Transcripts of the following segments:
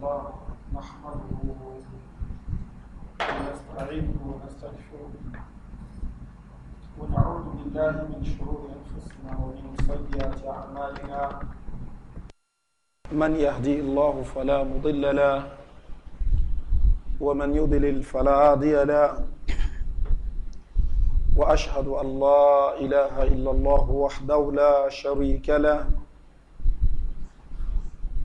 الله نحمده ونستعينه ونستغفره ونعوذ بالله من شرور انفسنا ومن سيئات اعمالنا من يهدي الله فلا مضل له ومن يضلل فلا هادي له واشهد ان لا اله الا الله وحده لا شريك له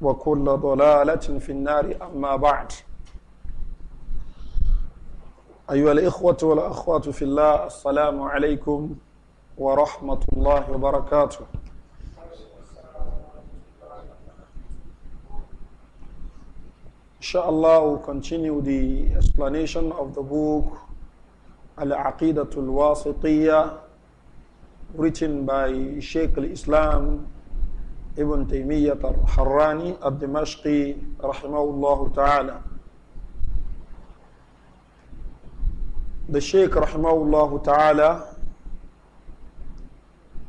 وكل ضلالة في النار أما بعد أيها الإخوة والأخوات في الله السلام عليكم ورحمة الله وبركاته Inshallah, we'll continue the explanation of the book Al-Aqidatul Wasitiyya, written by Sheikh al-Islam ابن تيمية الحراني الدمشقي رحمه الله تعالى الشيخ رحمه الله تعالى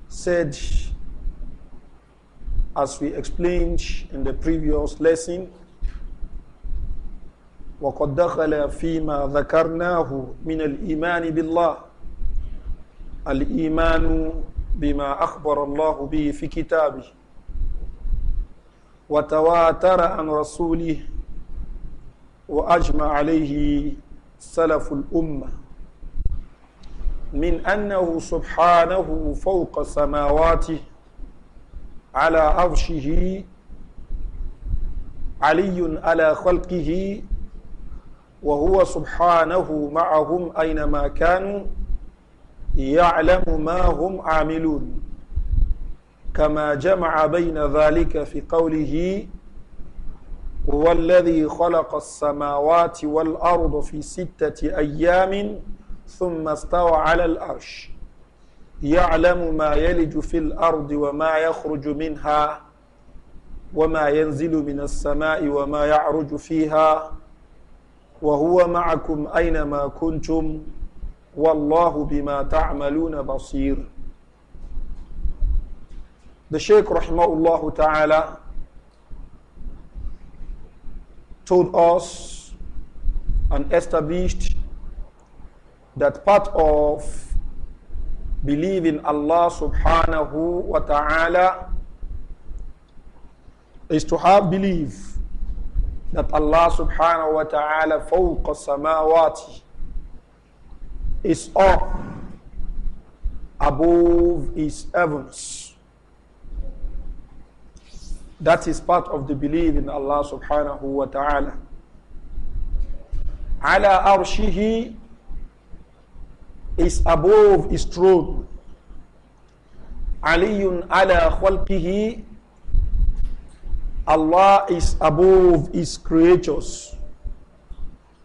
said as we explained in the previous lesson وقد دخل فيما ذكرناه من الإيمان بالله الإيمان بما أخبر الله به في كتابه وتواتر عن رسوله وأجمع عليه سلف الأمة من أنه سبحانه فوق سماواته على عرشه علي على خلقه وهو سبحانه معهم أينما كانوا يعلم ما هم عاملون كما جمع بين ذلك في قوله هو الذي خلق السماوات والأرض في ستة أيام ثم استوى على الأرش يعلم ما يلج في الأرض وما يخرج منها وما ينزل من السماء وما يعرج فيها وهو معكم أينما كنتم والله بما تعملون بصير The Shaykh rahimahullah ta'ala told us and established that part of believing Allah subhanahu wa ta'ala is to have belief that Allah subhanahu wa ta'ala فوق samawati is up above his heavens That is part of the belief in Allah subhanahu wa ta'ala. Ala arshihi is above his throne. Aliyun ala khalqihi. Allah is above his creatures.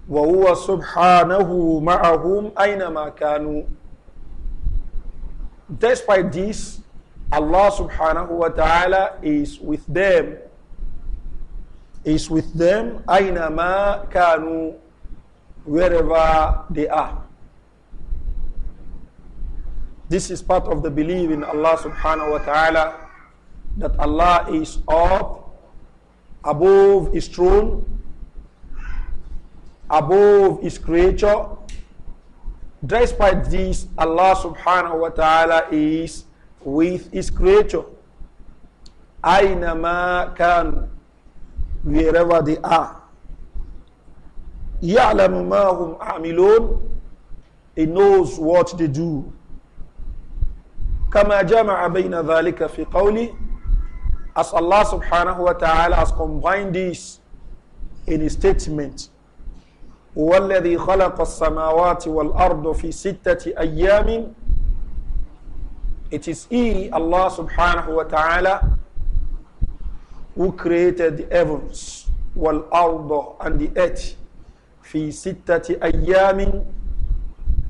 Subhanahu سبحانه معهم أينما كانوا. Despite this, Allah subhanahu wa ta'ala is with them is with them aynama kanu wherever they are this is part of the belief in Allah subhanahu wa ta'ala that Allah is up above his throne above his creature despite this Allah subhanahu wa ta'ala is with his creator. Aynama kan wherever they are. ya'lamu ma hum a'milun He knows what they do. كما جمع بين ذلك في قوله as Allah subhanahu wa ta'ala has combined this in his statement هو الذي خلق السماوات والأرض في ستة أيام It is He, Allah subhanahu wa ta'ala, who created the heavens, wal ardo, and the earth, fi sittati ayyamin,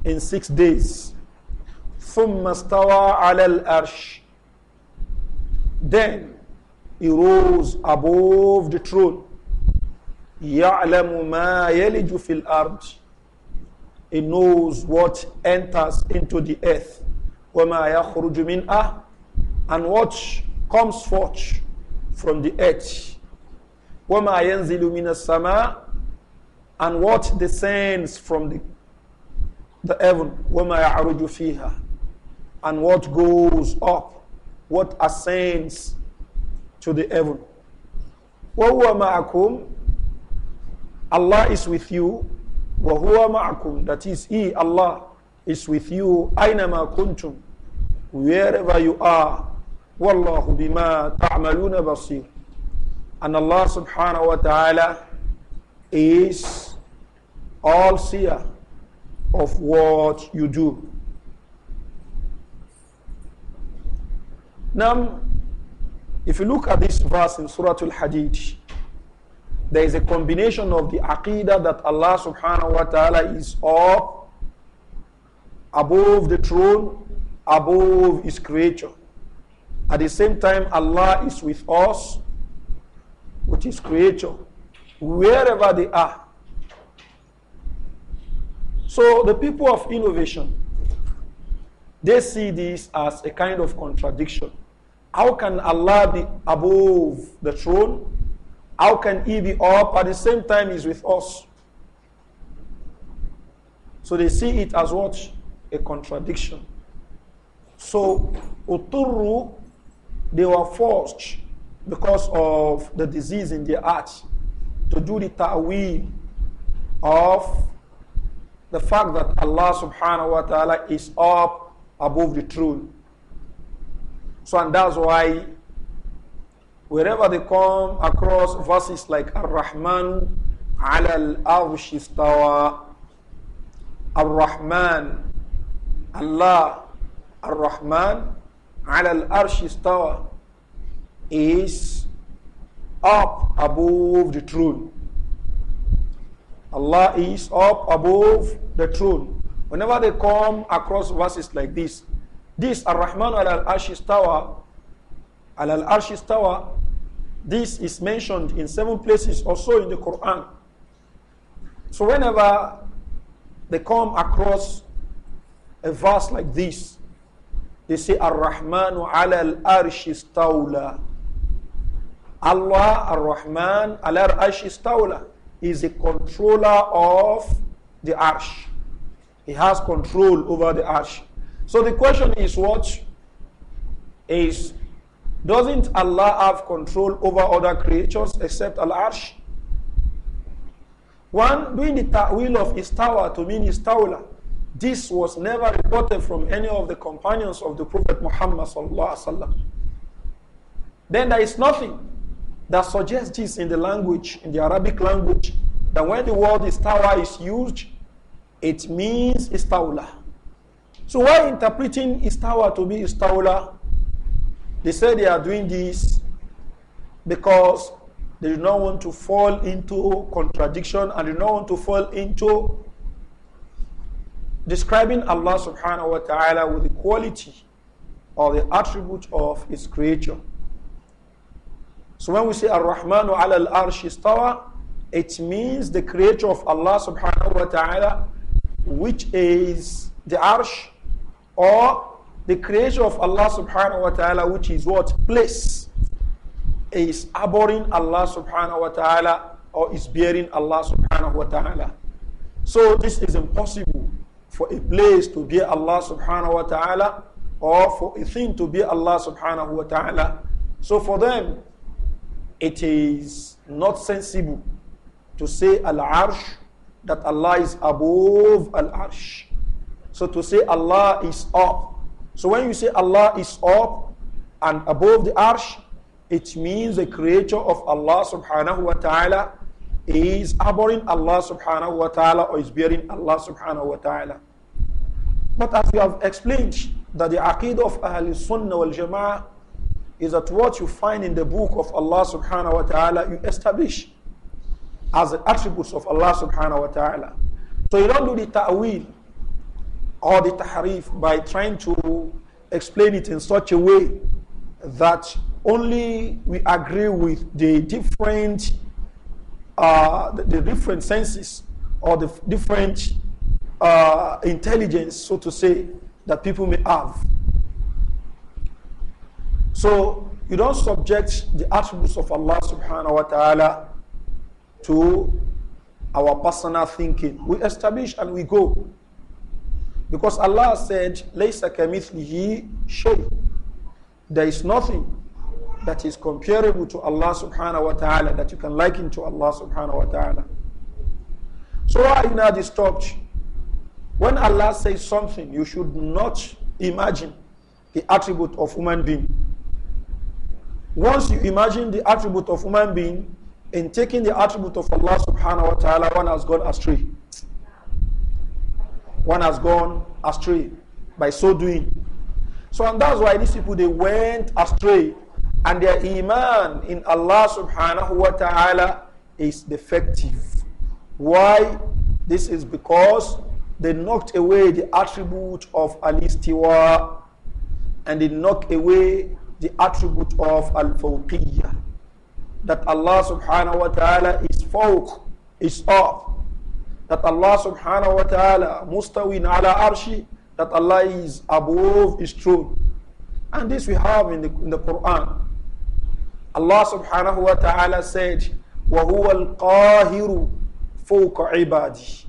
in six days. stawa ala al-arsh. Then he rose above the throne. يعلم ما يلج في الأرض. He knows what enters into the earth. And what comes forth from the earth. And what descends from the, the heaven. And what goes up, what ascends to the heaven. وَهُوَ مَعَكُمْ Allah is with you. وَهُوَ مَعَكُمْ That is, He, Allah, is with you. أَيْنَمَا كُنْتُمْ wherever you are. Wallahu bima ta'maluna basir. And Allah subhanahu wa ta'ala is all seer of what you do. Now, if you look at this verse in Surah Al Hadid, there is a combination of the aqidah that Allah subhanahu wa ta'ala is up above the throne above his creation. At the same time, Allah is with us, with his creation, wherever they are. So the people of innovation, they see this as a kind of contradiction. How can Allah be above the throne? How can He be up at the same time He's with us? So they see it as what? A contradiction. So, Uturu, they were forced because of the disease in their heart to do the ta'wil of the fact that Allah subhanahu wa ta'ala is up above the throne. So, and that's why wherever they come across verses like Ar-Rahman al-Arsh istawa, Ar-Rahman, Allah Ar-Rahman al Tower, is up above the throne. Allah is up above the throne. Whenever they come across verses like this, this Ar-Rahman al Ashish Tower, al this is mentioned in seven places also in the Quran. So whenever they come across a verse like this, they say, ar rahman ala al-arsh istawla. Allah, Ar-Rahman, ala al-arsh istawla, is the controller of the arsh. He has control over the arsh. So the question is what? Is, doesn't Allah have control over other creatures except al-arsh? One, doing the ta'wil of istawa to mean istawla this was never reported from any of the companions of the Prophet Muhammad. Then there is nothing that suggests this in the language, in the Arabic language, that when the word istawa is used, it means istawla. So why interpreting istawa to be istawla? They say they are doing this because they do not want to fall into contradiction and they do not want to fall into describing Allah subhanahu wa ta'ala with the quality or the attribute of his creature. So when we say Ar-Rahmanu ala al-arsh istawa, it means the creator of Allah subhanahu wa ta'ala, which is the arsh, or the creator of Allah subhanahu wa ta'ala, which is what? Place. Is abhorring Allah subhanahu wa ta'ala, or is bearing Allah subhanahu wa ta'ala. So this is impossible for a place to be Allah subhanahu wa ta'ala or for a thing to be Allah subhanahu wa ta'ala. So for them, it is not sensible to say Al Arsh that Allah is above Al Arsh. So to say Allah is up. So when you say Allah is up and above the Arsh, it means the creator of Allah subhanahu wa ta'ala is abhorring Allah subhanahu wa ta'ala or is bearing Allah subhanahu wa ta'ala. But as we have explained, that the aqidah of Ahl Sunnah wal Jama'ah is that what you find in the book of Allah subhanahu wa ta'ala, you establish as the attributes of Allah subhanahu wa ta'ala. So you don't do the ta'wil or the tahrif by trying to explain it in such a way that only we agree with the different uh, the, the different senses or the different uh, intelligence, so to say, that people may have. So you don't subject the attributes of Allah subhanahu wa ta'ala to our personal thinking. We establish and we go. Because Allah said, Laysa kamithlihi shay. There is nothing that is comparable to Allah subhanahu wa ta'ala that you can liken to Allah subhanahu wa ta'ala. So why are you now disturbed? When Allah says something, you should not imagine the attribute of human being. Once you imagine the attribute of human being, in taking the attribute of Allah subhanahu wa ta'ala, one has gone astray. One has gone astray by so doing. So and that's why these people they went astray and their iman in Allah subhanahu wa ta'ala is defective. Why? This is because they knocked away the attribute of al-istiwa and they knocked away the attribute of al-fawqiyya that Allah subhanahu wa ta'ala is fawq is off that Allah subhanahu wa ta'ala mustawin ala arshi that Allah is above is true and this we have in the, in the Quran Allah subhanahu wa ta'ala said وَهُوَ الْقَاهِرُ فَوْقَ عِبَادِهِ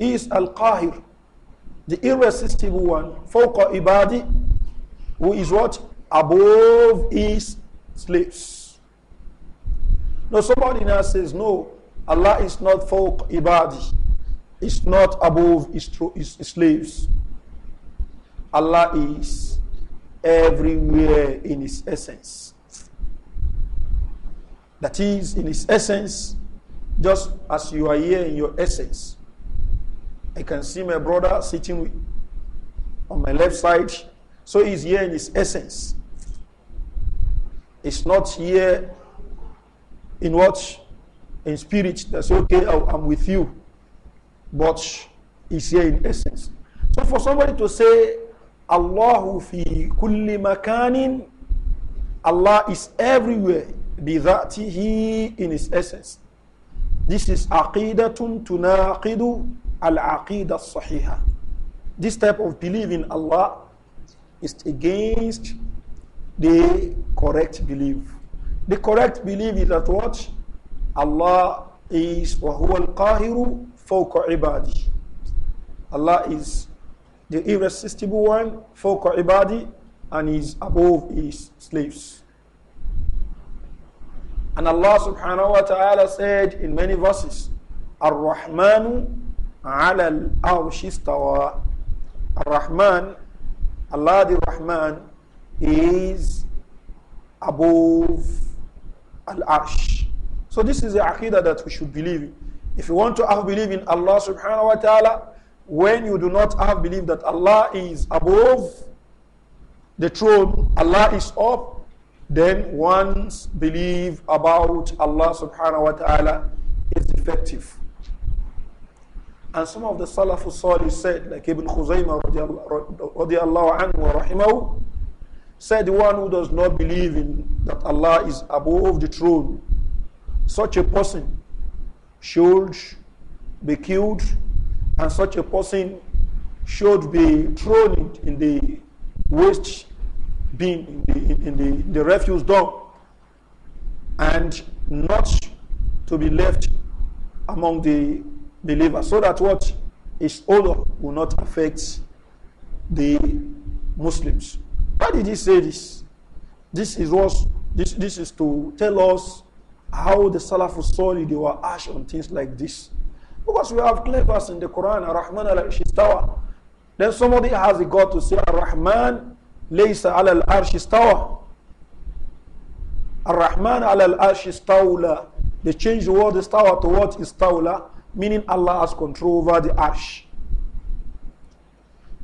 is Al-Qahir, the irresistible one, Fawqa Ibadi, who is what? Above his slaves. Now somebody now says, no, Allah is not Fawq Ibadi. It's not above his, his, his slaves. Allah is everywhere in his essence. That is, in his essence, just as you are here in your essence. I can see my brother sitting on my left side. So he's here in his essence. It's not here in what? In spirit. That's okay, I'm with you. But he's here in essence. So for somebody to say, Allahu fi kulli makanin, Allah is everywhere, he in his essence. This is aqidatun tunaqidu al-aqidah sahiha. This type of belief in Allah is against the correct belief. The correct belief is that what? Allah is وَهُوَ الْقَاهِرُ فَوْقَ Ibadi. Allah is the irresistible one, فَوْقَ Ibadi, and is above his slaves. And Allah subhanahu wa ta'ala said in many verses, Ar-Rahmanu على الأرش استوى Rahman, Allah the Rahman is above Al-Arsh. So this is the Aqidah that we should believe If you want to have belief in Allah subhanahu wa ta'ala, when you do not have belief that Allah is above the throne, Allah is up, then one's belief about Allah subhanahu wa ta'ala is defective. And some of the Salafus Salih said, like Ibn Khuzaymah said the one who does not believe in that Allah is above the throne, such a person should be killed and such a person should be thrown in the waste bin, in the, in the, in the refuse dump, and not to be left among the Believer, so that what is odor will not affect the Muslims. Why did he say this? This is what this, this is to tell us how the Salafus Sali they were ash on things like this. Because we have clear in the Quran, Ar-Rahman al-Arshistawa. Then somebody has got God to say, Ar-Rahman laysa ala al-Arshistawa. Ar-Rahman ala al-Arshistawa. They change the word istawa to what tawla meaning Allah has control over the ash.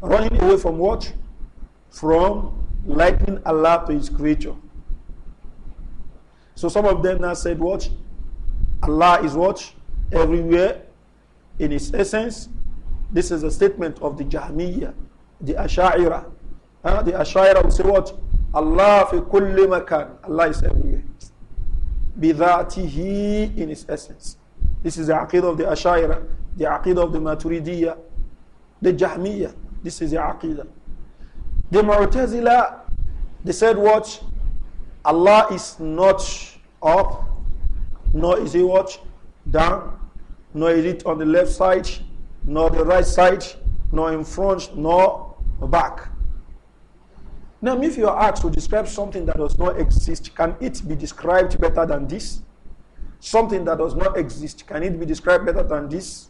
Running away from what? From likening Allah to His creature. So some of them now said, What? Allah is what? Everywhere in His essence. This is a statement of the Jahmiyyah, the Asha'ira. Huh? The Asha'ira will say, What? Allah fi kulli makan. Allah is everywhere. Bidhatihi in His essence. This is the aqidah of the Ashaira, the aqidah of the Maturidiyya, the Jahmiyyah. This is the aqidah. The Mu'tazila, they said what? Allah is not up, nor is he what? Down, nor is it on the left side, nor the right side, nor in front, nor back. Now, if you are asked to describe something that does not exist, can it be described better than this? something that does not exist, can it be described better than this?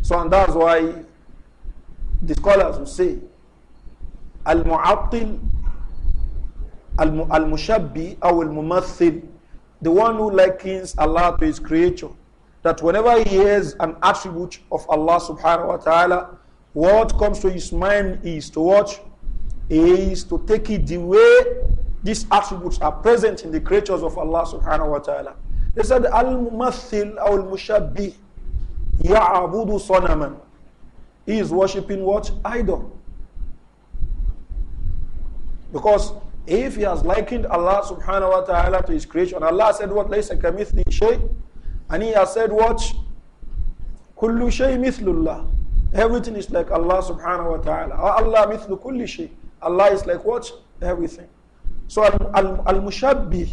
So, and that's why the scholars will say, Al Mu'attil, Al Mushabbi, or Al Mumathil, the one who likens Allah to his creature, that whenever he hears an attribute of Allah subhanahu wa ta'ala, what comes to his mind is to watch, is to take it the way these attributes are present in the creatures of Allah subhanahu wa ta'ala. They said, Al-Mumathil or Al-Mushabbih Ya'abudu Sonaman. He is worshipping what? Idol. Because if he has likened Allah subhanahu wa ta'ala to his creation, Allah said what? Laysa kamithli shay. And he has said what? Kullu shay mithlullah. Everything is like Allah subhanahu wa ta'ala. Allah mithlu kulli shay. Allah is like what? Everything. so almushabi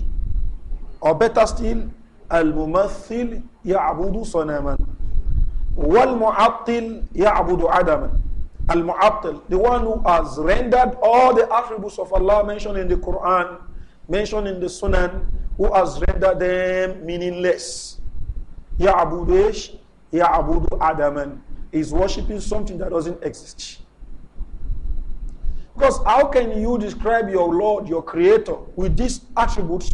or better still almumathil ya'budu sanaman walmu'attil ya'budu adaman al-mu'attil the one who has rendered all the attributes of Allah mentioned in the Quran mentioned in the Sunan who has rendered them meaningless ya'budu ya'budu adaman is worshipping something that doesn't exist Because how can you describe your Lord, your Creator, with these attributes?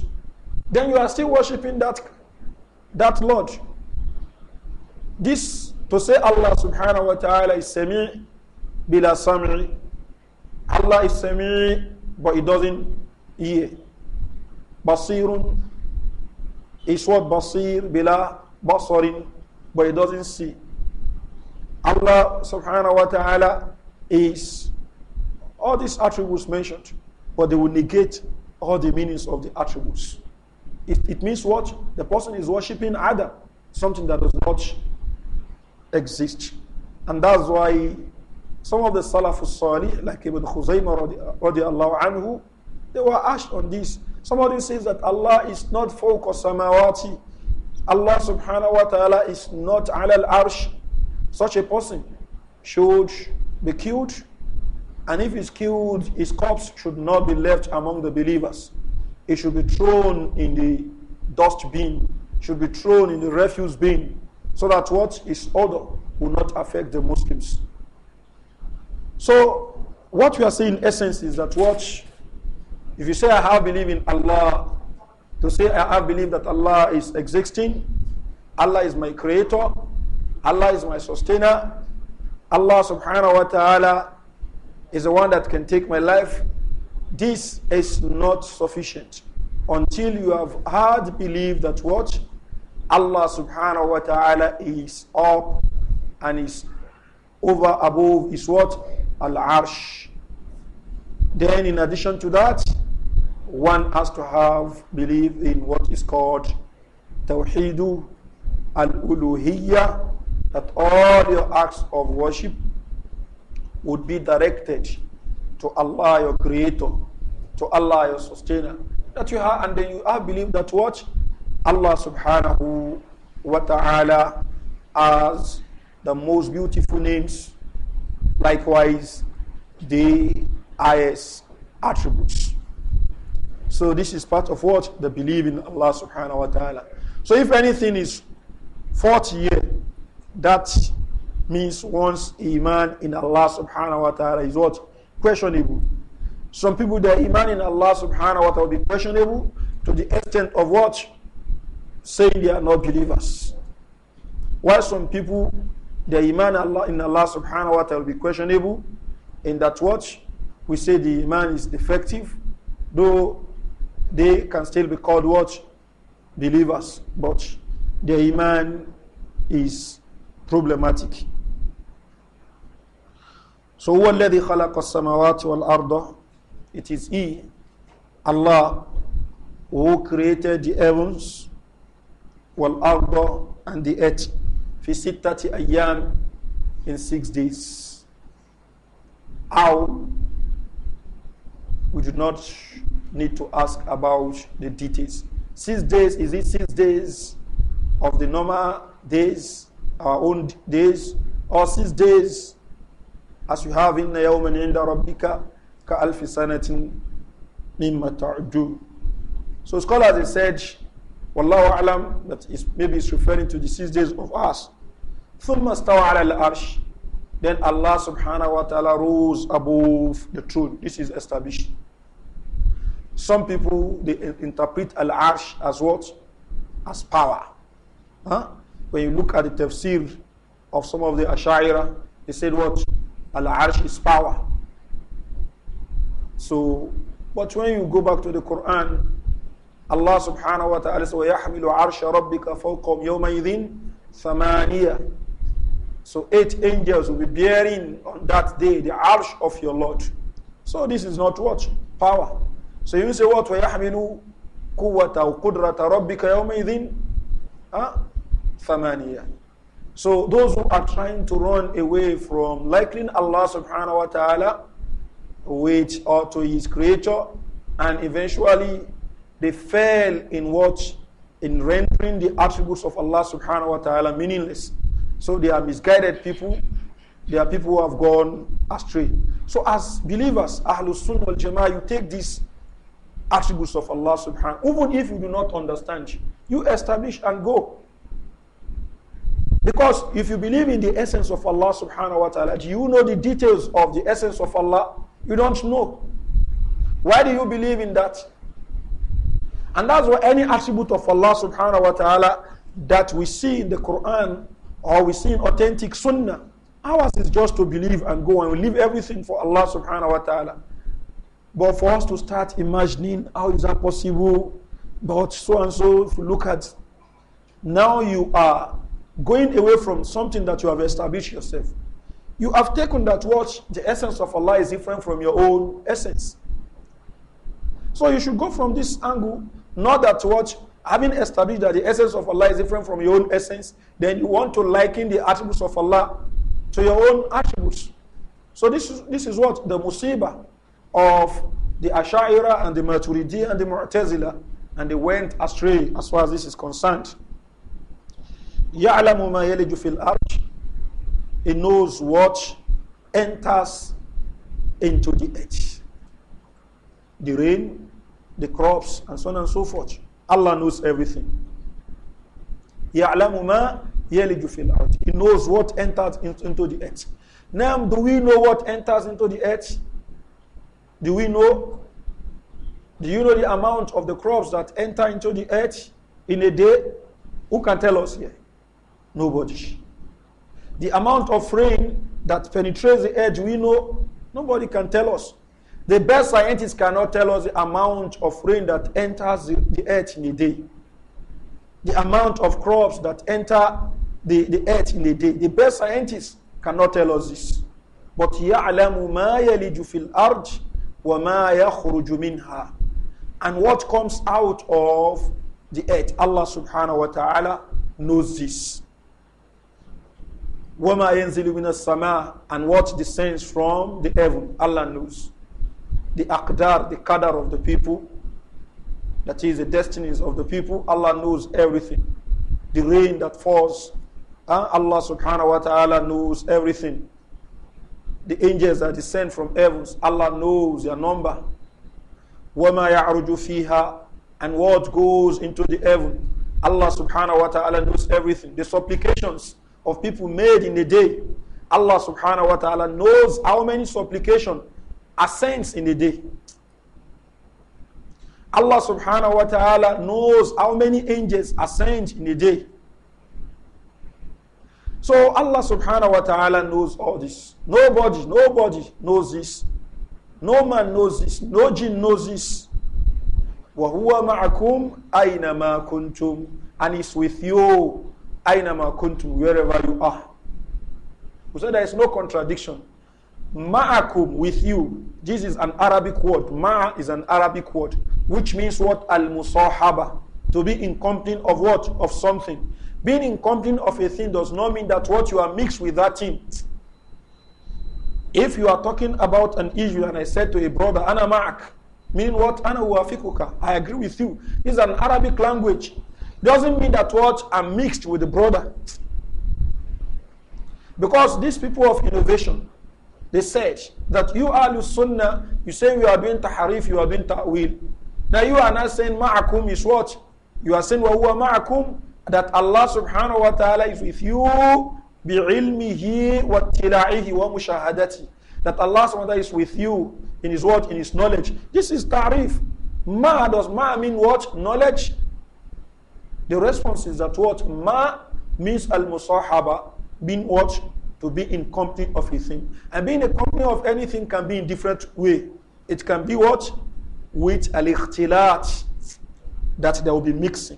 Then you are still worshiping that, that Lord. This, to say Allah subhanahu wa ta'ala is semi bila sami. Allah is semi, but He doesn't hear. Basirun is what basir bila basarin, but He doesn't see. Allah subhanahu wa ta'ala is all these attributes mentioned, but they will negate all the meanings of the attributes. It, it means what? The person is worshipping either something that does not exist. And that's why some of the Salafus Salih, like Ibn Khuzaymah radiallahu anhu, they were asked on this. Somebody says that Allah is not فوق samawati. Allah subhanahu wa ta'ala is not al arsh. Such a person should be killed and if he's killed, his corpse should not be left among the believers. It should be thrown in the dust bin, should be thrown in the refuse bin, so that what is odor will not affect the Muslims. So, what we are saying in essence is that what, if you say I have believed in Allah, to say I have believed that Allah is existing, Allah is my creator, Allah is my sustainer, Allah subhanahu wa ta'ala is the one that can take my life. This is not sufficient until you have hard belief that what Allah subhanahu wa ta'ala is up and is over above is what? Al Arsh. Then in addition to that, one has to have belief in what is called Tawheedu al Uluhiyya, that all your acts of worship would be directed to Allah, your creator, to Allah, your sustainer. That you have, and then you have believed that what? Allah subhanahu wa ta'ala has the most beautiful names. Likewise, the highest attributes. So this is part of what? The belief in Allah subhanahu wa ta'ala. So if anything is faulty, year, that means a iman in Allah subhanahu wa ta'ala is what? Questionable. Some people, their iman in Allah subhanahu wa ta'ala will be questionable to the extent of what? Saying they are not believers. While some people, their iman in Allah subhanahu wa ta'ala will be questionable in that what? We say the iman is defective, though they can still be called what? Believers. But their iman is problematic. So, هو الذي خلق السماوات والأرض It is He, Allah, who created the heavens والأرض and the earth في ستة أيام in six days. How? We do not need to ask about the details. Six days, is it six days of the normal days, our own days, or six days as you have in yawman inda rabbika ka alfi sanatin mimma ta'udun. So scholars have said, Wallahu alam, that is maybe it's referring to the six days of us. ثم استوى al الأرش Then Allah subhanahu wa ta'ala rose above the throne. This is established. Some people, they interpret Al-Arsh as what? As power. Huh? When you look at the tafsir of some of the Ash'ira, they said what? Al-Arsh is power. So, but when you go back to the Quran, Allah subhanahu wa ta'ala says, وَيَحْمِلُ عَرْشَ رَبِّكَ فَوْقَهُمْ يَوْمَئِذٍ ثَمَانِيَةً So eight angels will be bearing on that day the arsh of your Lord. So this is not what? Power. So you say what? وَيَحْمِلُ قُوَّةَ وَقُدْرَةَ رَبِّكَ يَوْمَئِذٍ ثَمَانِيَةً So those who are trying to run away from likening Allah subhanahu wa ta'ala with or to his creator and eventually they fail in what in rendering the attributes of Allah subhanahu wa ta'ala meaningless. So they are misguided people. They are people who have gone astray. So as believers, Ahlul Sunnah wal Jama'ah, you take these attributes of Allah subhanahu even if you do not understand, you establish and go. Because if you believe in the essence of Allah subhanahu wa ta'ala, do you know the details of the essence of Allah? You don't know. Why do you believe in that? And that's why any attribute of Allah subhanahu wa ta'ala that we see in the Quran or we see in authentic sunnah, ours is just to believe and go and leave everything for Allah subhanahu wa ta'ala. But for us to start imagining how is that possible, but so and so, if you look at now you are going away from something that you have established yourself. You have taken that watch, the essence of Allah is different from your own essence. So you should go from this angle, not that watch, having established that the essence of Allah is different from your own essence, then you want to liken the attributes of Allah to your own attributes. So this is, this is what the musibah of the Asha'ira and the Maturidi and the Mu'tazila, and they went astray as far as this is concerned. يَعْلَمُ مَا يَلِجُ فِي الْأَرْضِ He knows what enters into the earth. The rain, the crops, and so on and so forth. Allah knows everything. يَعْلَمُ مَا يَلِجُ فِي الْأَرْضِ He knows what enters into the earth. Now, do we know what enters into the earth? Do we know? Do you know the amount of the crops that enter into the earth in a day? Who can tell us here? Nobody. The amount of rain that penetrates the edge, we know nobody can tell us. The best scientists cannot tell us the amount of rain that enters the, the earth in a day, the amount of crops that enter the, the earth in a day. The best scientists cannot tell us this. But يَعْلَمُ مَا يَلِجُ فِي الْأَرْضِ وَمَا يَخْرُجُ مِنْهَا And what comes out of the earth. Allah subhanahu wa ta'ala knows this. Wama yanzilu minas sama and what descends from the heaven. Allah knows. The akdar, the qadar of the people, that is the destinies of the people, Allah knows everything. The rain that falls, uh, Allah subhanahu wa ta'ala knows everything. The angels that descend from heavens, Allah knows their number. Wama ya'ruju fiha and what goes into the heaven, Allah subhanahu wa ta'ala knows everything. The supplications of people made in a day. Allah subhanahu wa ta'ala knows how many supplication ascends in a day. Allah subhanahu wa ta'ala knows how many angels ascend in a day. So Allah subhanahu wa ta'ala knows all this. Nobody, nobody knows this. No man knows this. No jinn knows this. وَهُوَ مَعَكُمْ أَيْنَمَا كُنْتُمْ And He's with you Aynama kuntum, wherever you are. We so said there is no contradiction. Ma'akum, with you. This is an Arabic word. Ma is an Arabic word, which means what? Al-musahaba. To be in company of what? Of something. Being in company of a thing does not mean that what you are mixed with that thing. If you are talking about an issue and I said to a brother, Ana ma'ak, meaning what? Ana I agree with you. It's an Arabic language. doesn't mean that what I'm mixed with the brother. Because these people of innovation, they said that you are the sunnah, you say you are doing taharif, you are doing ta'wil. Now you are not saying ma'akum is what? You are saying wa ma'akum, that Allah subhanahu wa ta'ala is with you bi'ilmihi wa tila'ihi wa mushahadati. That Allah subhanahu wa ta'ala is with you in his word, in his knowledge. This is ta'rif. Ma does ma mean what? Knowledge. The response is that what ma means al musahaba, being what to be in company of a thing, and being in company of anything can be in different way. It can be what with al ikhtilat that there will be mixing.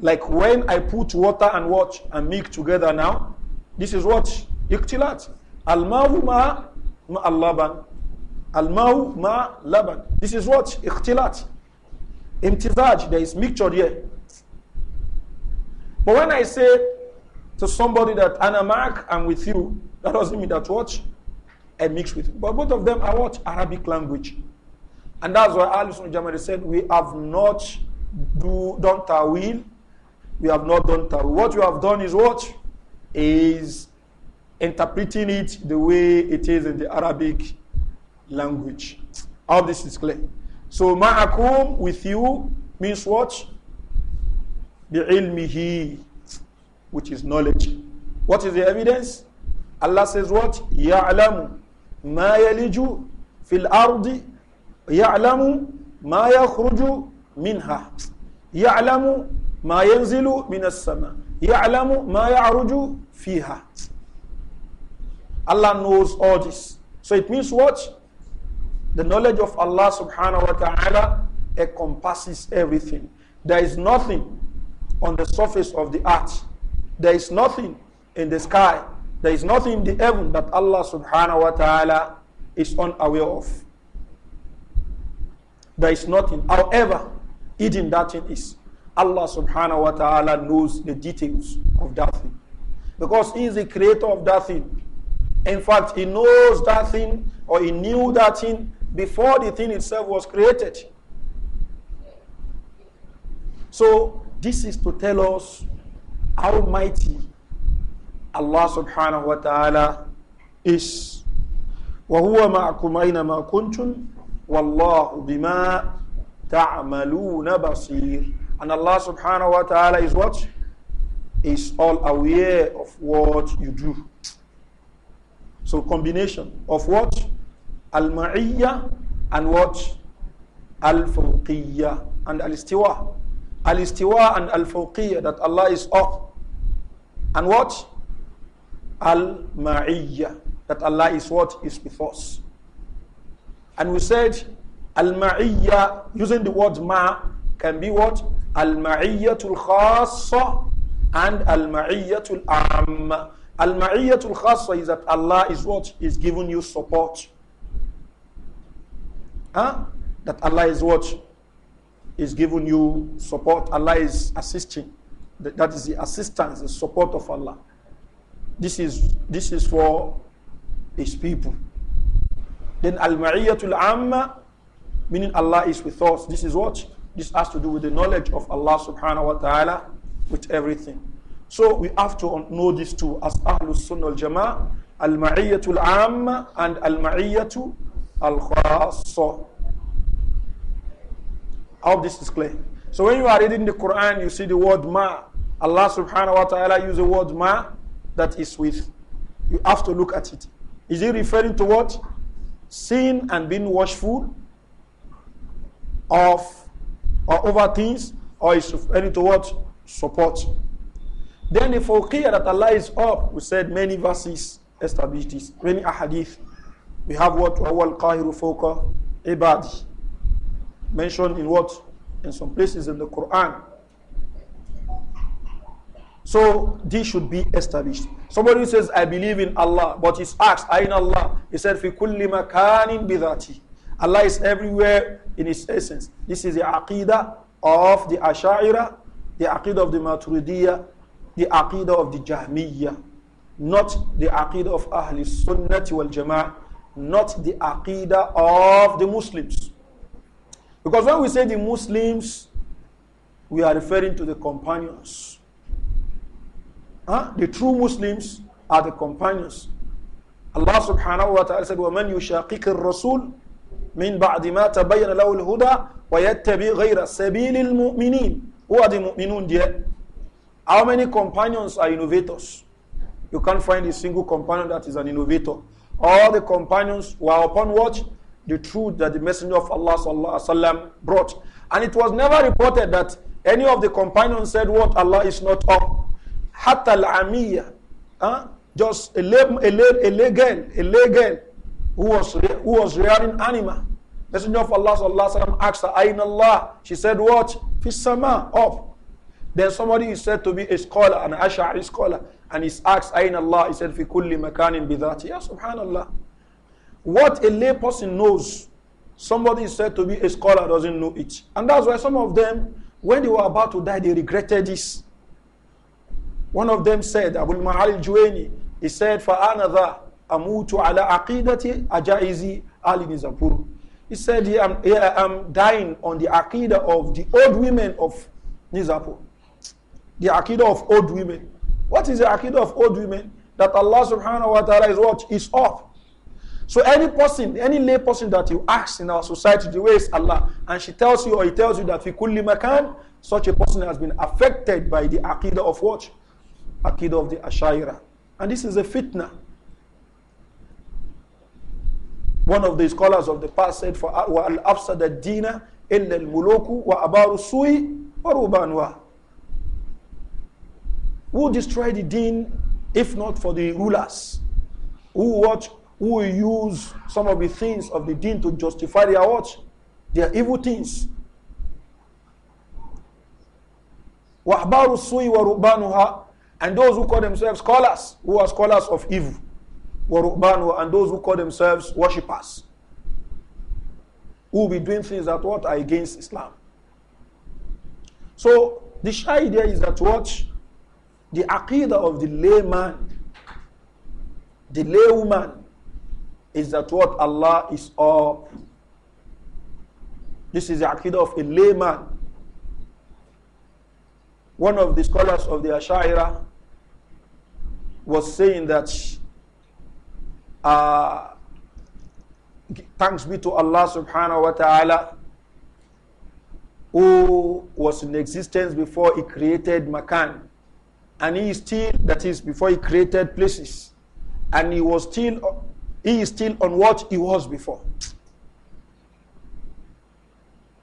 Like when I put water and what and milk together now, this is what ikhtilat. Al ma'u ma ma al laban. Al ma'u ma laban. This is what ikhtilat. Imtizaj. There is mixture here. But when I say to somebody that Anna Mark, I'm with you, that doesn't mean that what? I mix with you. But both of them are what? Arabic language. And that's why Alison Jamari said, We have not do, done Tawil. We have not done Tawil. What you have done is what? Is interpreting it the way it is in the Arabic language. All this is clear. So, ma'akum, with you, means what? bi ilmihi, which is knowledge. What is the evidence? Allah says what? Ya'lamu ma yaliju fil ardi ya'lamu ma yakhruju minha ya'lamu ma yanzilu minas sama ya'lamu ma ya'ruju fiha Allah knows all this so it means what the knowledge of Allah subhanahu wa ta'ala encompasses everything there is nothing on the surface of the earth. There is nothing in the sky, there is nothing in the heaven that Allah subhanahu wa ta'ala is unaware of. There is nothing. However, hidden that thing is, Allah subhanahu wa ta'ala knows the details of that thing. Because He is the creator of that thing. In fact, He knows that thing or He knew that thing before the thing itself was created. So this is to tell us how mighty Allah subhanahu wa ta'ala is. وهو معكم أينما كنتم والله بما تعملون بصير and Allah subhanahu wa ta'ala is what? Is all aware of what you do. So combination of what? Al-ma'iyya and what? Al-fawqiyya and al-istiwa al istiwa and al fawqiyya that Allah is up, and what? Al ma'iyya that Allah is what is with us. And we said al ma'iyya using the word ma can be what? Al ma'iyyatul khassa and al ma'iyyatul amma. Al ma'iyyatul khassa is that Allah is what is giving you support. Huh? That Allah is what is giving you support. Allah is assisting. That is the assistance, the support of Allah. This is, this is for His people. Then Al-Ma'iyatul Amma, meaning Allah is with us. This is what? This has to do with the knowledge of Allah subhanahu wa ta'ala with everything. So we have to know these two as Ahlus Sunnah al-Jama'ah, Al-Ma'iyatul Amma and Al-Ma'iyatul Al-Khassa. I hope this is clear. So when you are reading the Quran, you see the word ma. Allah subhanahu wa ta'ala use the word ma that is with. You have to look at it. Is he referring to what? Sin and being watchful of or over things, or is referring to what? Support. Then the fawqiyah that Allah is up, we said many verses establish this, many ahadith. We have what? وَهُوَ الْقَاهِرُ فَوْقَ عِبَادِهِ mentioned in what? In some places in the Quran. So this should be established. Somebody says, I believe in Allah, but he's asked, Ain Allah. He said, Fi kulli makanin bidhati." Allah is everywhere in his essence. This is the aqidah of the Ash'ira, the aqidah of the Maturidiyya, the aqidah of the Jahmiyya, not the aqidah of Ahli Sunnat wal Jama'ah, not the aqidah of the Muslims. Because when we say the Muslims, we are referring to the companions. Huh? The true Muslims are the companions. Allah subhanahu wa ta'ala said, وَمَنْ يُشَاقِقِ الرَّسُولِ مِنْ بَعْدِ مَا تَبَيَّنَ لَهُ الْهُدَى وَيَتَّبِي غَيْرَ سَبِيلِ الْمُؤْمِنِينَ Who are the mu'minun there? How many companions are innovators? You can't find a single companion that is an innovator. All the companions were upon watch. the truth that the Messenger of Allah وسلم, brought. And it was never reported that any of the companions said what Allah is not up. Hatta al-amiyya. Huh? Just a lay, a, lay, a lay girl, a lay girl who was, who was rearing anima. Messenger of Allah وسلم, asked her, Ayn Allah. She said what? Fisama, up. Then somebody is said to be a scholar, an Ash'ari scholar, and he's asked, Ayn Allah? He said, Fi kulli makanin bidhati. Ya subhanallah. What a lay person knows, somebody is said to be a scholar doesn't know it. And that's why some of them, when they were about to die, they regretted this. One of them said, Abu Ma'al al-Juwaini, he said, "For another, أَمُوتُ ala عَقِيدَةِ أَجَائِزِ Ali Nizapur. He said, yeah, I'm, yeah, I'm dying on the aqidah of the old women of Nizapur. The aqidah of old women. What is the aqidah of old women? That Allah subhanahu wa ta'ala is what? Is off. So any person, any lay person that you ask in our society, the way is Allah, and she tells you or he tells you that fi kulli makan, such a person has been affected by the aqidah of what? Aqidah of the Ashaira. And this is a fitna. One of the scholars of the past said, for al afsad dina illa al muluku wa abaru sui wa Who destroy the deen if not for the rulers? Who watch who will use some of the things of the deen to justify their what? Their evil things. And those who call themselves scholars, who are scholars of evil. And those who call themselves worshippers. Who will be doing things that what are against Islam. So the shy idea is that what the aqidah of the layman, the laywoman, is that what Allah is all. This is the aqidah of a layman. One of the scholars of the Ashaira was saying that uh, thanks be to Allah subhanahu wa ta'ala who was in existence before he created Makan. And he is still, that is, before he created places. And he was still he is still on what he was before.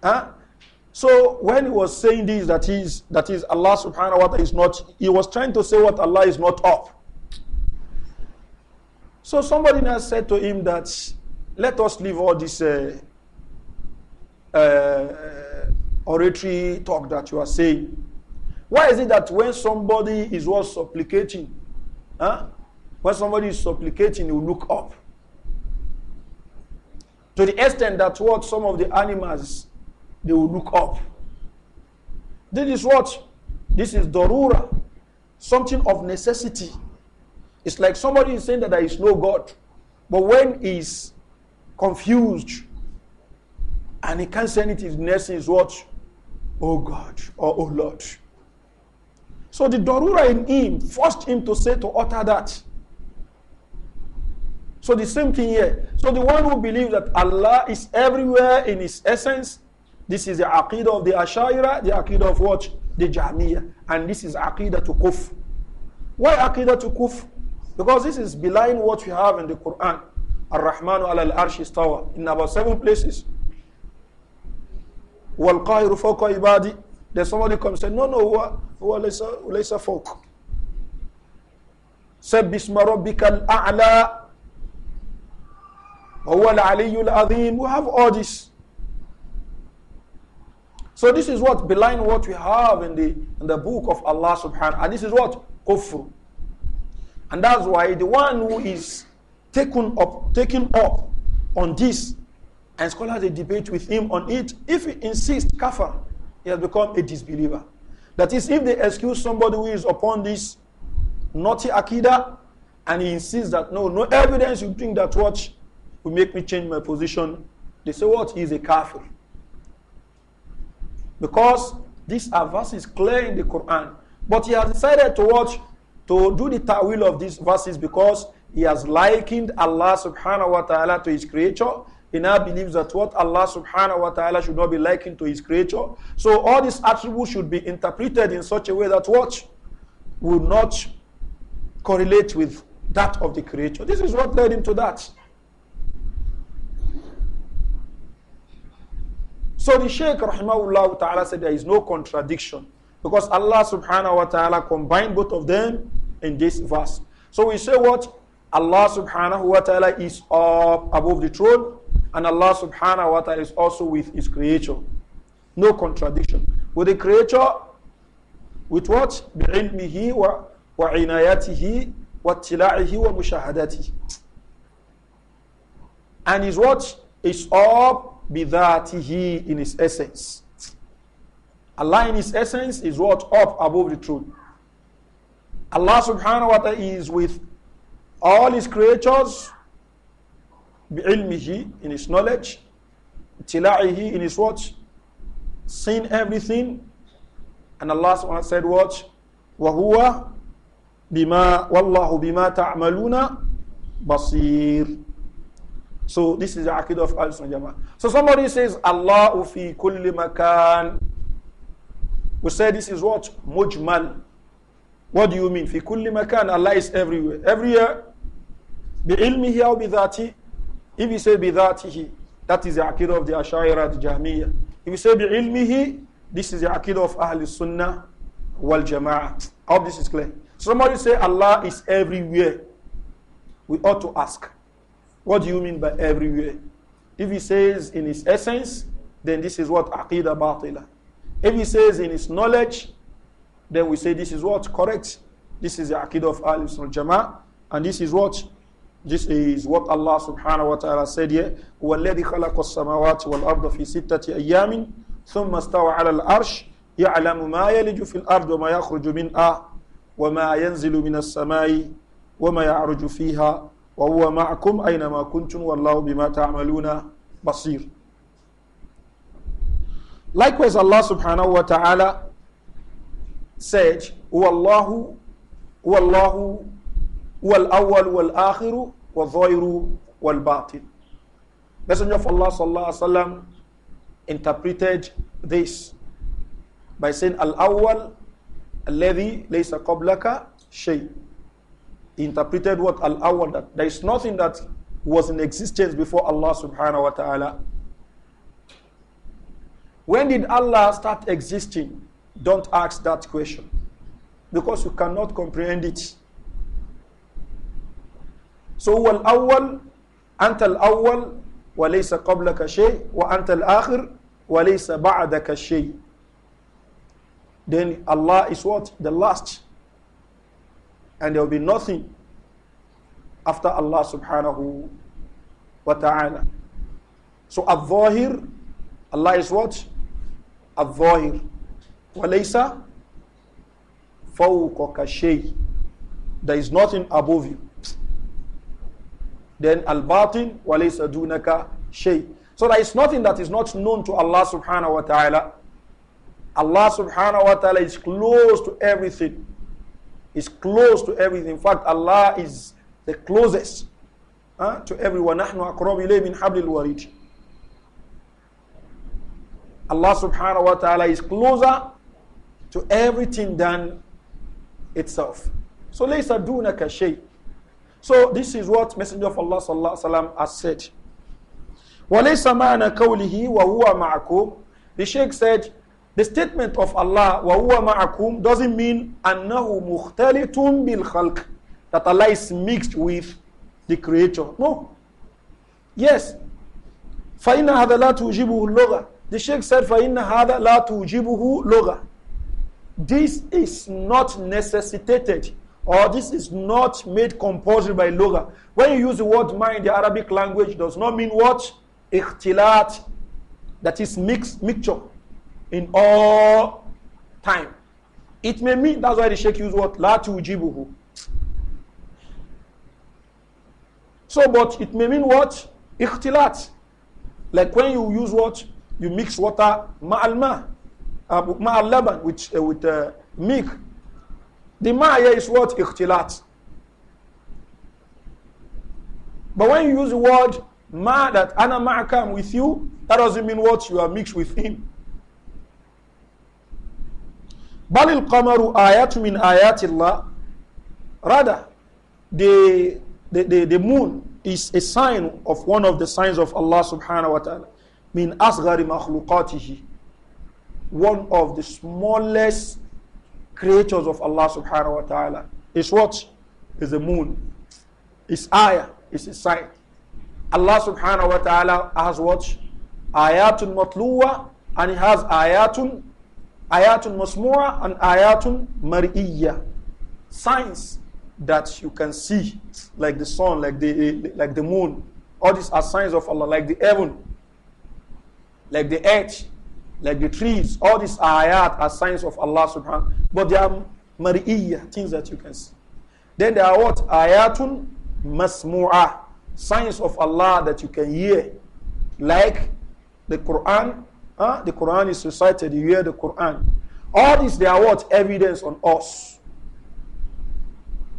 Huh? So when he was saying this, that is that is Allah subhanahu wa ta'ala is not, he was trying to say what Allah is not of. So somebody now said to him that let us leave all this uh, uh, uh oratory talk that you are saying. Why is it that when somebody is was supplicating, huh? when somebody is supplicating, you look up? To the extent that what some of the animals they will look up. This is what? This is Dorura, something of necessity. It's like somebody is saying that there is no God. But when he's confused and he can't say anything, his next is what? Oh God, or oh Lord. So the Dorura in him forced him to say, to utter that. So the same thing here. So the one who believes that Allah is everywhere in his essence, this is the aqidah of the Ashaira, the aqidah of what? The Jahmiyyah. And this is aqidah to kuf. Why aqidah to kuf? Because this is belying what we have in the Quran. Ar-Rahmanu ala al-arsh istawa. In about seven places. وَالْقَاهِرُ فَوْقَ ibadi. Then somebody comes and says, no, no, huwa, huwa laysa, laysa فوق. سَبِّسْمَ رَبِّكَ الْأَعْلَى we have all this. So this is what belying what we have in the in the book of Allah subhanahu and this is what kufr. And that's why the one who is taken up taken up on this and scholars they debate with him on it if he insists kafir he has become a disbeliever. That is if they excuse somebody who is upon this naughty akida and he insists that no no evidence you bring that watch will make me change my position. They say, What? a kafir. Because this verse is clear in the Quran. But he has decided to watch, to do the ta'wil of these verses because he has likened Allah subhanahu wa ta'ala to his creature. He now believes that what Allah subhanahu wa ta'ala should not be likened to his creature. So all these attributes should be interpreted in such a way that what will not correlate with that of the creature. This is what led him to that. So the Shaykh rahimahullah ta'ala said there is no contradiction because Allah subhanahu wa ta'ala combined both of them in this verse. So we say what? Allah subhanahu wa ta'ala is up above the throne and Allah subhanahu wa ta'ala is also with his creature. No contradiction. With the creator, with what? wa wa wa tilaihi wa mushahadatihi, And is what? Is up be that he in his essence. Allah in his essence is what? Up above the truth. Allah subhanahu wa ta'ala is with all his creatures, bi'ilmihi in his knowledge, tila'ihi in his what? Seen everything. And Allah subhanahu wa ta'ala said what? wa بِمَا وَاللَّهُ بِمَا تَعْمَلُونَ basir. So this is the Aqidah of Al Sunnah Jama'ah. So somebody says, Allah fi kulli makan. We say this is what? Mujmal. What do you mean? Fi kulli makan, Allah is everywhere. Everywhere. Bi ilmihi aw bi dhati. If you say bi dhatihi, that is the Aqidah of the Ash'ira, the Jahmiyyah. If you say bi ilmihi, this is the Aqidah of Ahl Sunnah wal Jama'ah. I hope this is clear. Somebody say Allah is everywhere. We ought to ask. What do you mean by everywhere? If he says in his essence, then this is what aqidah batila. If he says in his knowledge, then we say this is what correct. This is the aqidah of Ahl Sunnah Jama'ah, and this is what this is what Allah subhanahu wa ta'ala said here. هو الذي خلق السماوات والأرض في ستة أيام ثم استوى على العرش يعلم ما يلج في الأرض وما يخرج منها وما ينزل من السماء وما يعرج فيها وهو معكم أينما كنتم والله بما تعملون بصير Likewise, Allah subhanahu wa ta'ala said, Wallahu, Wallahu, Wal awwal wal akhiru, Messenger of Allah sallallahu alaihi wasallam interpreted this by saying, Al awwal, alladhi laysa qablaka shay. interpreted what al awwal that there is nothing that was in existence before Allah subhanahu wa ta'ala. When did Allah start existing? Don't ask that question because you cannot comprehend it. So هو الأول أنت الأول وليس قبلك شيء وأنت الآخر وليس بعدك شيء. Then Allah is what? The last and there will be nothing after Allah subhanahu wa ta'ala. So al zahir, Allah is what? al zahir. Walaysa fawqaka shay. There is nothing above you. Then al-batin walaysa dunaka shay. So there is nothing that is not known to Allah subhanahu wa ta'ala. Allah subhanahu wa ta'ala is close to everything is close to everything. In fact, Allah is the closest huh, to everyone. نَحْنُ أَقْرَبُ إِلَيْهِ مِنْ حَبْلِ الْوَرِيدِ Allah subhanahu wa ta'ala is closer to everything than itself. So لَيْسَ دُونَكَ شَيْءٍ So this is what Messenger of Allah sallallahu alaihi wasallam has said. وَلَيْسَ مَعْنَا قَوْلِهِ وَهُوَ مَعَكُمْ The Sheikh said, the statement of Allah, وهو akum مَعَكُمْ, doesn't mean أَنَّهُ bil بِالْخَلْقِ That Allah is mixed with the creator. No. Yes. Fa'inna هَذَا la tujibuhu loga. The Sheikh said, Fa'inna هَذَا la tujibuhu loga. This is not necessitated or this is not made compulsory by loga. When you use the word ma in the Arabic language, does not mean what? Ikhtilat, that is mixed mixture. in all time. It may mean that's why the Sheikh used what? La tujibuhu. So, but it may mean what? Ikhtilat. Like when you use what? You mix water, ma'alma, uh, ma'al with, uh, with uh, milk. The ma'ya is what? Ikhtilat. But when you use the word ma that ana ma'aka, with you, that doesn't mean what? You are mixed with him. Balil qamaru ayatu min ayatillah. Rather, the, the, the, the, moon is a sign of one of the signs of Allah subhanahu wa ta'ala. Min asghari makhluqatihi. One of the smallest creatures of Allah subhanahu wa ta'ala. Is what? Is the moon. Is ayah. Is a sign. Allah subhanahu wa ta'ala has what? Ayatun matluwa and he has ayatun ayatun masmura and ayatun mar'iyya. Signs that you can see, like the sun, like the, like the moon. All these are signs of Allah, like the heaven, like the earth, like the trees. All these ayat are signs of Allah subhanahu But they are mar'iyya, things that you can see. Then there are what? Ayatun masmura, signs of Allah that you can hear, like the Quran Huh? The Quran is recited, you hear the Quran. All these, they are what? Evidence on us.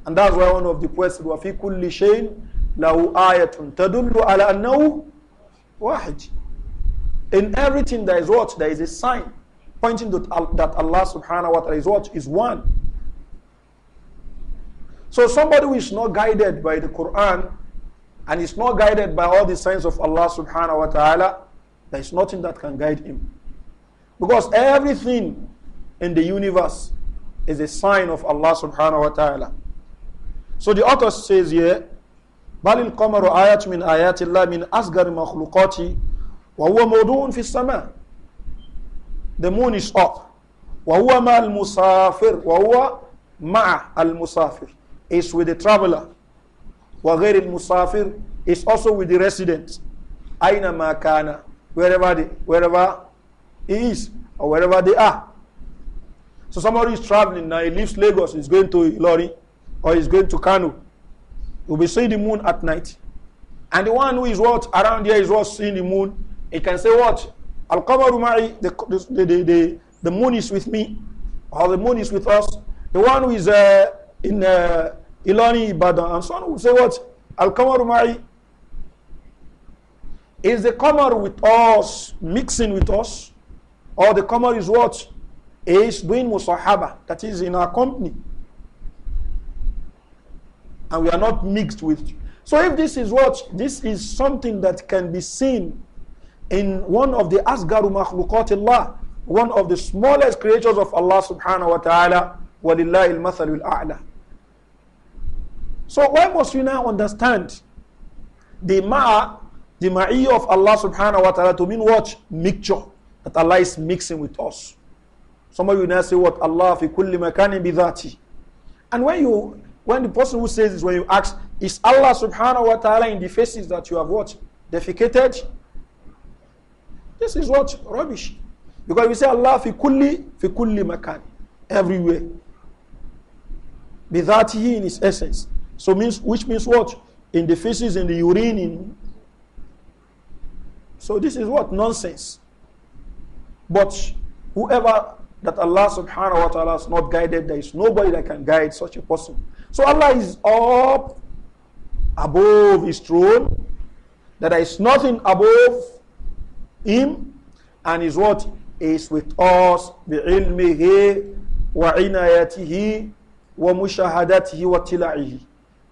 And that's why one of the poets said, وَفِي كُلِّ شَيْءٍ لَهُ آيَةٌ تَدُلُّ عَلَى أَنَّهُ وَاحِدٌ In everything there is what? There is a sign pointing to, that Allah subhanahu wa ta'ala is what? Is one. So somebody who is not guided by the Quran and is not guided by all the signs of Allah subhanahu wa ta'ala, there is nothing that can guide him. Because everything in the universe is a sign of Allah subhanahu wa ta'ala. So the author says here, بل القمر آيات من آيات الله من أصغر مخلوقاته وهو موضوع في السماء The moon is up. وهو مع المسافر وهو مع المسافر is with the traveler. وغير المسافر is also with the resident. أينما كان wherever they, wherever he is or wherever they are. So somebody is traveling now, he leaves Lagos, he's going to Ilori or he's going to Kano. You'll be seeing the moon at night. And the one who is what around here is what seeing the moon. He can say what? Al Qabarumari, the, the, the, the, the moon is with me, or the moon is with us. The one who is uh, in uh, Ilani, Ibadan, and so on will say what? Al Qabarumari, Is the Comer with us, mixing with us? Or the Comer is what? Is doing musahaba, that is in our company. And we are not mixed with. So if this is what? This is something that can be seen in one of the asgaru Allah, one of the smallest creatures of Allah subhanahu wa ta'ala, walillahi al a'la. So why must you now understand the ma'a the ma'iyya of Allah subhanahu wa ta'ala to mean what? Mixture. That Allah is mixing with us. Some of will now say what? Allah fi kulli makani bidhati. And when you, when the person who says this, when you ask, is Allah subhanahu wa ta'ala in the faces that you have what? Defecated? This is what? Rubbish. Because we say Allah fi kulli, fi kulli makan. Everywhere. Bidhatihi in his essence. So means, which means what? In the faces, in the urine, in so this is what? Nonsense. But whoever that Allah subhanahu wa ta'ala has not guided, there is nobody that can guide such a person. So Allah is up above his throne, that there is nothing above him, and is what is with us, wa wa وعنايته ومشاهدته وطلعه.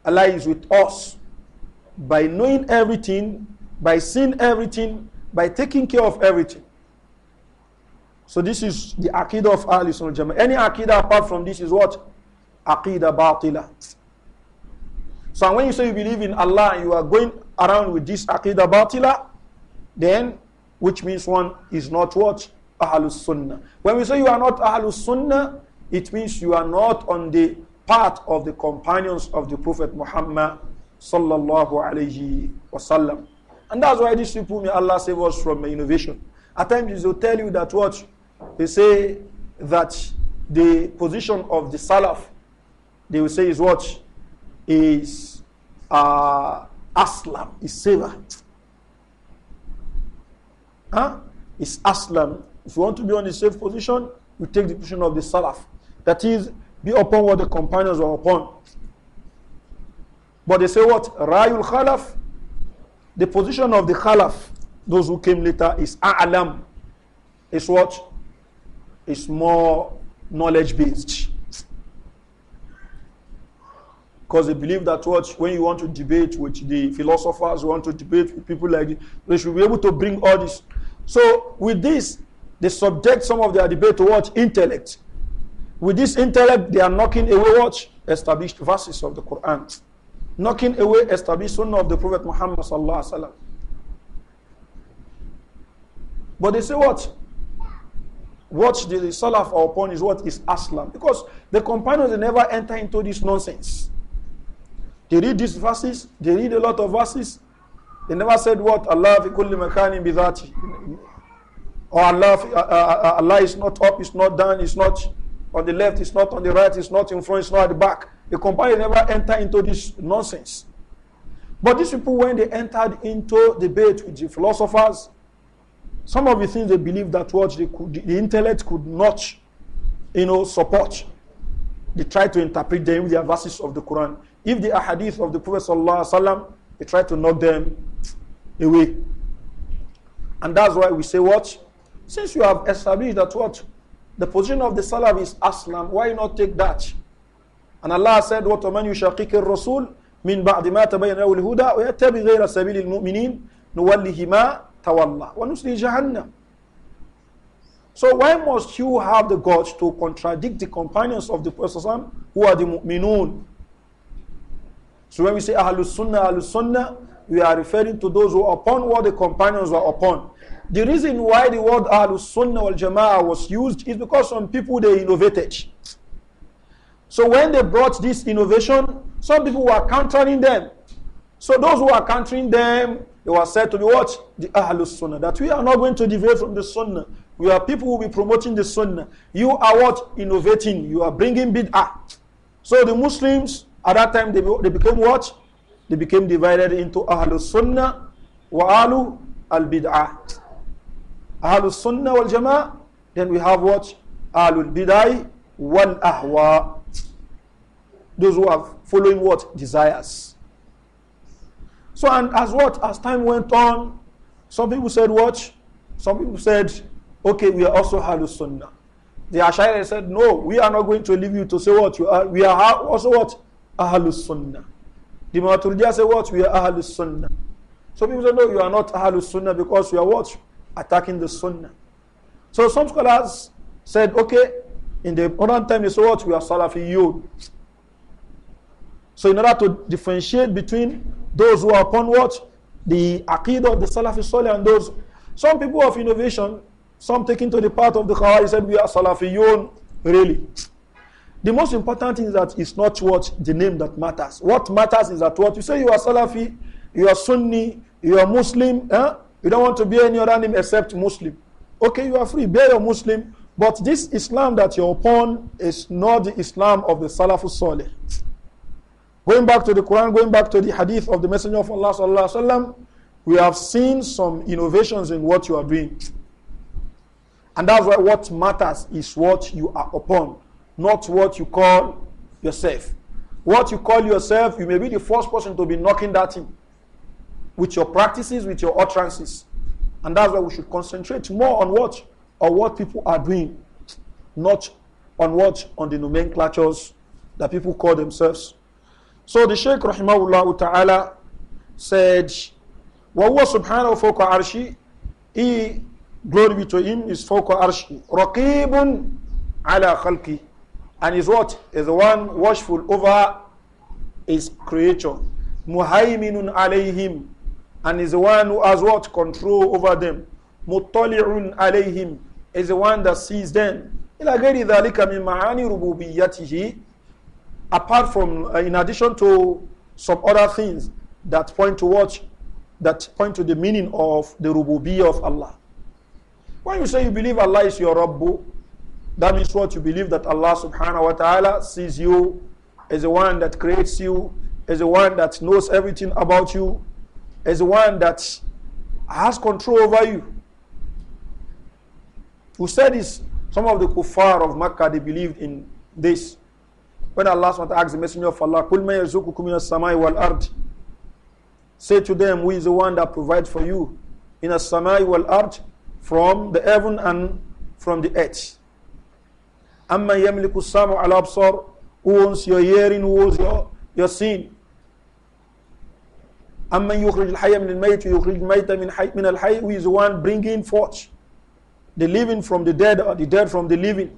Allah is with us by knowing everything by seeing everything, by taking care of everything. So this is the Aqidah of Ahl Sunnah Jama. Any Aqidah apart from this is what? Aqidah Batila. So when you say you believe in Allah and you are going around with this Aqidah Batila, then which means one is not what? Ahlus Sunnah. When we say you are not Ahlus Sunnah, it means you are not on the path of the companions of the Prophet Muhammad sallallahu alayhi wasallam. And that's why these people, may Allah save us from innovation. At times, they'll tell you that what? They say that the position of the Salaf, they will say is what? Is uh, Aslam, is saver. Huh? Is Aslam. If you want to be on the safe position, you take the position of the Salaf. That is, be upon what the companions were upon. But they say what? Rayul Khalaf The position of the Khalaf, those who came later, is A'lam. Is what? Is more knowledge based. Because they believe that what when you want to debate with the philosophers, you want to debate with people like this, they should be able to bring all this. So with this, they subject some of their debate to what? Intellect. With this intellect, they are knocking away what? Established verses of the Quran knocking away established sunnah of the Prophet Muhammad sallallahu alaihi wasallam. But they say what? What the, the Salaf upon is what is Aslam. Because the companions, they never enter into this nonsense. They read these verses, they read a lot of verses. They never said what? Allah fi kulli makanin Or Allah, uh, uh, uh, Allah is not up, it's not down, it's not on the left, it's not on the right, it's not in front, it's not at the back. The companions never enter into this nonsense. But these people, when they entered into debate with the philosophers, some of the things they believed that what could, the intellect could not, you know, support. They tried to interpret them with the verses of the Quran. If the ahadith of the Prophet they tried to knock them away. And that's why we say what? Since you have established that what? The position of the Salaf is Aslam, why not take that? And Allah said, What man yushaqiq al-rasul min ba'di ma tabayyana lahu al-huda wa yattabi ghayra sabili al-mu'minin nuwallihi So why must you have the God to contradict the companions of the Prophet who are the mu'minun? So when we say Ahlus Sunnah, Ahlus Sunnah, we are referring to those who are upon what the companions were upon. The reason why the word Ahlus Sunnah wal Jama'ah was used is because some people they innovated. So when they brought this innovation, some people were countering them. So those who are countering them, they were said to be what? The Ahlus Sunnah. That we are not going to deviate from the Sunnah. We are people who will be promoting the Sunnah. You are what? Innovating. You are bringing bid'ah. So the Muslims, at that time, they, they became what? They became divided into Ahlus Sunnah wa Ahlu al-Bid'ah. Ahlus Sunnah wal Jama'ah. Then we have what? Ahlul Bid'ah wal Ahwa. those who are following what? Desires. So, and as what? As time went on, some people said, what, Some people said, Okay, we are also Ahlus Sunnah. The Ashari said, No, we are not going to leave you to say what? You are, we are also what? Ahlus Sunnah. The Maturidiyah said, What? We are Ahlus Sunnah. So people said No, you are not Ahlus Sunnah because you are what? Attacking the Sunnah. So some scholars said, Okay, in the modern time, they say, What? We are salafi Salafiyun. So in order to differentiate between those who are upon what? The aqidah of the Salafi Salih and those. Some people of innovation, some taking to the path of the Khawarij said we are Salafiyun, really. The most important thing is that it's not what the name that matters. What matters is that what you say you are Salafi, you are Sunni, you are Muslim, eh? you don't want to be any other name except Muslim. Okay, you are free, bear your Muslim, but this Islam that you're upon is not the Islam of the Salafus Salih. Going back to the Quran, going back to the hadith of the Messenger of Allah, sallallahu we have seen some innovations in what you are doing. And that's why what matters is what you are upon, not what you call yourself. What you call yourself, you may be the first person to be knocking that thing with your practices, with your utterances. And that's why we should concentrate more on what or what people are doing, not on what on the nomenclatures that people call themselves. So the Shaykh Rahimahullah Ta'ala said, وَهُوَ سُبْحَانَهُ فَوْقَ عَرْشِ He, glory be to him, is فَوْقَ عَرْشِ رَقِيبٌ عَلَى خَلْقِ And is what? Is the one watchful over his creature. مُهَيْمِنٌ عَلَيْهِمْ And is the one who has what? Control over them. مُطَّلِعٌ عَلَيْهِمْ Is the one that sees them. إِلَى غَيْرِ ذَلِكَ مِنْ مَعَانِ رُبُوبِيَّتِهِ apart from, uh, in addition to some other things that point to what? That point to the meaning of the rububiyyah of Allah. When you say you believe Allah is your Rabbu, that means what? You believe that Allah subhanahu wa ta'ala sees you, as the one that creates you, as the one that knows everything about you, as the one that has control over you. Who said this? Some of the kuffar of Makkah, they believed in this. When Allah SWT asks the Messenger of Allah, wal ard. Say to them, Who is the one that provides for you in a samai wal ard from the heaven and from the earth? Amma yamliku samu al absar. Who owns your hearing? Who owns your, your seeing? Amma يخرج الحي من الميت ويخرج الميت من حي al hayy, who is the one bringing forth the living from the dead or the dead from the living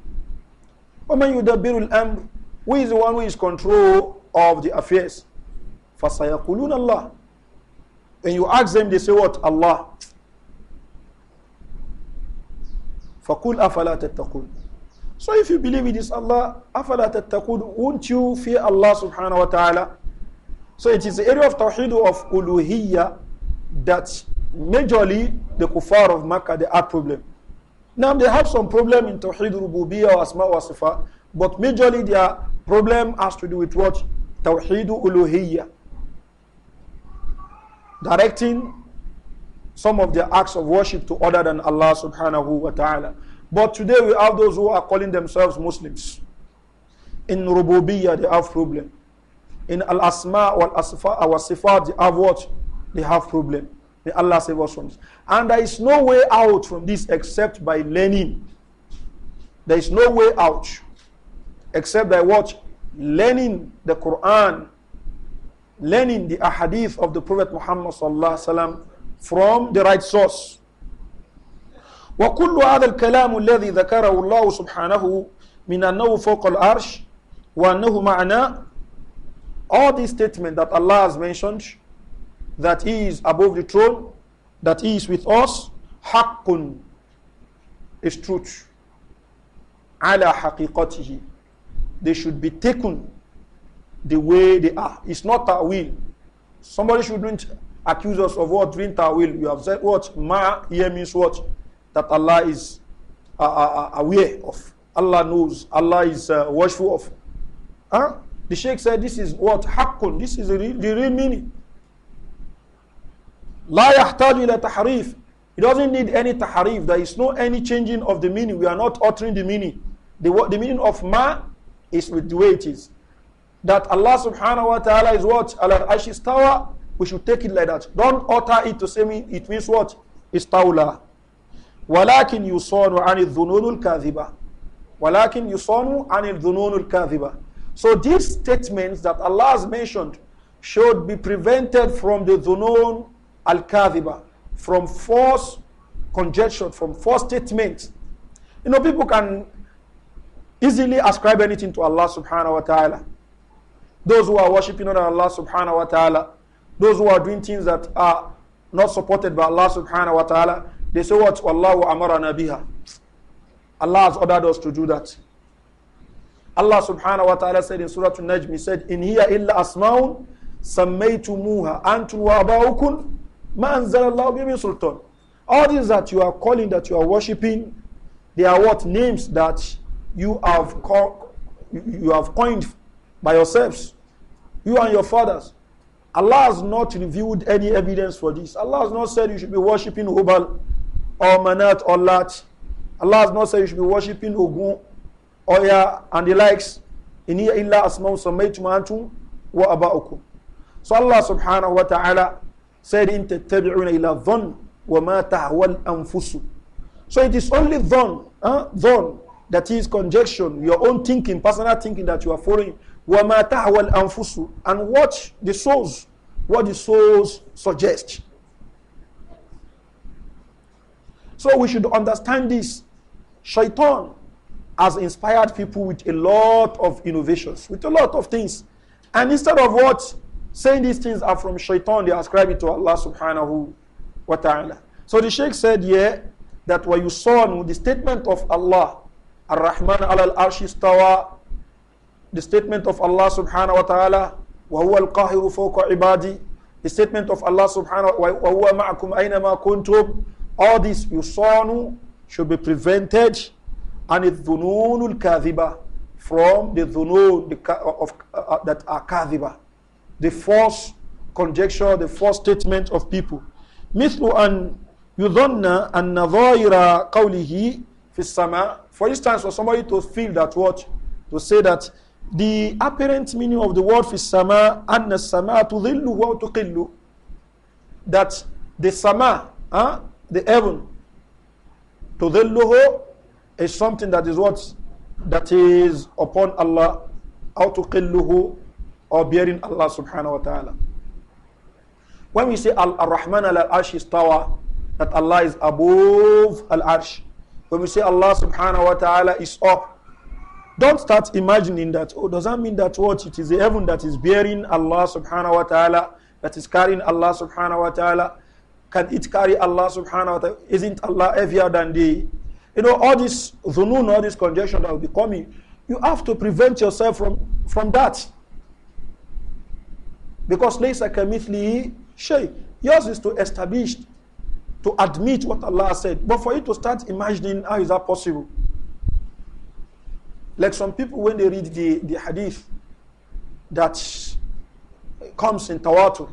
ومن يدبر amr. Who is the one who is control of the affairs? فَسَيَقُولُونَ Allah. When you ask them, they say what? Allah. فَقُلْ أَفَلَا تَتَّقُونَ So if you believe it is Allah, أَفَلَا تَتَّقُونَ Won't you fear Allah subhanahu wa ta'ala? So it is the area of Tawheed of Uluhiyya that majorly the kuffar of Makkah, they have problem. Now they have some problem in Tawheed Rububiyyah or Asma wa Sifat But majorly their problem has to do with what? Tawheedu uluhiyya. Directing some of their acts of worship to other than Allah subhanahu wa ta'ala. But today we have those who are calling themselves Muslims. In rububiyyah they have problem. In al-asma wa sifat they have what? They have problem. May Allah save us from this. And there is no way out from this except by learning. There is no way out except by what? Learning the Quran, learning the ahadith of the Prophet Muhammad وسلم, from the right source. وكل هذا الكلام الذي ذكره الله سبحانه من أنه فوق العرش وأنه معنى all these statements that Allah has mentioned that He is above the throne that He is with us حق is truth على حقيقته they should be taken the way they are. It's not our will. Somebody shouldn't accuse us of what? Doing will. You have said what? Ma here means what? That Allah is uh, uh, aware of. Allah knows. Allah is uh, watchful of. Huh? The Sheikh said this is what? Haqqun. This is the real, the real meaning. La yahtaj ila taharif. It doesn't need any tahrif. There is no any changing of the meaning. We are not altering the meaning. The, the meaning of ma is with the way it is. That Allah subhanahu wa ta'ala is what? Allah Ashis Tower, we should take it like that. Don't alter it to say me, it means what? is Tawla. ولكن يصون عن الظنون الكاذبة ولكن يصون عن الظنون الكاذبة So these statements that Allah has mentioned should be prevented from the dhunun al-kadhiba, from false conjecture, from false statements. You know, people can easily ascribe anything to Allah subhanahu wa ta'ala. Those who are worshipping other Allah subhanahu wa ta'ala, those who are doing things that are not supported by Allah subhanahu wa ta'ala, they say what? Wallahu amarana biha. Allah has ordered us to do that. Allah subhanahu wa ta'ala said in Surah Al-Najm, He said, In here illa asma'un sammaytumuha antu wa aba'ukum ma Allah bi min sultan. All these that you are calling, that you are worshipping, they are what? Names that you have, co- you have coined by yourselves, you and your fathers. Allah has not revealed any evidence for this. Allah has not said you should be worshipping Hubal or Manat or Lat. Allah has not said you should be worshipping Ogun, Oya, and the likes. In here, illa asma'u samaytum antum wa aba'ukum. So Allah subhanahu wa ta'ala said, In tattabi'una illa dhann wa ma tahwal anfusu. So it is only dhann, huh? dhann, that is conjecture, your own thinking, personal thinking that you are following. وَمَا تَحْوَى الْأَنفُسُ And what the souls, what the souls suggest. So we should understand this. Shaitan has inspired people with a lot of innovations, with a lot of things. And instead of what saying these things are from shaitan, they ascribe it to Allah subhanahu wa ta'ala. So the Sheikh said here yeah, that when you saw the statement of Allah الرحمن rahman al-Arsh The statement of Allah subhanahu wa ta'ala, وَهُوَ الْقَاهِرُ فَوْقَ عِبَادِي The statement of Allah subhanahu wa ta'ala, وَهُوَ مَعَكُمْ أَيْنَمَا كُنْتُمْ All this yusanu should be prevented and the dhununul kadhiba from the dhunun of, uh, that are kadhiba. The false conjecture, the false statement of people. مثل أن يظن أن ظاهر قوله في السماء For instance, for somebody to feel that what? To say that the apparent meaning of the word fi sama, anna sama tudhillu wa tuqillu, that the sama, huh, ah, the heaven, tudhilluhu is something that is what? That is upon Allah, how tuqilluhu, or bearing Allah subhanahu wa ta'ala. When we say Al-Rahman al-Arsh istawa, that Allah is above Al-Arsh, when we say Allah subhanahu wa ta'ala is up, don't start imagining that, oh, does that mean that what? It is the heaven that is bearing Allah subhanahu wa ta'ala, that is carrying Allah subhanahu wa ta'ala. Can it carry Allah subhanahu wa ta'ala? Isn't Allah heavier than the. You know, all this dhunun, all this conjecture that will be coming, you have to prevent yourself from, from that. Because laysa kamithlihi shay. Yours is to establish to admit what Allah said. But for you to start imagining, how is that possible? Like some people, when they read the, the hadith that comes in Tawatur,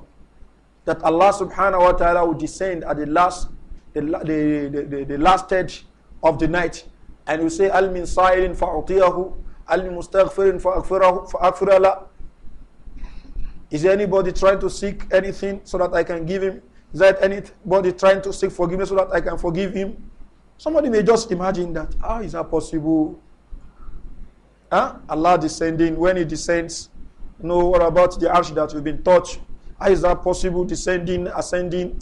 that Allah subhanahu wa ta'ala will descend at the last, the, the, the, the last stage of the night, and you say, Al min sa'ilin fa'utiyahu, Al min mustaghfirin fa'akfirahu, Is anybody trying to seek anything so that I can give him? Is that anybody trying to seek forgiveness so that I can forgive him? Somebody may just imagine that. How ah, is that possible? Huh? Allah descending, when He descends, you know what about the arch that we've been touched? How ah, is that possible? Descending, ascending.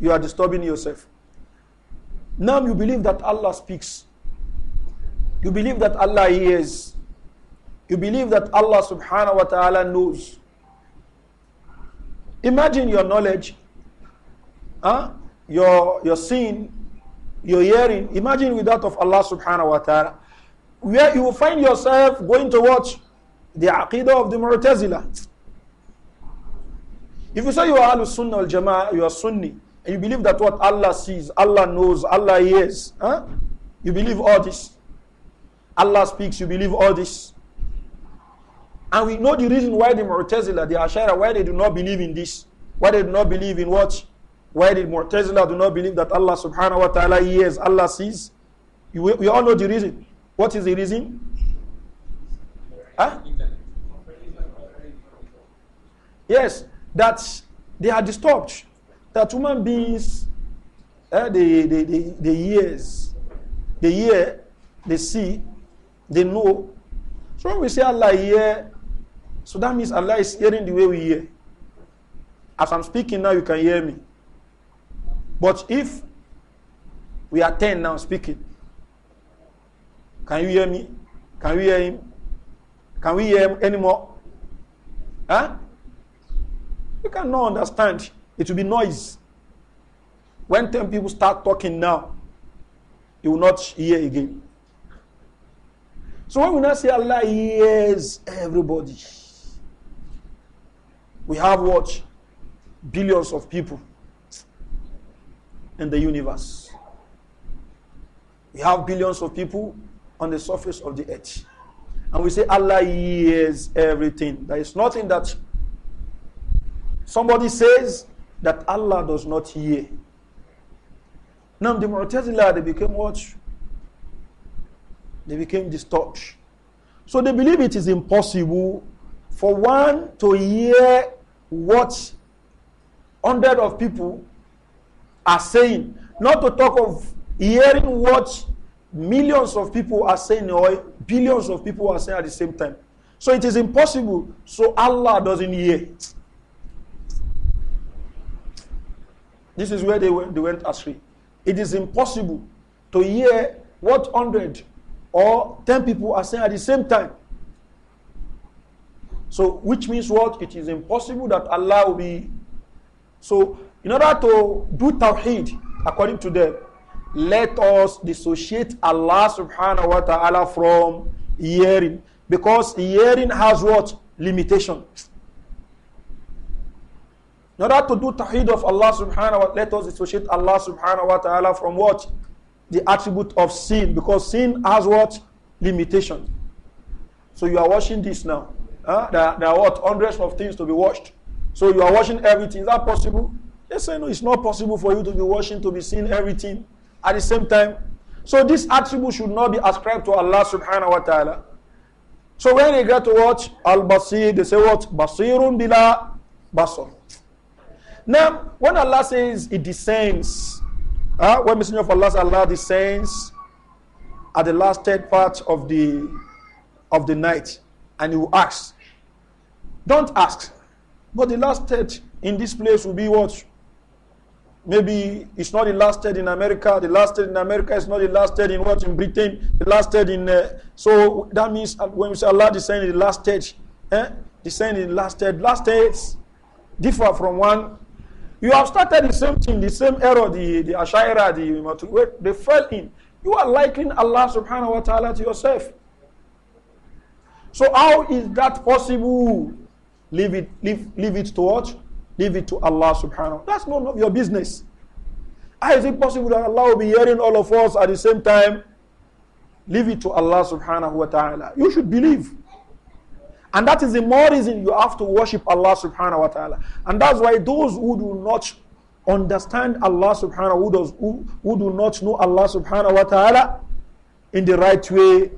You are disturbing yourself. Now you believe that Allah speaks. You believe that Allah hears. You believe that Allah subhanahu wa ta'ala knows. Imagine your knowledge huh? your, your seeing, your hearing. Imagine with that of Allah subhanahu wa ta'ala. Where you will find yourself going to watch the aqidah of the Mu'tazila. If you say you are Ahlul Sunnah al Jama'ah, you are Sunni, and you believe that what Allah sees, Allah knows, Allah hears, huh? you believe all this. Allah speaks, you believe all this. And we know the reason why the Mu'tazila, the Ashara, why they do not believe in this. Why they do not believe in what? Why did Mu'tazila do not believe that Allah subhanahu wa ta'ala hears, Allah sees? You, we all know the reason. What is the reason? Huh? Yes, that they are disturbed. That human beings, eh? they, they, they, they hears, they hear, they see, they know. So when we say Allah hear, so that means Allah is hearing the way we hear. As I'm speaking now, you can hear me. But if we are 10 now speaking, can you hear me? Can we hear him? Can we hear him anymore? Huh? You cannot understand. It will be noise. When 10 people start talking now, you will not hear again. So when we now say Allah hears everybody, we have what? Billions of people. in the universe. We have billions of people on the surface of the earth. And we say Allah hears everything. There is nothing that somebody says that Allah does not hear. Now the Mu'tazila, they became what? They became disturbed. So they believe it is impossible for one to hear what hundreds of people are saying, not to talk of hearing what millions of people are saying or billions of people are saying at the same time. So it is impossible. So Allah doesn't hear. This is where they went, they went astray. It is impossible to hear what hundred or ten people are saying at the same time. So, which means what? It is impossible that Allah will be. So, In order to do tawhid, according to them, let us dissociate Allah subhanahu wa ta'ala from hearing. Because hearing has what? Limitation. In order to do tawhid of Allah subhanahu wa ta'ala, let us dissociate Allah subhanahu wa ta'ala from what? The attribute of sin. Because sin has what? Limitation. So you are watching this now. Huh? There, are, there are what? Hundreds of things to be watched. So you are watching everything. Is that possible? They say, no, it's not possible for you to be watching, to be seeing everything at the same time. So this attribute should not be ascribed to Allah subhanahu wa ta'ala. So when they get to watch Al-Basir, they say what? Basirun bila basar. Now, when Allah says it descends, uh, when Messenger of Allah Allah descends at the last third part of the of the night, and you ask, don't ask, but the last third in this place will be what Maybe it's not the last third in America. The last third in America is not the last third in what in Britain. The last third in uh, so that means uh, when we say Allah descended the last third, eh? in the last third. Last thirds differ from one. You have started the same thing, the same error, the the Ashaira, the Matur, they fell in. You are likening Allah Subhanahu wa Taala to yourself. So how is that possible? Leave it, leave, leave it to what? Leave it to Allah subhanahu That's none of your business. How is it possible that Allah will be hearing all of us at the same time? Leave it to Allah subhanahu wa ta'ala. You should believe. And that is the more reason you have to worship Allah subhanahu wa ta'ala. And that's why those who do not understand Allah subhanahu wa ta'ala, who, who do not know Allah subhanahu wa ta'ala in the right way,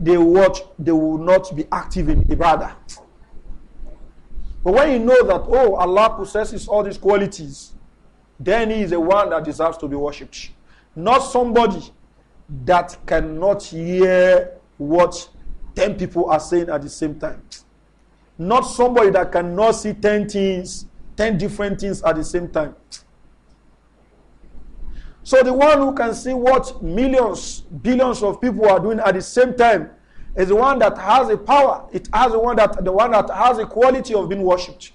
they watch, they will not be active in ibadah. But when you know that, oh, Allah possesses all these qualities, then He is the one that deserves to be worshipped. Not somebody that cannot hear what 10 people are saying at the same time. Not somebody that cannot see 10 things, 10 different things at the same time. So the one who can see what millions, billions of people are doing at the same time is the one that has a power. It has the one that the one that has a quality of being worshipped.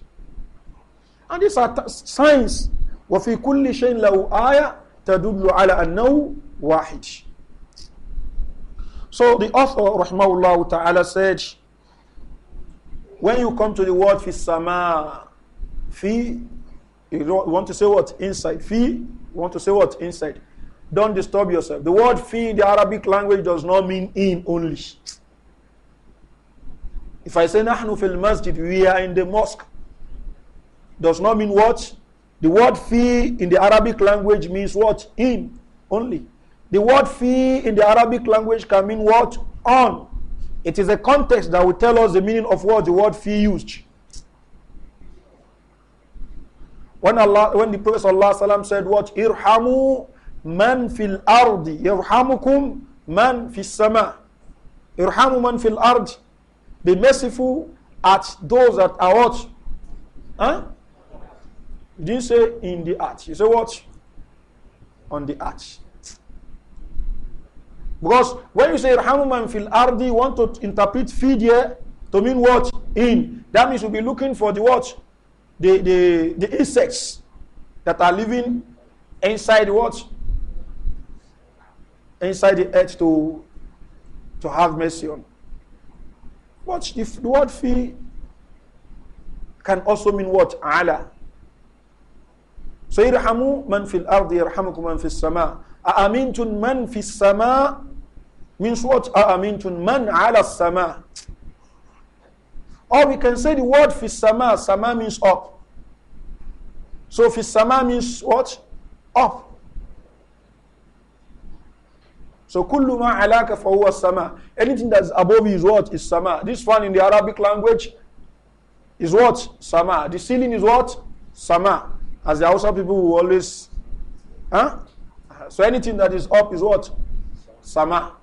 And these are signs. وفي كل شيء له آية تدل على أنه واحد. So the author, rahmahullah ta'ala, said, when you come to the word fi sama, fi, you want to say what? Inside. Fi, you want to say what? Inside. Don't disturb yourself. The word fi in the Arabic language does not mean in only. If I say nahnu fil masjid, we are in the mosque, does not mean what? The word fi in the Arabic language means what? In only. The word fi in the Arabic language can mean what? On. It is a context that will tell us the meaning of what the word fi used. When Allah, when the Prophet ﷺ said what? Irhamu man fil ardi. Irhamukum man fil sama. Irhamu man fil ardi. Be merciful at those that are what? Huh? You didn't say in the arch. You say what? On the arch. Because when you say Rahamuman fil ardi, you want to interpret fidya to mean what? In. That means we'll be looking for the what? The, the, the insects that are living inside what? Inside the earth to, to have mercy on. But the, the word fi can also mean what? Ala. So irhamu man fil ardi irhamukum man fis sama. Aamintun man fis sama means what? Aamintun man ala sama. Or we can say the word fis sama. Sama means up. So fis sama means what? Up. So kullu ma alaka fahuwa sama. Anything that's above is what? Is sama. This one in the Arabic language is what? Sama. The ceiling is what? Sama. As the Hausa people who always... Huh? So anything that is up is what? Sama.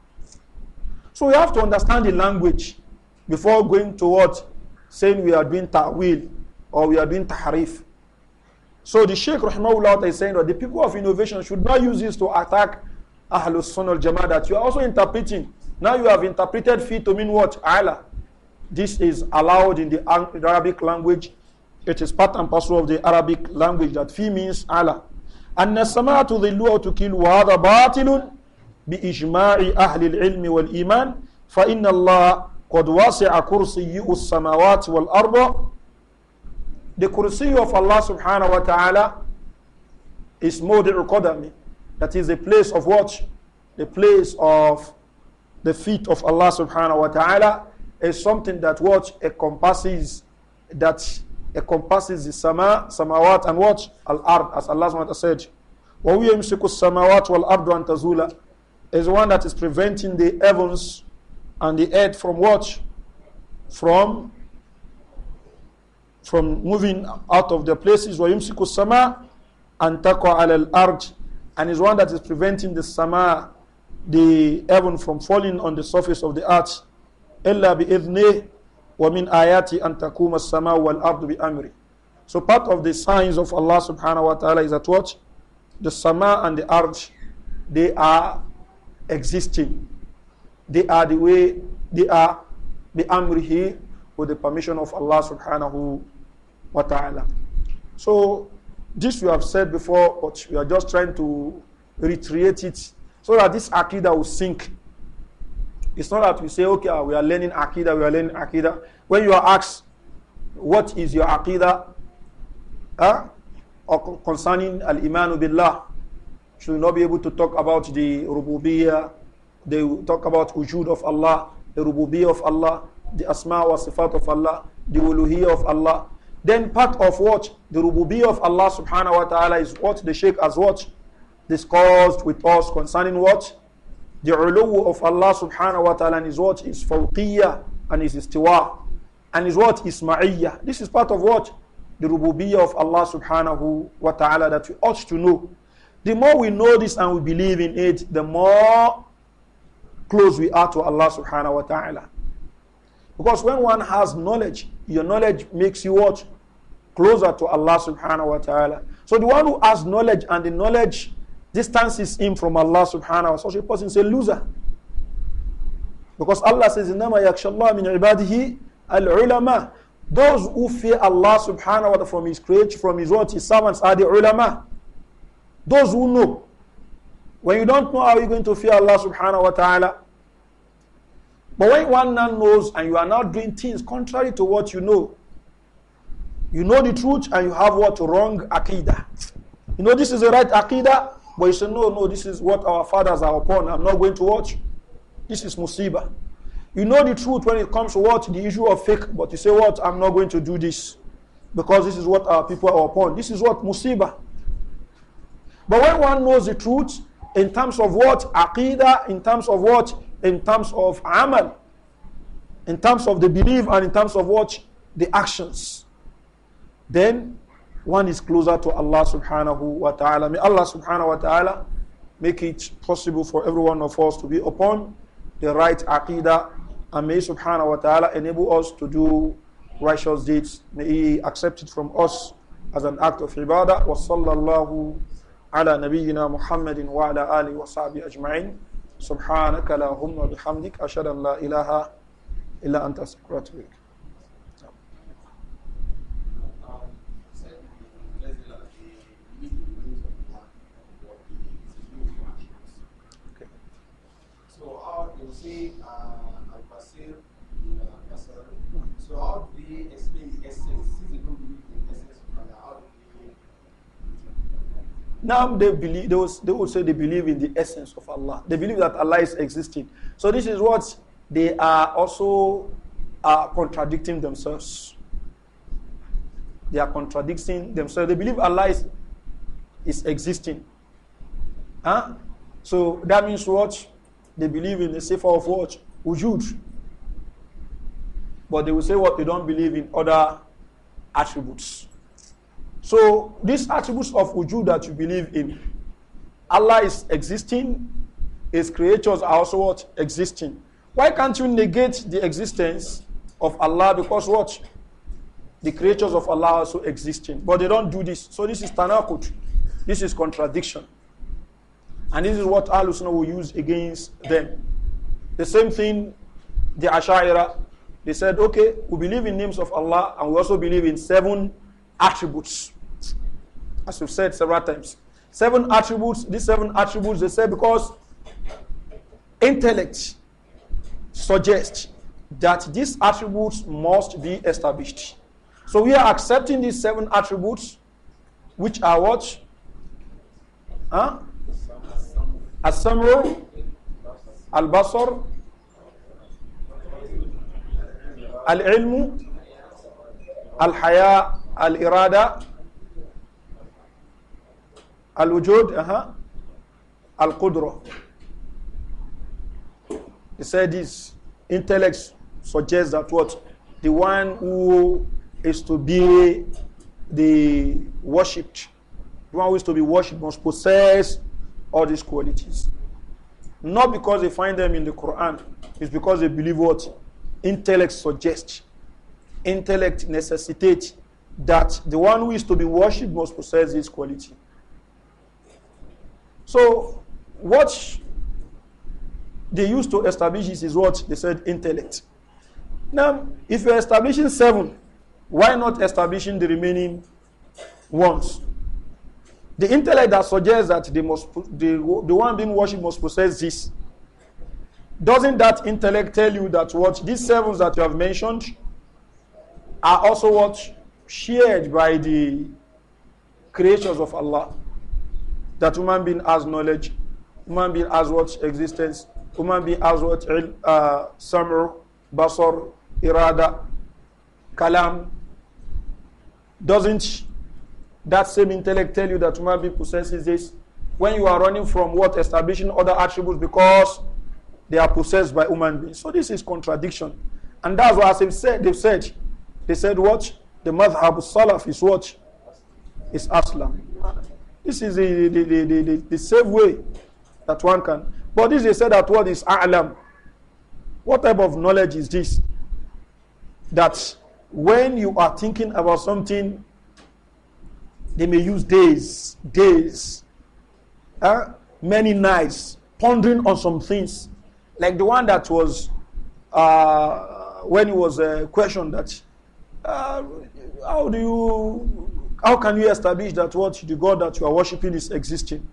So we have to understand the language before going to what? Saying we are doing ta'wil or we are doing tahrif. So the Sheikh Rahimahullah is saying that the people of innovation should not use this to attack Ahlus Sunnah al-Jama'ah that you are also interpreting. Now you have interpreted fi to mean what? Allah. This is allowed in the Arabic language. It is part and parcel of the Arabic language that fi means Allah. أن السماء تضل أو تكل وهذا باطل بإجماع أهل العلم والإيمان فإن الله قد وسع كرسيه السماوات والأرض The kursi of Allah subhanahu wa ta'ala is than قدمه That is a place of what? The place of the feet of Allah subhanahu wa ta'ala is something that what encompasses that encompasses the sama, samawat and what? Al ard, as Allah subhanahu wa ta'ala said. وَهُوَ يَمْسِكُ السَّمَاوَاتِ وَالْأَرْضُ أَنْ تَزُولَ Is one that is preventing the heavens and the earth from what? From from moving out of the places وَيُمْسِكُ السَّمَاءَ أَنْ تَقَعَ عَلَى الْأَرْضِ and is one that is preventing the sama, the heaven from falling on the surface of the earth. إلا بإذنه ومن آياتي أن تقوم السماء والأرض amri. So part of the signs of Allah subhanahu wa ta'ala is that what? The sama and the earth, they are existing. They are the way they are the amrihi with the permission of Allah subhanahu wa ta'ala. So this we have said before, but we are just trying to reiterate it so that this Akida will sink. It's not that we say, okay, ah, we are learning Akida, we are learning Akida. When you are asked, what is your Akida huh? Ah, or concerning Al Imanu Billah, should not be able to talk about the Rububiyah, they talk about Ujud of Allah, the Rububiyah of Allah, the Asma wa Sifat of Allah, the Uluhiyah of Allah. Then part of what the rububi of Allah subhanahu wa ta'ala is what the Shaykh has what discussed with us concerning what the ulu of Allah subhanahu wa ta'ala and his what is fawqiyya and his istiwa and his what is ma'iyya. This is part of what the rububiyyah of Allah subhanahu wa ta'ala that we ought to know. The more we know this and we believe in it, the more close we are to Allah subhanahu wa ta'ala. Because when one has knowledge your knowledge makes you what? Closer to Allah subhanahu wa ta'ala. So the one who has knowledge and the knowledge distances him from Allah subhanahu wa ta'ala, such a person is a loser. Because Allah says, إِنَّمَا يَكْشَ اللَّهَ مِنْ عِبَادِهِ الْعُلَمَا Those who fear Allah subhanahu wa ta'ala from his creation, from his word, his servants are the ulama. Those who know. When you don't know how you're going to fear Allah subhanahu wa ta'ala, but when one now knows and you are now doing things contrary to what you know, you know the truth and you have what wrong akida. You know this is the right akida, but you say, no, no, this is what our fathers are upon. I'm not going to watch. This is musiba. You know the truth when it comes to what? The issue of fake, but you say, what? I'm not going to do this because this is what our people are upon. This is what musiba. But when one knows the truth in terms of what? akida, in terms of what? in terms of amal, in terms of the belief, and in terms of what? The actions. Then one is closer to Allah subhanahu wa ta'ala. May Allah subhanahu wa ta'ala make it possible for every one of us to be upon the right aqidah. And may subhanahu wa ta'ala enable us to do righteous deeds. May He accept it from us as an act of ibadah. Wa sallallahu ala nabiyyina Muhammadin wa ala alihi wa sahbihi ajma'in. سبحانك لا هم وبحمدك أشهد أن لا إله إلا أنت أستغفرك وأتوب إليك So how do you see uh, Al-Basir, uh, So how do Now they believe they will, they will say they believe in the essence of Allah. They believe that Allah is existing. So this is what they are also are contradicting themselves. They are contradicting themselves. They believe Allah is, is existing. Huh? So that means what? They believe in the safer of what? Wujud. But they will say what they don't believe in other attributes. So these attributes of Uju that you believe in, Allah is existing, His creatures are also what? Existing. Why can't you negate the existence of Allah? Because what? The creatures of Allah are also existing. But they don't do this. So this is tanakut. This is contradiction. And this is what Ahlul Sunnah will use against them. The same thing, the Ash'ira, they said, okay, we believe in names of Allah and we also believe in seven attributes. As we've said several times. Seven attributes, these seven attributes, they say because intellect suggests that these attributes must be established. So we are accepting these seven attributes, which are what? Huh? As-samru, al-basar, al-ilmu, al-haya, al-irada, al-wujud, al-qudra. He said this, intellect suggests that what? The one who is to be the worshipped, the one who is to be worshipped must possess all these qualities. Not because they find them in the Quran, it's because they believe what? Intellect suggests. Intellect necessitates that the one who is to be worshipped must possess this quality. So, what they used to establish this is what they said intellect. Now, if you're establishing seven, why not establishing the remaining ones? The intellect that suggests that they must, the, the one being worshipped must possess this. Doesn't that intellect tell you that what these sevens that you have mentioned are also what shared by the creatures of Allah. That human being has knowledge, human being has what existence, human being has what uh, samr, basar, irada, kalam. Doesn't that same intellect tell you that human being possesses this? When you are running from what establishing other attributes because they are possessed by human beings. So this is contradiction. And that's why as they've said, they've said, they said what? the madhab salaf is what? Is aslam. This is the, the, the, the, the, the safe way that one can. But this they said that what is a'lam. What type of knowledge is this? That when you are thinking about something, they may use days, days, uh, many nights, pondering on some things. Like the one that was, uh, when it was a uh, question that uh, how do you, how can you establish that what the God that you are worshiping is existing?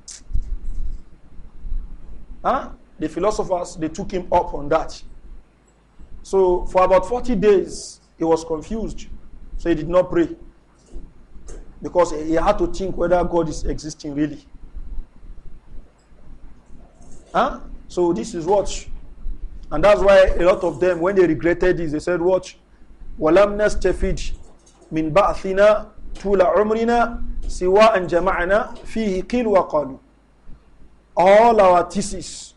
Huh? The philosophers, they took him up on that. So for about 40 days, he was confused. So he did not pray. Because he had to think whether God is existing really. Huh? So this is what. And that's why a lot of them, when they regretted this, they said, what. ولم نستفد من بعثنا طول عمرنا سواء جمعنا فيه قيل وقالوا all our thesis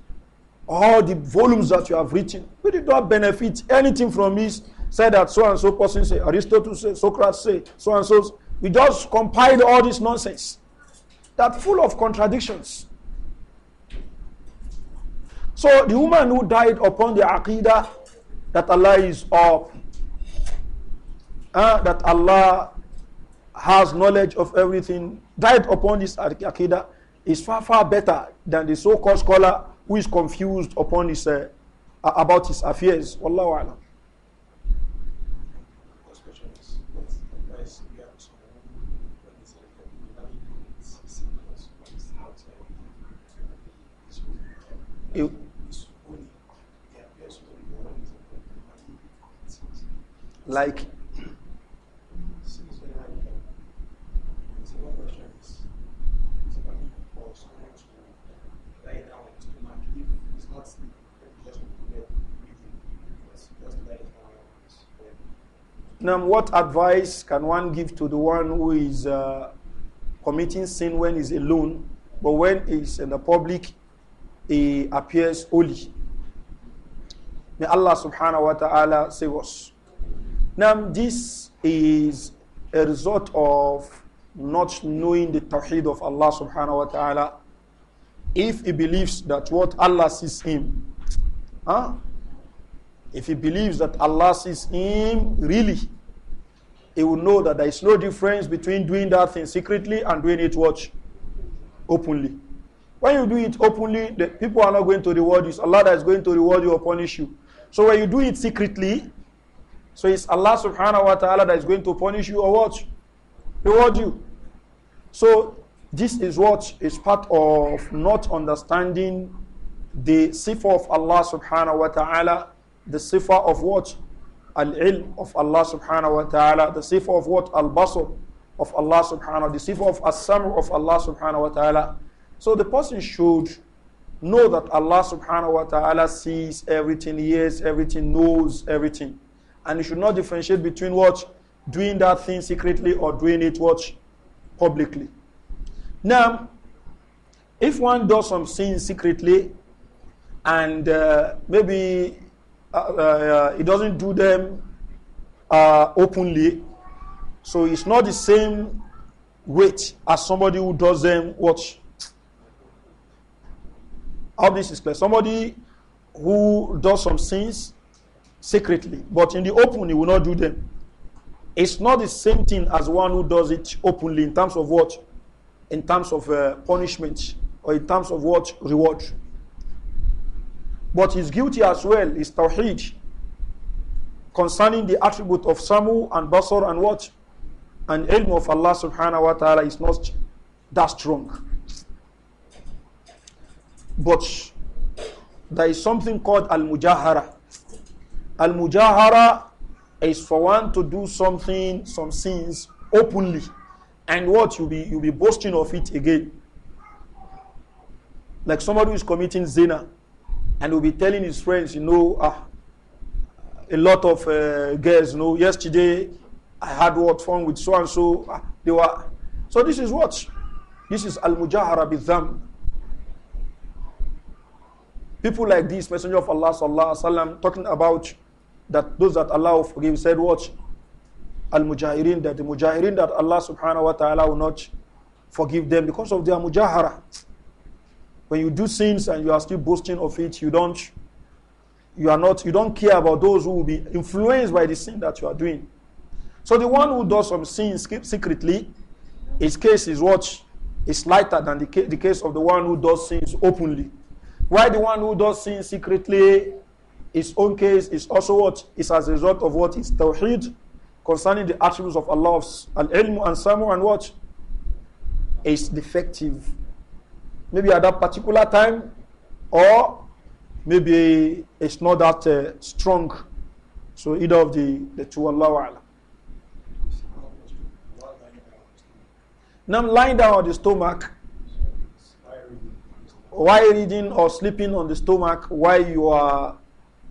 all the volumes that you have written we did not benefit anything from it say that so and so person say aristotle say socrates say so and so we just compiled all this nonsense that full of contradictions so the woman who died upon the aqidah that allah is up uh, that Allah has knowledge of everything, died upon this Aqidah is far, far better than the so-called scholar who is confused upon his, uh, about his affairs. Wallahu alam. It, like Now, what advice can one give to the one who is uh, committing sin when he's alone, but when he's in the public, he appears holy? May Allah subhanahu wa ta'ala save us. Now, this is a result of not knowing the tawhid of Allah subhanahu wa ta'ala. If he believes that what Allah sees him, huh? If he believes that Allah sees him really, he will know that there is no difference between doing that thing secretly and doing it what? Openly. When you do it openly, the people are not going to reward you. It's Allah that is going to reward you or punish you. So when you do it secretly, so it's Allah subhanahu wa ta'ala that is going to punish you or what? Reward you. So this is what is part of not understanding the sifa of Allah subhanahu wa ta'ala the sifa of what? Al-ilm of Allah subhanahu wa ta'ala, the sifa of what? Al-basr of Allah subhanahu Wa Taala. the sifa of as samr of Allah subhanahu wa ta'ala. So the person should know that Allah subhanahu wa ta'ala sees everything, hears everything, knows everything. And you should not differentiate between what? Doing that thing secretly or doing it what? Publicly. Now, if one does some sin secretly and uh, maybe uh, uh, uh doesn't do them uh, openly. So it's not the same weight as somebody who does them watch. How this is clear. Somebody who does some sins secretly, but in the open he will not do them. It's not the same thing as one who does it openly in terms of what? In terms of uh, punishment or in terms of what? Reward. But he's guilty as well is tawheed concerning the attribute of Samu and Basar and what? And ilm of Allah subhanahu wa ta'ala is not that strong. But there is something called al-mujahara. Al-mujahara is for one to do something, some sins openly, and what you be you be boasting of it again. Like somebody who is committing zina, and will be telling his friends, you know, ah, a lot of uh, girls, you know, yesterday I had what fun with so and so. Ah, they were. So this is what? This is al mujahara bidham. People like this, Messenger of Allah sallallahu alaihi wasallam, talking about that those that Allah forgive said what? Al mujahirin that the mujahirin that Allah subhanahu wa taala will not forgive them because of their mujahara. When you do sins and you are still boasting of it, you don't you are not you don't care about those who will be influenced by the sin that you are doing. So the one who does some sins secretly, his case is what is lighter than the, the case of the one who does sins openly. Why the one who does sins secretly, his own case is also what is as a result of what is tawheed concerning the attributes of Allah's al-ilm and samu and what is defective. maybe at that particular time, or maybe it's not that uh, strong. So either of the, the two, Allah Alam. Now lying down on the stomach, why reading or sleeping on the stomach while you are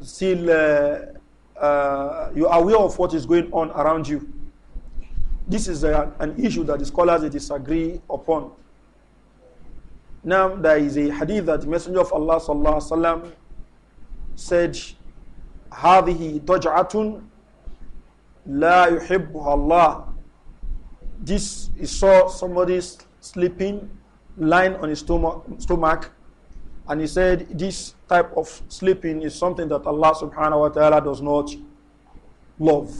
still uh, uh, you are aware of what is going on around you. This is a, uh, an issue that the scholars disagree upon. Now, there is a hadith that the Messenger of Allah sallallahu alaihi wasallam said, هذه ضجعة لا يحبها الله. This is saw somebody sleeping, lying on his stomach, stomach, and he said, this type of sleeping is something that Allah subhanahu wa ta'ala does not love.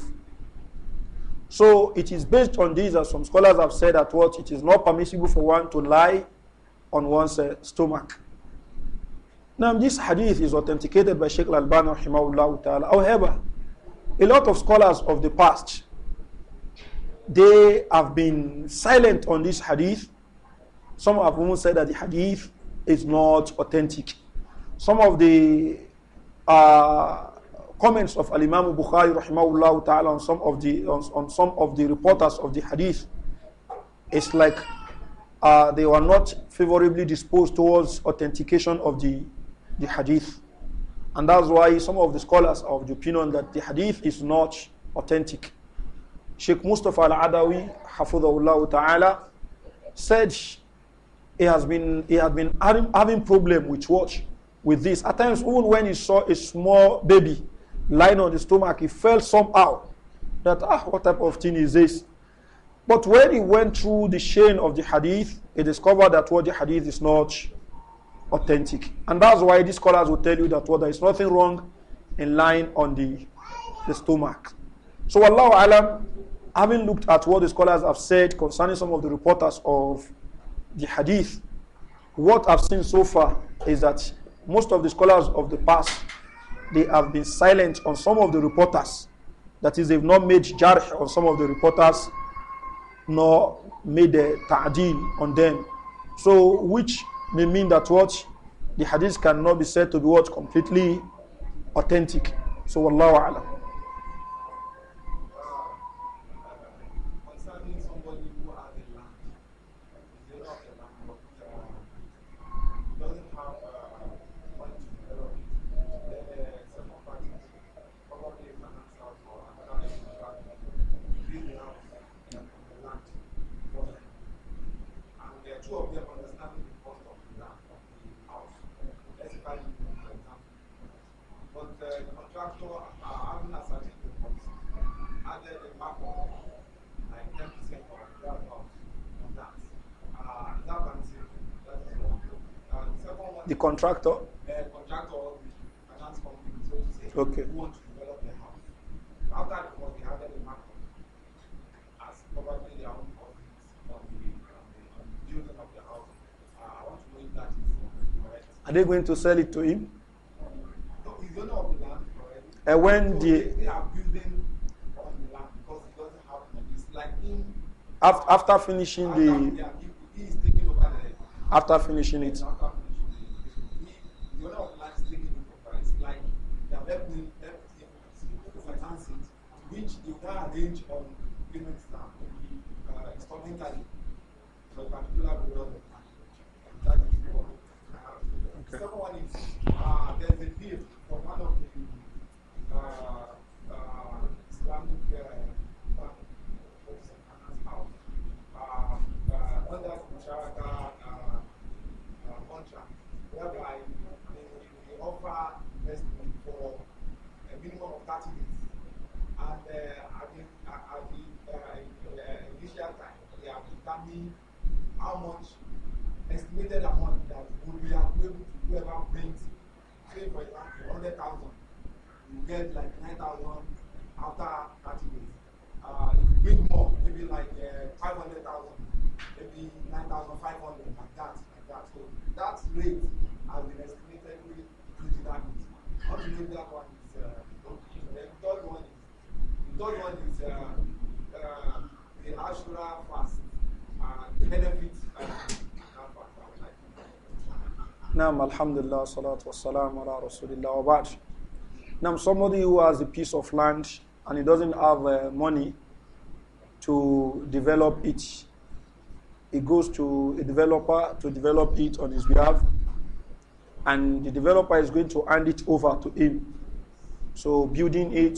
So it is based on this, as some scholars have said, that what it is not permissible for one to lie on one's uh, stomach. Now, this hadith is authenticated by Sheikh Al-Albani rahimahullah ta'ala. However, a lot of scholars of the past, they have been silent on this hadith. Some have even said that the hadith is not authentic. Some of the uh, comments of Al-Imam Bukhari rahimahullah ta'ala on some of the on, on some of the reporters of the hadith it's like uh, they were not favorably disposed towards authentication of the, the hadith. And that's why some of the scholars are of the opinion that the hadith is not authentic. Sheikh Mustafa al-Adawi, hafidhahullah ta'ala, said he has been, he had been having, problem with watch, with this. At times, even when he saw a small baby lying on the stomach, he felt somehow that, ah, what type of thing is this? But when he went through the chain of the hadith, he discovered that what the hadith is not authentic. And that's why these scholars will tell you that what there is nothing wrong in lying on the, the stomach. So Allah Alam, having looked at what the scholars have said concerning some of the reporters of the hadith, what I've seen so far is that most of the scholars of the past, they have been silent on some of the reporters. That is, they've not made jarh on some of the reporters nor made a ta'dil on them. So which may mean that what the hadith cannot be said to be what completely authentic. So Wallahu A'lam. the contractor? The uh, contractor or the finance company, so to say, okay. who want to develop the house. After the course, they handle the market as probably their own office on the, building of the house. Uh, I want to know if that is correct. Are they going to sell it to him? No, he's owner of the land already. And when so the... They, are building on the land because it doesn't happen. It's like him... After, after finishing after, the... Yeah, he, he is taking over the... After finishing it. After claramente, tá, tipo, um clima de e instrumentarium. Sono partito da Guerra created amount that would be available to whoever brings it. Say, for example, 100,000, you get like 9,000 after 30 days. Uh, if you bring more, maybe like uh, 500,000, maybe 9,500, like that, like that. So that rate has been estimated with the dynamics. How to make that one is uh, the third one is the third one Nam, alhamdulillah, salatu wassalam ala rasulillah wa ba'd. Now, somebody who has a piece of land and he doesn't have uh, money to develop it, he goes to a developer to develop it on his behalf, and the developer is going to hand it over to him. So, building it.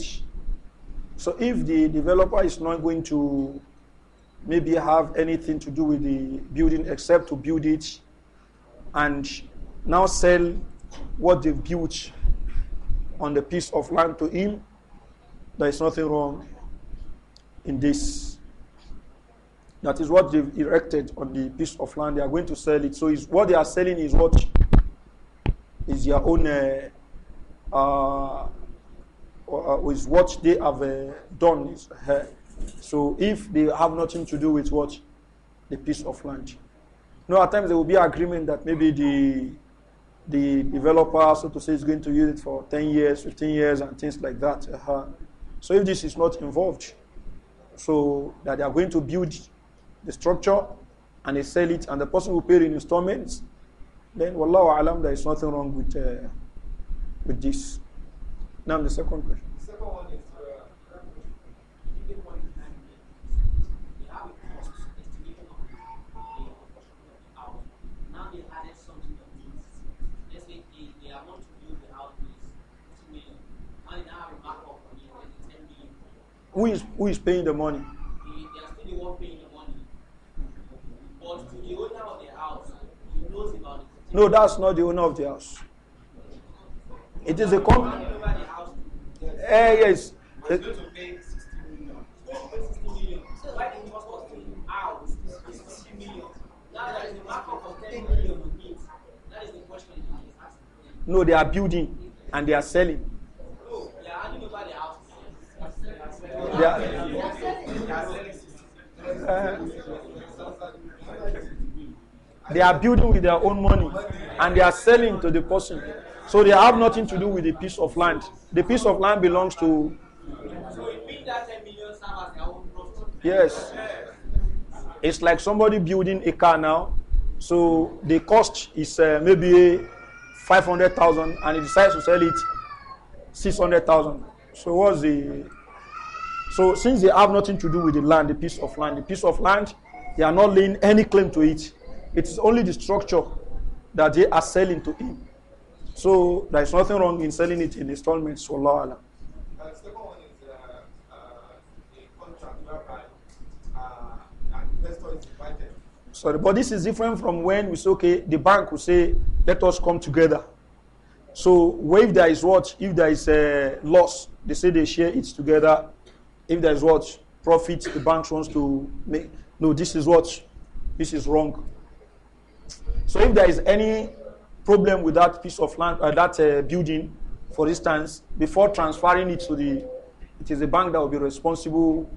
So, if the developer is not going to maybe have anything to do with the building except to build it and now sell what they've built on the piece of land to him, there is nothing wrong in this. That is what they've erected on the piece of land. They are going to sell it. So is what they are selling is what is their own uh, uh, uh is what they have uh, done. Is, uh, so if they have nothing to do with what the piece of land, you no, know, at times there will be agreement that maybe the the developer, so to say, is going to use it for 10 years, 15 years, and things like that. Uh -huh. So if this is not involved, so that they are going to build the structure and they sell it, and the person will pay in installments, then wallahu alam, there is nothing wrong with uh, with this. Now the second question. The second one is Who is who is paying the money? They are still the one paying the money. But to the owner of the house, he knows about it. No, that's not the owner of the house. It is a company. Uh, eh, yes. no, they are building and they are selling. Yeah. Uh, they are building with their own money and they are selling to the person. So they have nothing to do with the piece of land. The piece of land belongs to. Yes. It's like somebody building a car now. So the cost is uh, maybe 500,000 and he decides to sell it 600,000. So what's the So since they have nothing to do with the land, the piece of land, the piece of land, they are not laying any claim to it. It is only the structure that they are selling to him. So there is nothing wrong in selling it in installments. Wallahu alam. Sorry, but this is different from when we say, okay, the bank will say, let us come together. So, if there is what? If there is a uh, loss, they say they share it together If there is what profit the bank wants to make, no, this is what, this is wrong. So if there is any problem with that piece of land, uh, that uh, building, for instance, before transferring it to the, it is the bank that will be responsible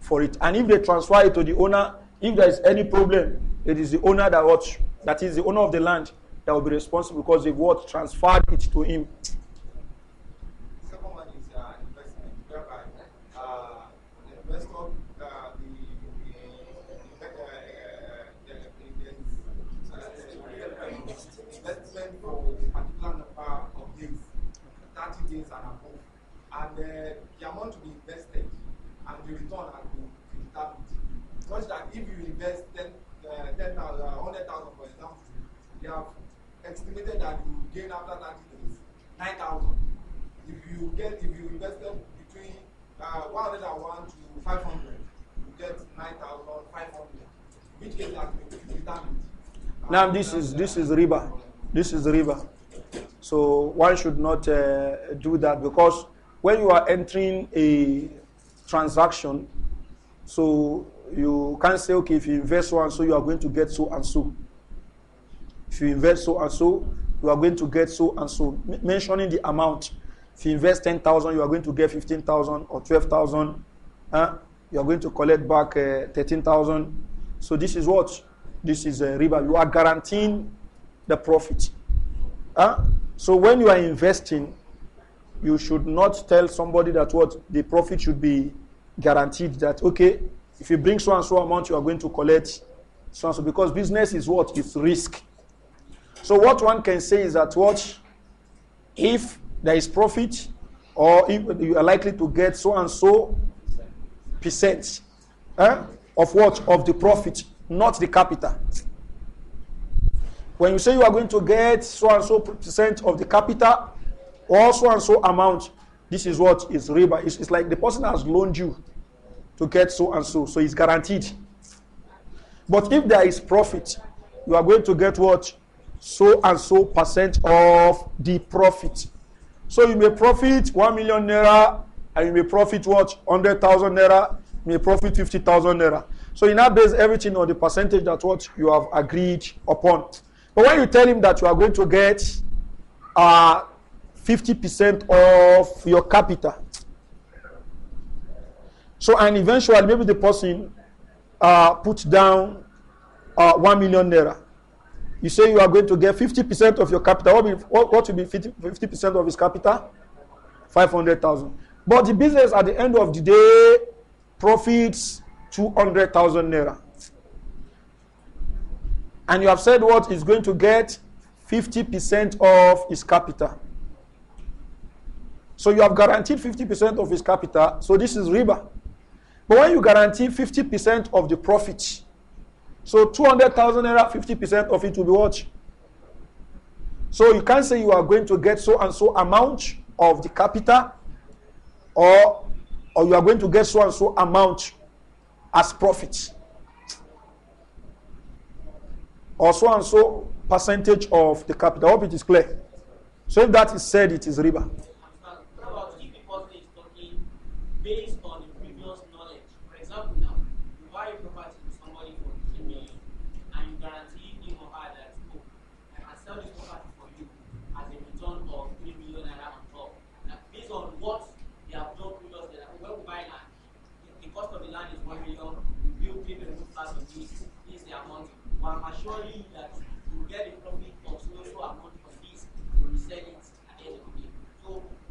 for it. And if they transfer it to the owner, if there is any problem, it is the owner that what, that is the owner of the land that will be responsible because they've what transferred it to him. calculated that you gain after 90 days 9,000. If you get, if you invested between uh, 101 to 500, you get 9,500, which is determined. Now this is this is riba. This is riba. So one should not uh, do that because when you are entering a transaction, so you can't say okay if you invest one, so you are going to get so and so. If you invest so and so, you are going to get so and so. M mentioning the amount. If you invest ten thousand, you are going to get fifteen thousand or twelve thousand. Huh? You are going to collect back uh, thousand. So this is what? This is a riba. You are guaranteeing the profit. Huh? So when you are investing, you should not tell somebody that what the profit should be guaranteed that okay if you bring so and so amount you are going to collect so and so because business is what it's risk So what one can say is that what if there is profit or if you are likely to get so and so percent eh? of what? Of the profit, not the capital. When you say you are going to get so and so percent of the capital or so and so amount, this is what is riba. It's, it's like the person has loaned you to get so and so, so it's guaranteed. But if there is profit, you are going to get what? so and so percent of the profit. So you may profit 1 million naira and you may profit what? 100,000 naira, you may profit 50,000 naira. So you now base everything on the percentage that what you have agreed upon. But when you tell him that you are going to get uh, 50% of your capital, so and eventually maybe the person uh, put down uh, 1 million naira. You say you are going to get 50% of your capital. What will, what, what will be 50% of his capital? 500,000. But the business at the end of the day profits 200,000 naira. And you have said what is going to get 50% of his capital. So you have guaranteed 50% of his capital. So this is riba. But when you guarantee 50% of the profit, so 200,000 naira, 50% of it will be what? So you can't say you are going to get so and so amount of the capital or, or you are going to get so and so amount as profit or so and so percentage of the capital. I hope it is clear. So if that is said, it is riba.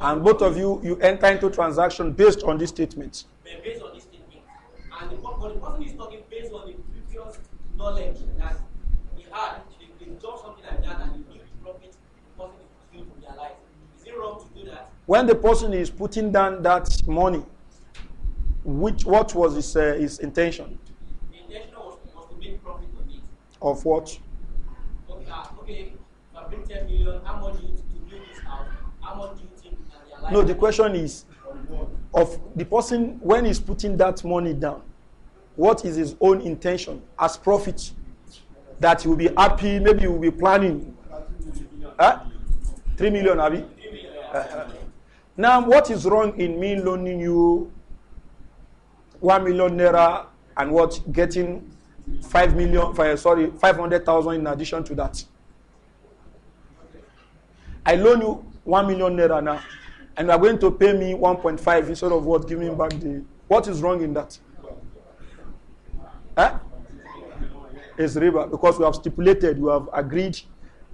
And both of you, you enter into transaction based on this statement. Based on this statement. And the, the person is talking based on the previous knowledge that he had. he they something like that and he knew the profit person is going to realize. Is it wrong to do that? When the person is putting down that money, which what was his, uh, his intention? The intention was, was to make profit on it. Of what? Okay, uh, okay, i bring 10 million. How much do you No, the question is of the person when he's putting that money down, what is his own intention as profit? That he will be happy, maybe he will be planning. Huh? Three million, Abi? now, what is wrong in me loaning you one million naira and what getting five million, five, sorry, 500,000 in addition to that? I loan you one million naira now. and you are going to pay me 1.5 instead of what? Give me back the. What is wrong in that? Huh? It's riba because we have stipulated, we have agreed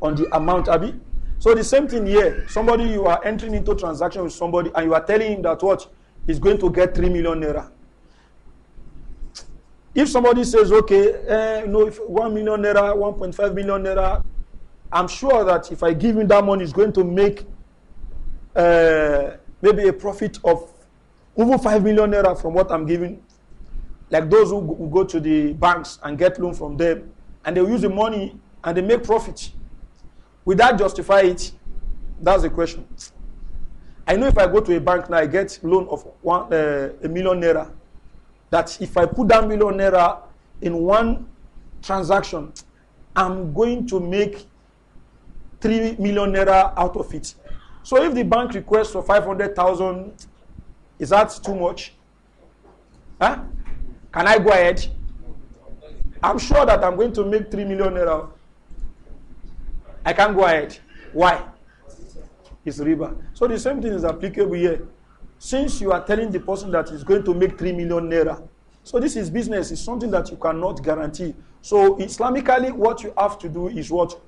on the amount, Abi. So the same thing here. Somebody you are entering into transaction with somebody and you are telling him that what he's going to get three million naira. If somebody says, okay, eh, know, if one million naira, 1.5 million naira, I'm sure that if I give him that money, he's going to make Uh, maybe a profit of even five million naira from what I'm giving. Like those who, who go to the banks and get loan from them, and they use the money and they make profit. Will that justify it? That's the question. I know if I go to a bank now, I get loan of one, uh, a million naira. That if I put that million naira in one transaction, I'm going to make three million naira out of it. So if the bank requests for 500,000, is that too much? Huh? Can I go ahead? I'm sure that I'm going to make 3 million naira. I can't go ahead. Why? It's riba. So the same thing is applicable here. Since you are telling the person that he's going to make 3 million naira, so this is business. It's something that you cannot guarantee. So Islamically, what you have to do is what?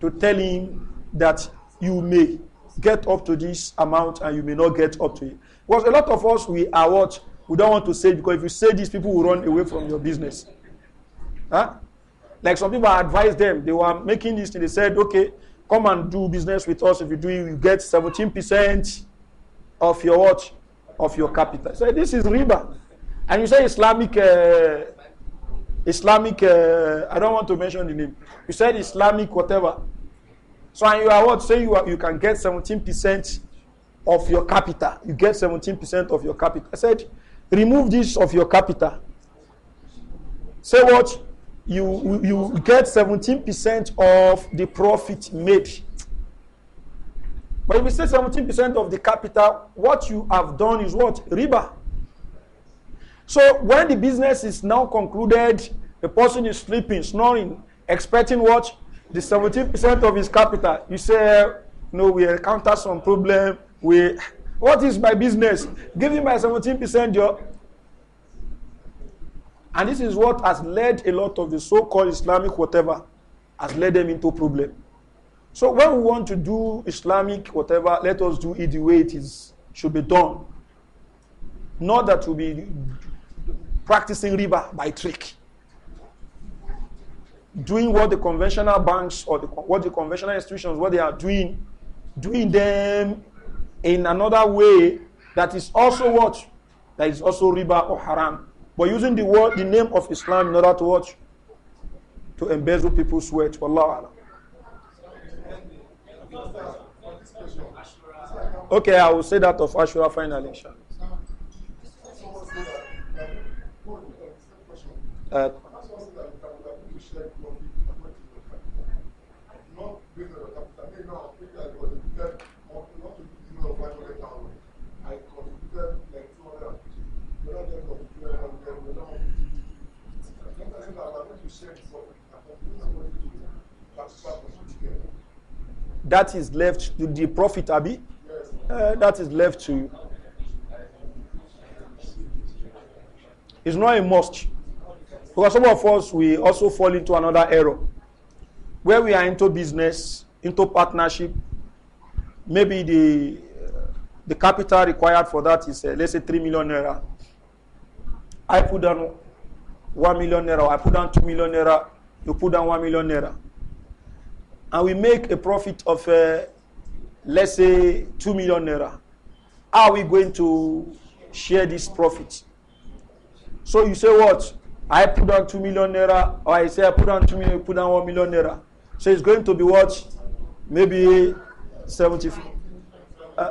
To tell him that you may. get up to this amount and you may not get up to it. Because a lot of us, we are what? We don't want to say because if you say this, people will run away from your business. Huh? Like some people I advised them, they were making this and they said, okay, come and do business with us. If you do it, you get 17% of your what? Of your capital. So this is riba. And you say Islamic, uh, Islamic, uh, I don't want to mention the name. You said Islamic whatever. So and you are what? Say you are, you can get 17% of your capital. You get 17% of your capital. I said, remove this of your capital. Say what? You you get 17% of the profit made. But if you say 17% of the capital, what you have done is what? Riba. So when the business is now concluded, the person is sleeping, snoring, expecting what? the 17% of his capital. You say, no, we encounter some problem. We, what is my business? Give him my 17% job. And this is what has led a lot of the so-called Islamic whatever has led them into problem. So when we want to do Islamic whatever, let us do it the way it is should be done. Not that we be practicing riba by trick. doing what the conventional banks or the, what the conventional institutions, what they are doing, doing them in another way that is also what? That is also riba or haram. But using the word, the name of Islam in order to what? To embezzle people's wealth. Allah, Okay, I will say that of Ashura finally, inshallah. Uh, That is left to the prophet Abi. Uh, that is left to you. It's not a must. Because some of us, we also fall into another error where we are into business, into partnership, maybe the uh, the capital required for that is uh, let's say three million naira. I put down one million naira. I put down two million naira. You put down one million naira, and we make a profit of uh, let's say two million naira. How are we going to share this profit? So you say what? I put down two million naira, or I say I put down two million, put down one million naira. So it's going to be what? Maybe 70. Uh,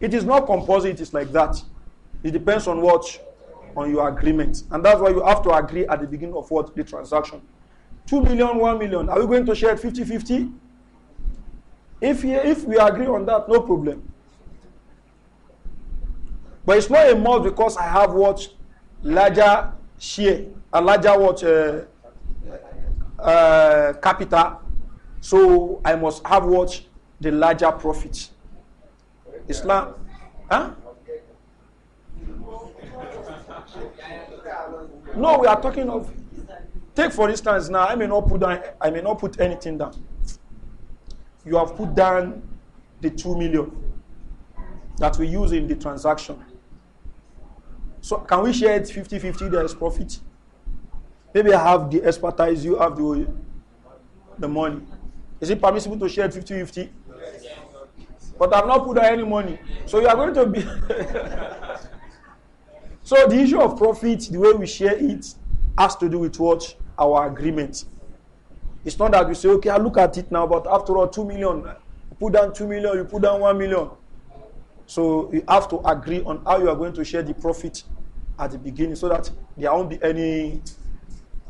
it is not composite. it is like that. It depends on what? On your agreement. And that's why you have to agree at the beginning of what? The transaction. 2 million, 1 million. Are we going to share 50 50? If, if we agree on that, no problem. But it's not a must because I have what? Larger share, a larger what? Uh, Uh, capital, so I must have what? The larger profit. Islam. Huh? No, we are talking of. Take for instance now, I may not put down, I may not put anything down. You have put down the two million that we use in the transaction. So can we share it 50-50? There is profit. Maybe I have the expertise, you have the, the money. Is it permissible to share 50 50? But I've not put out any money. So you are going to be. so the issue of profit, the way we share it, has to do with what? Our agreement. It's not that we say, okay, I look at it now, but after all, 2 million, you put down 2 million, you put down 1 million. So you have to agree on how you are going to share the profit at the beginning so that there won't be any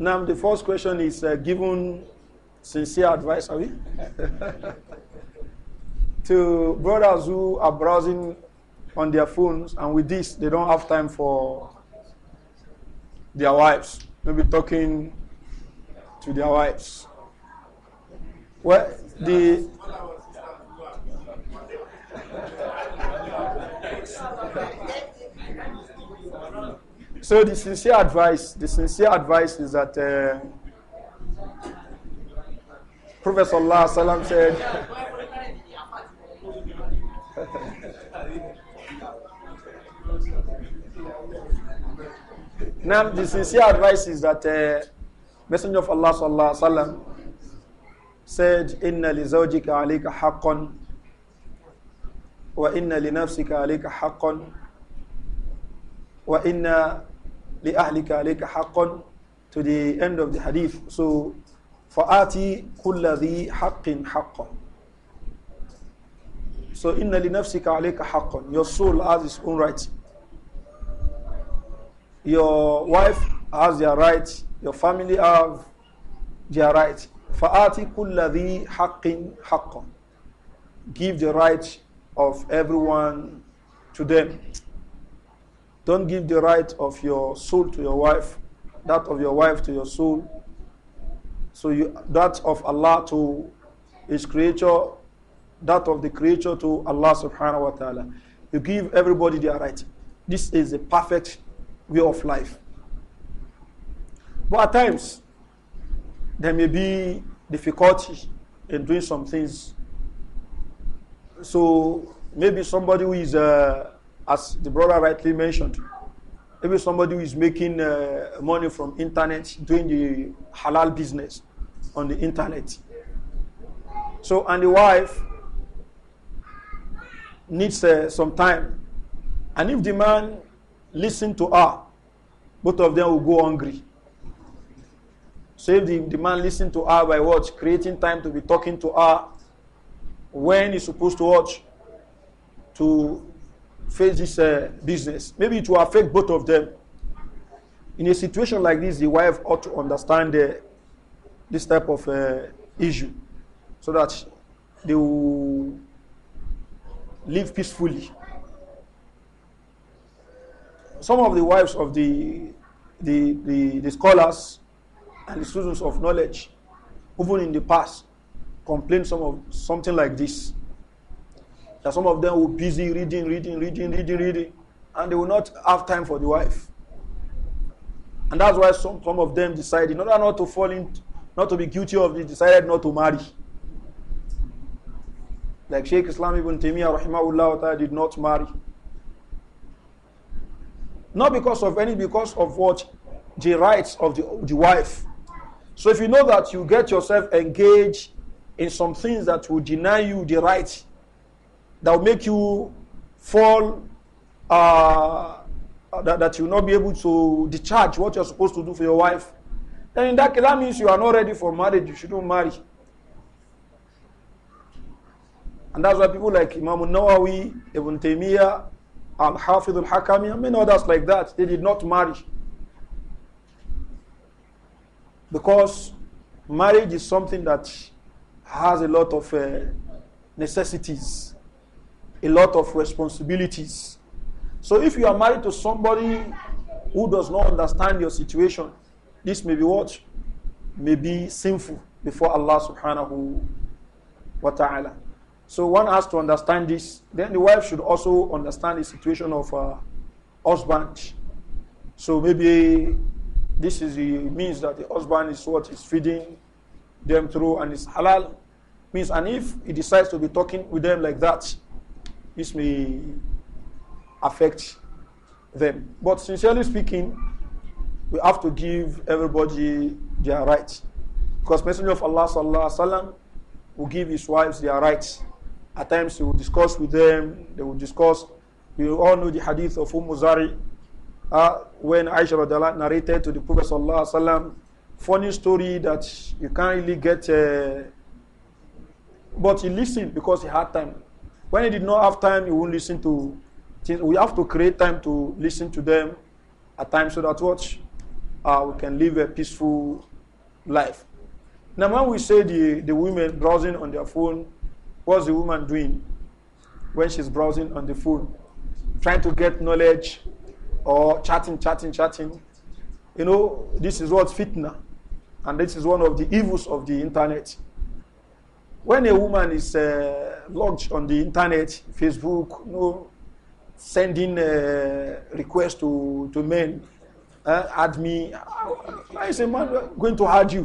Now, the first question is uh, given sincere advice, are we? to brothers who are browsing on their phones, and with this, they don't have time for their wives. Maybe talking to their wives. Well, the So the sincere advice, the sincere advice is that uh, Prophet Allah Alaihi said, Now the sincere advice is that uh, Messenger of Allah Sallallahu Alaihi said, Inna li zawjika alika haqqan wa inna li nafsika alika haqqan wa inna li ahlika alayka haqqan to the end of the hadith. So, فَآتِ كُلَّ ذِي حَقٍ حَقًّا So, إِنَّ لِنَفْسِكَ عَلَيْكَ حَقًّا Your soul has its own right. Your wife has their right. Your family have their right. فَآتِ كُلَّ ذِي حَقٍ حَقًّا Give the right of everyone to them. Don't give the right of your soul to your wife, that of your wife to your soul. So you, that of Allah to His creature, that of the creature to Allah subhanahu wa ta'ala. You give everybody their right. This is a perfect way of life. But at times, there may be difficulty in doing some things. So maybe somebody who is uh, as the brother rightly mentioned, maybe somebody who is making uh, money from internet doing the halal business on the internet. So, and the wife needs uh, some time. And if the man listen to her, both of them will go hungry. So if the, the man listen to her by what? Creating time to be talking to her when he's supposed to watch, to face this uh, business. Maybe it will affect both of them. In a situation like this, the wife ought to understand uh, this type of uh, issue so that they will live peacefully. Some of the wives of the, the, the, the scholars and the students of knowledge, even in the past, complained some of something like this that some of them will be busy reading, reading, reading, reading, reading, and they will not have time for the wife. And that's why some, some of them decided, in order not to fall in, not to be guilty of this, decided not to marry. Like Sheikh Islam ibn Taymiyyah rahimahullah did not marry. Not because of any, because of what? The rights of the, the wife. So if you know that you get yourself engaged in some things that will deny you the rights that will make you fall, uh, uh that, that you'll not be able to discharge what you're supposed to do for your wife, then in that case, that means you are not ready for marriage. You shouldn't marry. And that's why people like Imam Nawawi, Ibn Taymiyyah, Al Hafid al Hakami, and many others like that, they did not marry. Because marriage is something that has a lot of uh, necessities a lot of responsibilities. So if you are married to somebody who does not understand your situation, this may be what? May be sinful before Allah subhanahu wa ta'ala. So one has to understand this. Then the wife should also understand the situation of her husband. So maybe this is the means that the husband is what is feeding them through and it's halal means and if he decides to be talking with them like that this may affect them. But sincerely speaking, we have to give everybody their rights. Because Messenger of Allah sallallahu sallam, will give his wives their rights. At times he will discuss with them, they will discuss. We all know the hadith of Umm Zari uh, when Aisha narrated to the Prophet sallallahu sallam, funny story that you can't really get, uh, but he listened because he had time. When you did not have time, you won't listen to things. We have to create time to listen to them at times so that what uh, we can live a peaceful life. Now, when we say the, the women browsing on their phone, what's the woman doing when she's browsing on the phone? Trying to get knowledge or chatting, chatting, chatting. You know, this is what's fitna, and this is one of the evils of the internet. When a woman is uh, logged on the internet, Facebook, you know, sending a uh, requests to, to men, uh, add me, Why is a man going to add you?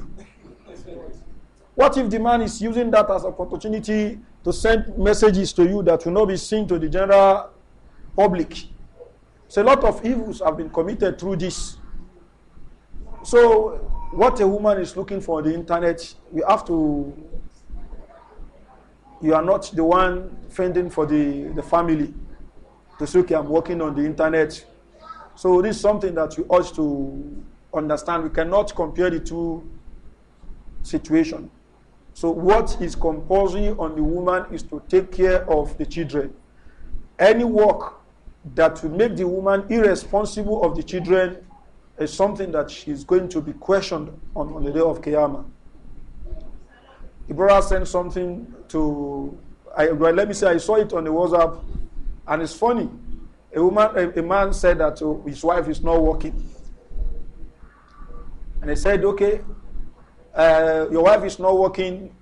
What if the man is using that as an opportunity to send messages to you that will not be seen to the general public? So a lot of evils have been committed through this. So what a woman is looking for on the internet, we have to you are not the one fending for the, the family. To say, okay, I'm working on the internet. So this is something that you ought to understand. We cannot compare the two situations. So what is compulsory on the woman is to take care of the children. Any work that will make the woman irresponsible of the children is something that she is going to be questioned on, on the day of Qiyamah the sent something to, I, well, let me say, I saw it on the WhatsApp, and it's funny. A woman, a, a man said that uh, his wife is not working, and he said, "Okay, uh, your wife is not working.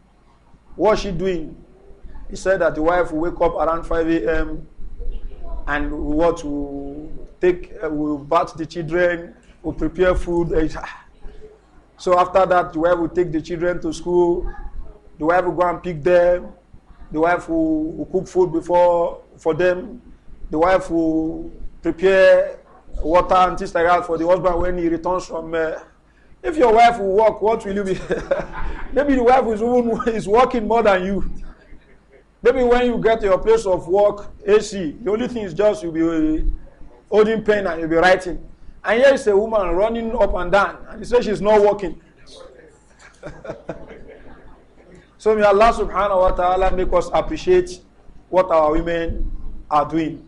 What's she doing?" He said that the wife will wake up around 5 a.m. and what will take, uh, will bath the children, will prepare food. Eh, so after that, the wife will take the children to school The wife will go and pick them. The wife will, will cook food before for them. The wife will prepare water and things like that for the husband when he returns from. Uh, if your wife will work, what will you be? Maybe the wife is even is working more than you. Maybe when you get your place of work, AC, the only thing is just you'll be uh, holding pen and you'll be writing. And here is a woman running up and down, and he says she's not working. So may Allah subhanahu wa ta'ala make us appreciate what our women are doing.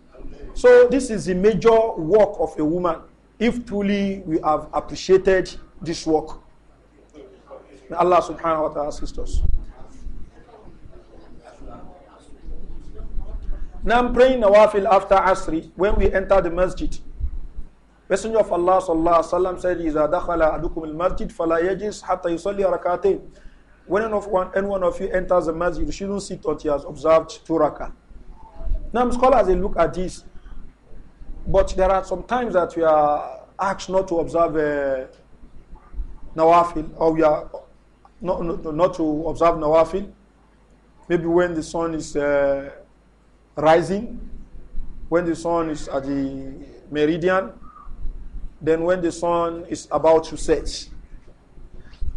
So this is the major work of a woman if truly we have appreciated this work. May Allah subhanahu wa ta'ala assist us. Now I'm praying Nawafil after Asri when we enter the masjid. Messenger of Allah sallallahu alaihi wasallam said, "Iza dakhala adukum al-masjid fala yajlis hatta yusalli rak'atayn." When any one, any one of you enters the masjid, you shouldn't sit until he has observed two Now, scholars, they look at this. But there are some times that we are asked not to observe uh, nawafil, or we are not, not, not, to observe nawafil. Maybe when the sun is uh, rising, when the sun is at the meridian, then when the sun is about to set.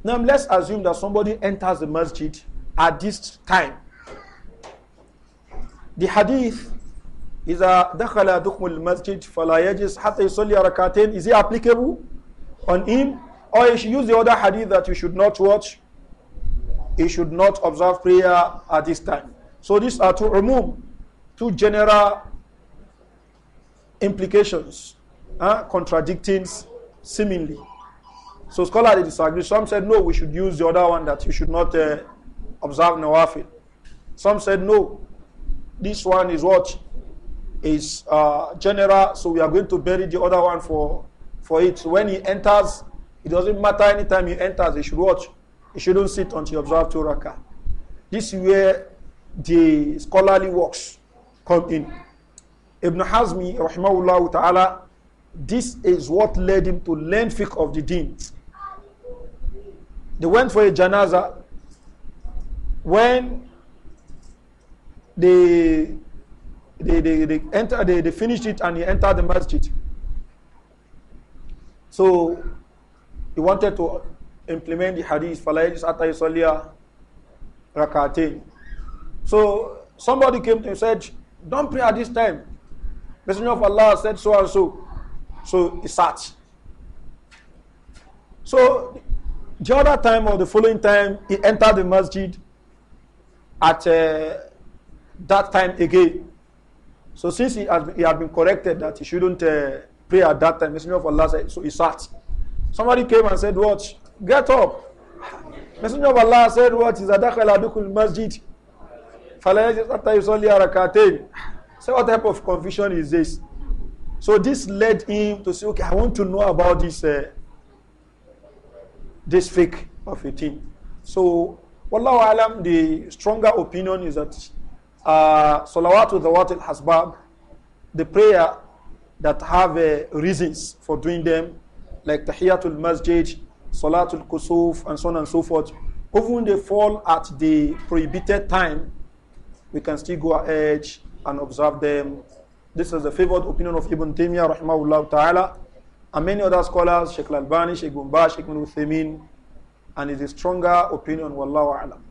Now let's assume that somebody enters the masjid at this time. The hadith is a uh, dakhala المسجد masjid يجلس hatta يصلي ركعتين is it applicable on him or you should use the other hadith that you should not watch he should not observe prayer at this time so these are two umum two general implications uh, contradicting seemingly so scholars they disagree. Some said no, we should use the other one that you should not uh, observe nawafil. Some said no, this one is what is uh, general, so we are going to bury the other one for for it. So when he enters, it doesn't matter anytime he enters, he should watch. He shouldn't sit until he observes two rakah. This is where the scholarly works come in. Ibn Hazmi, rahimahullah ta'ala, this is what led him to learn fiqh of the deen. They went for a janaza. When they they, they, they, enter, they, they finished it and he entered the masjid. So he wanted to implement the hadith, فَلَيْجِسْ أَتَى يُصَلِّيَا So somebody came to him and said, don't pray at this time. Messenger of Allah said so and so. So he sat. So The other time or the following time, he entered the masjid at uh, that time again. So since he had, he had been corrected that he shouldn't uh, pray at that time, Messenger of Allah said, so he sat. Somebody came and said, watch, get up. Messenger of Allah said, what is adakhala dukul masjid? So what type of confusion is this? So this led him to say, okay, I want to know about this uh, this fake of a thing. So, Wallahu alam, the stronger opinion is that uh, Salawatu Dawat al Hasbab, the prayer that have uh, reasons for doing them, like Tahiyatul Masjid, Salatul Kusuf, and so on and so forth, even they fall at the prohibited time, we can still go ahead and observe them. This is the favored opinion of Ibn Taymiyyah, rahimahullah ta'ala. And many other scholars, Sheikh Al-Albani, Sheikh Gumba, Sheikh Uthaymeen, and it's a stronger opinion, wallahu alam.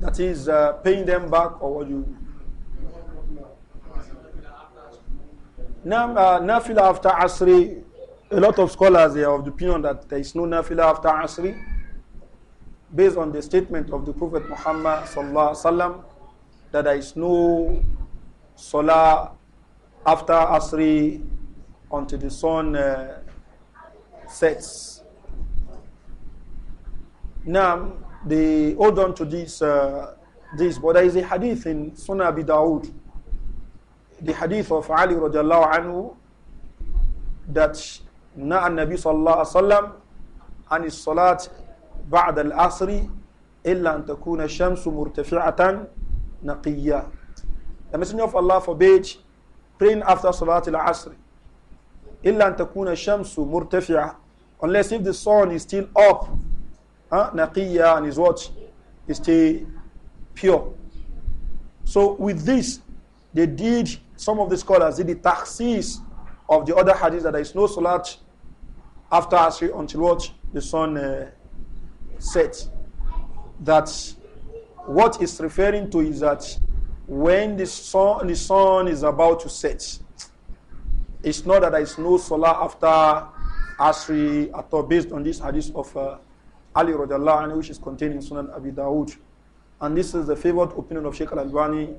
That is uh, paying them back or what you Now, uh, nafila after Asri, a lot of scholars are of the opinion that there is no nafila after Asri. Based on the statement of the Prophet Muhammad sallam, that there is no salah after Asri until the sun uh, sets. Now, they hold on to this, uh, this, but there is a hadith in Sunnah Abi Dawood. the hadith of Ali radiallahu anhu that na Nabi sallallahu alaihi wasallam an is salat ba'd al-asri illa an takuna shamsu murtafi'atan naqiyya. The Messenger of Allah forbade praying after salat al-asr illa an takuna shamsu murtafi'a unless if the sun is still up huh? naqiyya and is what is still pure. So with this, they did some of the scholars did the taxis of the other hadith that there is no salat after asri until what the sun uh, sets. That what is referring to is that when the sun, the sun is about to set, it's not that there is no salah after Asri at all based on this hadith of uh, Ali radiallahu anhu, which is contained in Sunan Abi Dawud. And this is the favored opinion of Sheikh al-Albani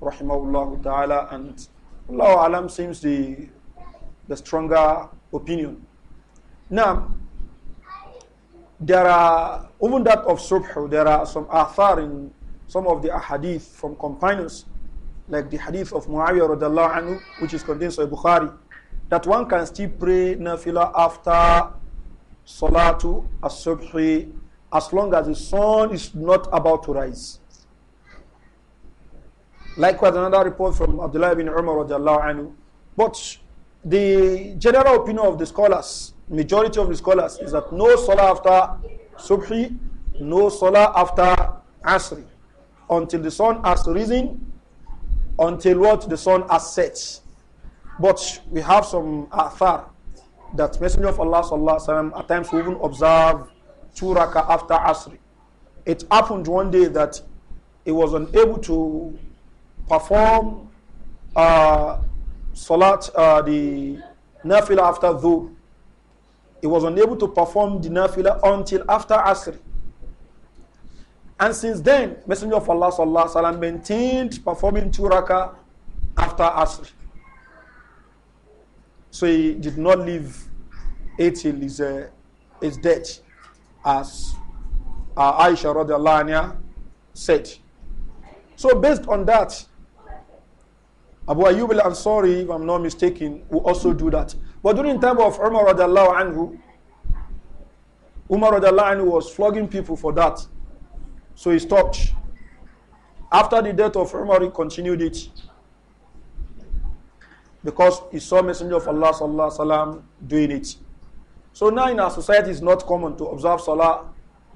rahimahullah ta'ala and Allah alam seems the the stronger opinion now there are even that of subh there are some athar in some of the ahadith from companions like the hadith of Muawiyah radallahu anhu which is contained in Bukhari that one can still pray nafila after salatu as-subh as long as the sun is not about to rise Likewise, another report from Abdullah ibn Umar anhu. But the general opinion of the scholars, majority of the scholars, is that no salah after subhi, no salah after asri, until the sun has risen, until what the sun has set. But we have some athar that Messenger of Allah sallallahu alaihi wasallam at times will even observe two rakah after asri. It happened one day that he was unable to perform uh, Salat, uh, the Nafila after Dhuhr. He was unable to perform the Nafila until after Asr. And since then, Messenger of Allah sallallahu wasallam) maintained performing two rakah after Asr. So he did not leave it till his, uh, his death, as uh, Aisha radiallahu anha said. So based on that, Abu Ayyub al-Ansari, if I'm not mistaken, will also do that. But during the time of Umar radiallahu anhu, Umar radiallahu anhu was flogging people for that. So he stopped. After the death of Umar, he continued it. Because he saw Messenger of Allah sallallahu sallam, doing it. So now in our society, it's not common to observe Salah,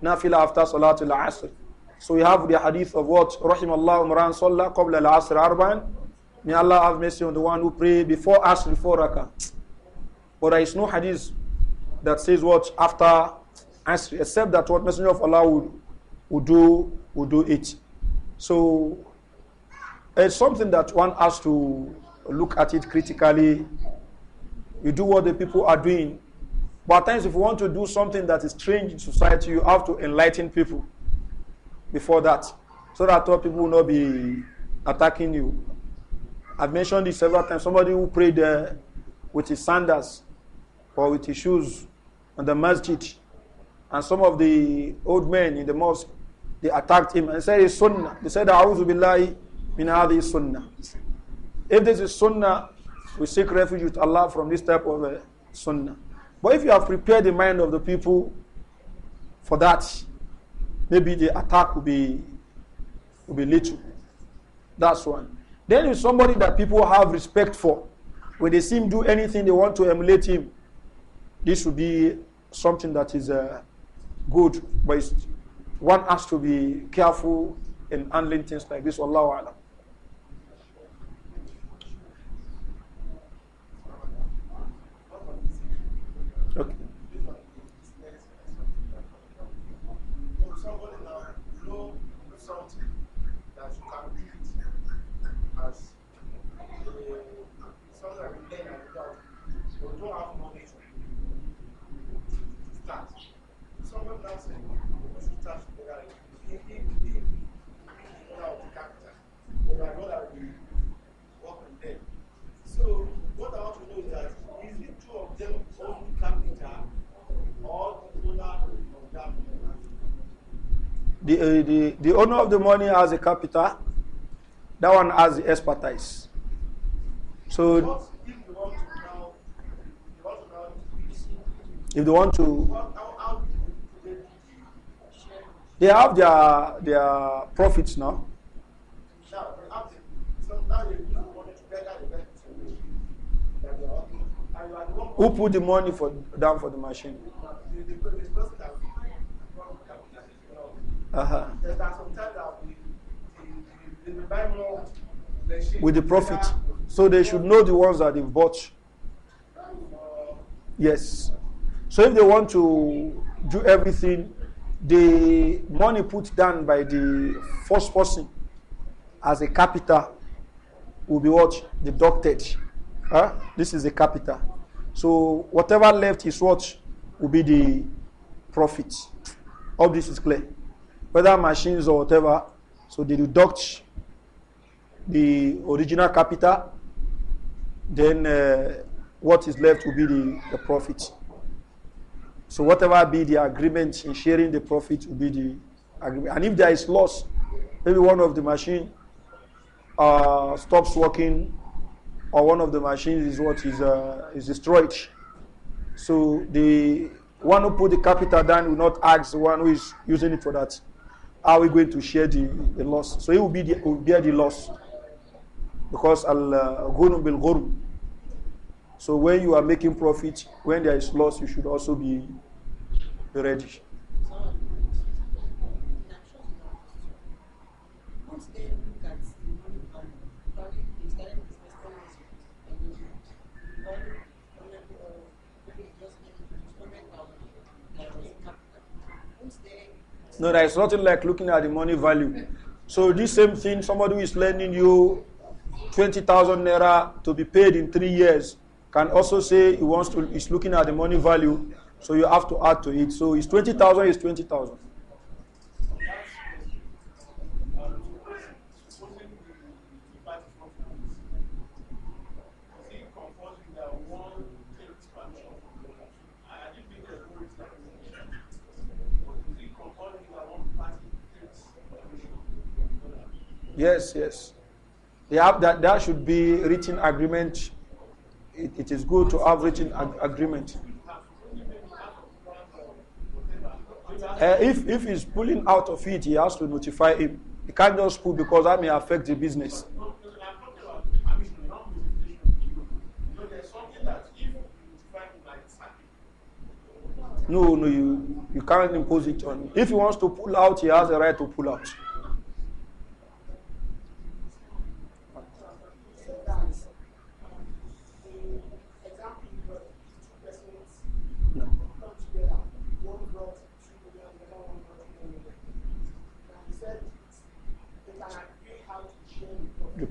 Nafila after salah till Asr. So we have the hadith of what? Rahim Allah Umran Sallah Qabla Al-Asr Arba'an. May Allah have mercy on the one who pray before Asr before Raka, But there is no hadith that says what after Asr, except that what Messenger of Allah would, would do would do it. So it's something that one has to look at it critically. You do what the people are doing. But at times, if you want to do something that is strange in society, you have to enlighten people before that, so that people will not be attacking you. I've mentioned this several times. Somebody who prayed uh, with his sandals or with his shoes on the masjid, and some of the old men in the mosque, they attacked him and said, it's sunnah. They said, A'udhu billahi min hadhi sunnah. If this is sunnah, we seek refuge with Allah from this type of uh, sunnah. But if you have prepared the mind of the people for that, maybe the attack will be, will be little. That's one. Then is somebody that people have respect for. When they see him do anything, they want to emulate him. This would be something that is uh, good, but one has to be careful in handling things like this. Allahu Alam. the, uh, the, the owner of the money has a capital, that one has the expertise. So, if they want to, they have their their profits now. Who put the money for down for the machine? Uh -huh. Um, with the profit. So they should know the ones that they've bought. Yes. So if they want to do everything, the money put down by the first person as a capital will be what? Deducted. Huh? This is the capital. So whatever left is what will be the profit. All this is clear whether machines or whatever. So they deduct the original capital, then uh, what is left will be the, the profit. So whatever be the agreement in sharing the profit will be the agreement. And if there is loss, maybe one of the machine uh, stops working, or one of the machines is what is uh, is destroyed. So the one who put the capital down will not ask the one who is using it for that. are we going to share the, the loss? So he will, be the, will bear the loss. Because al-ghunum bil gurum. So when you are making profit, when there is loss, you should also be ready. No, there is nothing like looking at the money value. So this same thing, somebody who is lending you 20,000 naira to be paid in three years can also say he wants to, He's looking at the money value. So you have to add to it. So it's 20,000 is 20,000. Yes, yes. They have that, there should be written agreement. it, it is good to have written ag agreement. Uh, if, if he's pulling out of it, he has to notify him. He can't just pull because that may affect the business. No, no, you, you can't impose it on. If he wants to pull out, he has the right to pull out.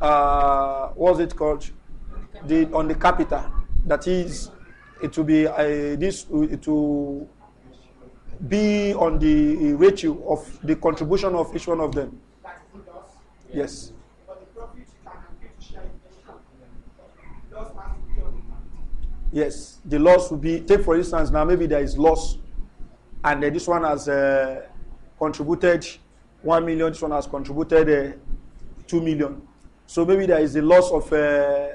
uh, what's it called? The, on the capital. That is, it will be a, uh, this it will be on the ratio of the contribution of each one of them. Yes. Yes, the loss will be, take for instance, now maybe there is loss, and uh, this one has uh, contributed 1 million, this one has contributed uh, 2 million. So maybe there is a loss of, uh,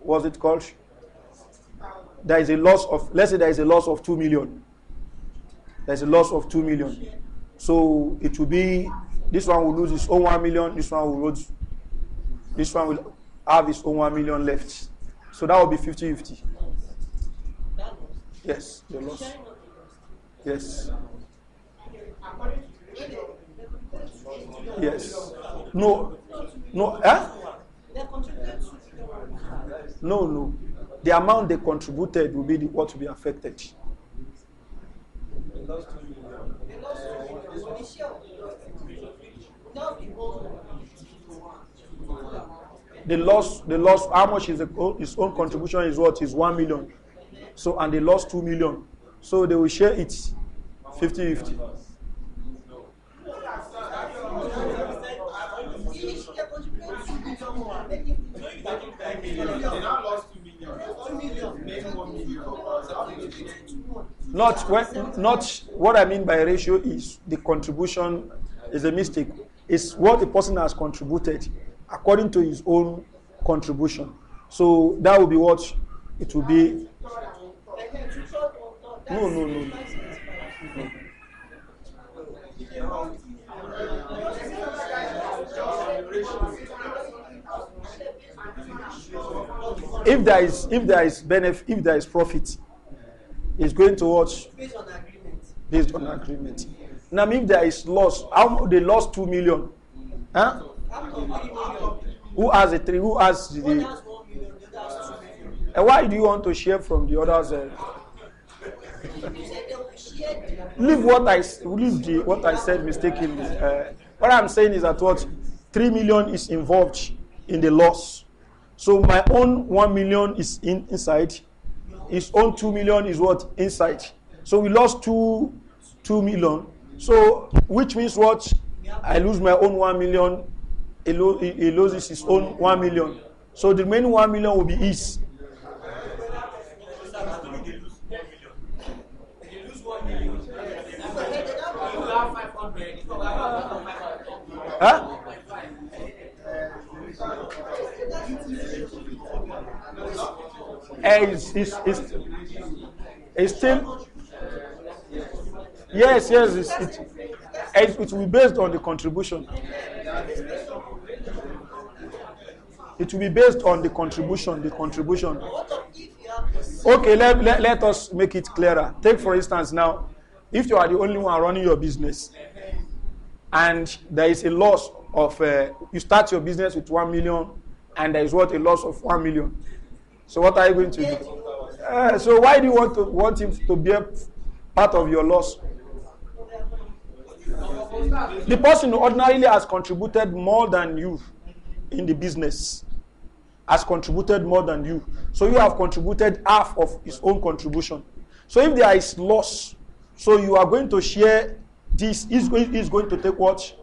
what's it called? There is a loss of, let's say there is a loss of 2 million. There's a loss of 2 million. So it will be, this one will lose its own 1 million, this one will lose, this one will have its own 1 million left. So that will be 50 50. Yes, the loss. Yes. Yes. No. No. Eh? No, no. The amount they contributed will be the, what will be affected. The loss, the loss, how much is the, his own contribution is what is 1 million. So, and they lost 2 million. So they will share it 50 50. Not what, not what I mean by ratio is the contribution is a mistake. It's what the person has contributed according to his own contribution. So that will be what it will be. No, no, no. no. If there is if there is benefit if there is profit, is going to watch. Based on agreement. Based on agreement. Now, if there is loss, how they lost two million, huh? Who has the three? Who has the? One has And why do you want to share from the others? Eh? leave what I leave the what I said mistakenly. Uh, what I'm saying is that what three million is involved in the loss. So my own one million is in, inside. his own two million is what? inside, So we lost two two million. So which means what? I lose my own one million. He, lo he loses his own one million. So the main one million will be his. Huh? Eh, is, is, is, is still yes yes it's, it, it, eh, it will be based on the contribution it will be based on the contribution the contribution okay let, let, let us make it clearer take for instance now if you are the only one running your business and there is a loss of uh, you start your business with one million and there is what a loss of one million So what are you going to do? Uh, so why do you want to want him to be a part of your loss? The person who ordinarily has contributed more than you in the business has contributed more than you. So you have contributed half of his own contribution. So if there is loss, so you are going to share this. He's going is going to take what?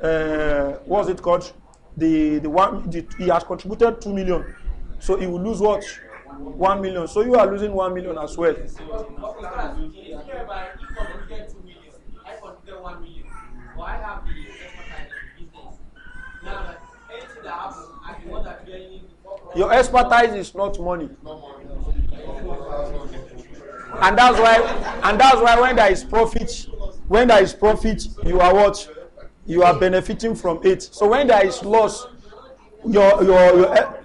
Uh, what's it called? The the one the, he has contributed two million. So he will lose what? one million. So you are losing one million as well. Your expertise is not money. And that's why and that's why when there is profit, when there is profit, you are what? You are benefiting from it. So when there is loss, your your, your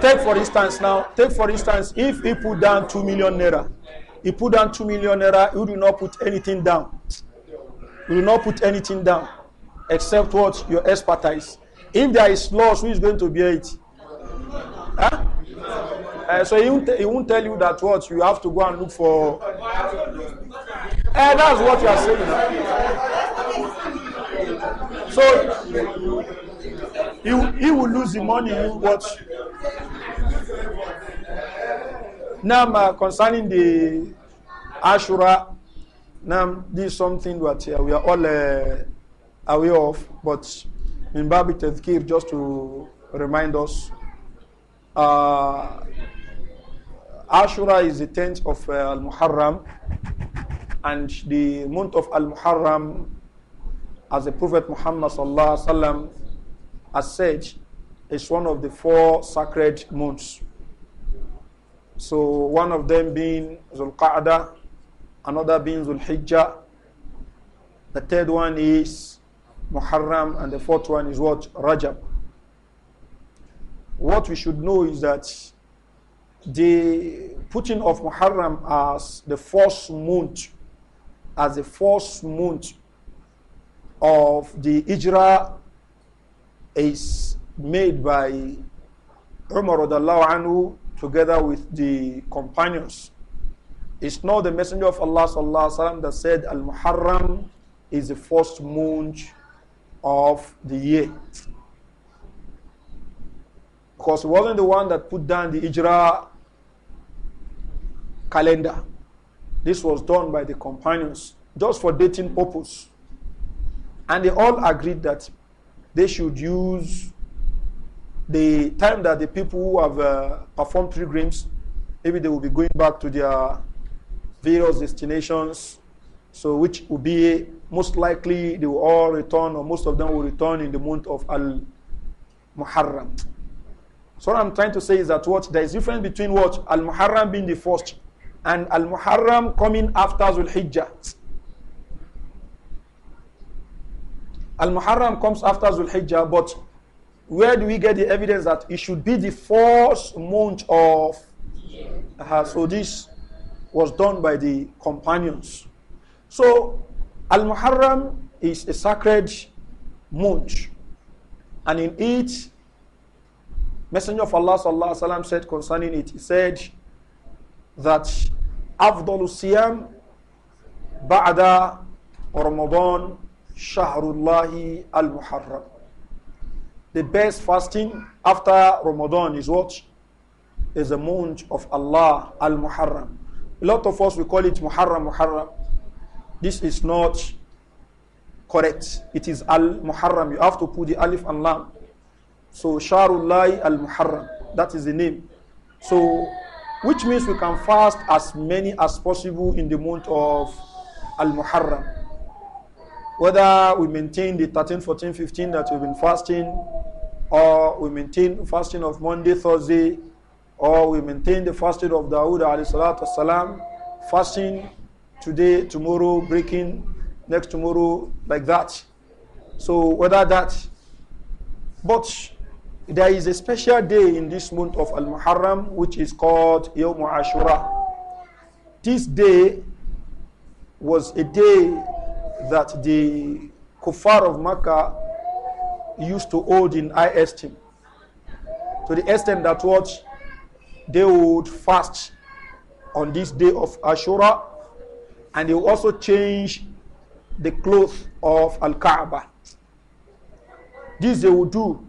Take for instance now, take for instance, if he put down two million naira, he put down two million naira, he will not put anything down. He will not put anything down except what your expertise. If there is loss, who is going to bear it? Huh? Uh, so he won't, he won't tell you that what you have to go and look for. Uh, that's what you are saying. So He, he will lose the money you watch. Now, uh, concerning the Ashura, now this is something that uh, we are all uh, aware of, but in Babi Tadkir, just to remind us, uh, Ashura is the 10th of uh, Al Muharram, and the month of Al Muharram, as the Prophet Muhammad sallallahu alaihi wasallam as said, is one of the four sacred months. So one of them being Zulqa'dah, another being Zulhijjah, the third one is Muharram, and the fourth one is what? Rajab. What we should know is that the putting of Muharram as the first month, as the first month of the Ijra is made by Umar anhu together with the companions. It's not the Messenger of Allah وسلم, that said Al Muharram is the first month of the year. Because he wasn't the one that put down the Hijrah calendar. This was done by the companions just for dating purpose. And they all agreed that they should use the time that the people who have uh, performed pilgrims, maybe they will be going back to their various destinations, so which will be most likely they will all return, or most of them will return in the month of Al Muharram. So what I'm trying to say is that what there is difference between what Al Muharram being the first and Al Muharram coming after Zul Hijjah. Al Muharram comes after Zulhijjah, but where do we get the evidence that it should be the first month of uh, so this was done by the companions so al-muharram is a sacred month and in it messenger of allah sallallahu alaihi wasallam said concerning it he said that afdalus siyam ba'da ramadan Shahrullahi al Muharram. The best fasting after Ramadan is what? Is the month of Allah al Muharram. A lot of us we call it Muharram Muharram. This is not correct. It is al Muharram. You have to put the alif and lam. So Shahrullahi al Muharram. That is the name. So which means we can fast as many as possible in the month of al Muharram. whether we maintain the 13, 14, 15 that we've been fasting, or we maintain fasting of Monday, Thursday, or we maintain the fasting of Dawood alayhi fasting today, tomorrow, breaking next tomorrow, like that. So whether that, but there is a special day in this month of Al-Muharram which is called Yawm Ashura. This day was a day that the kuffar of Makkah used to hold in high esteem. To the extent that what they would fast on this day of Ashura and they would also change the clothes of Al Kaaba. This they would do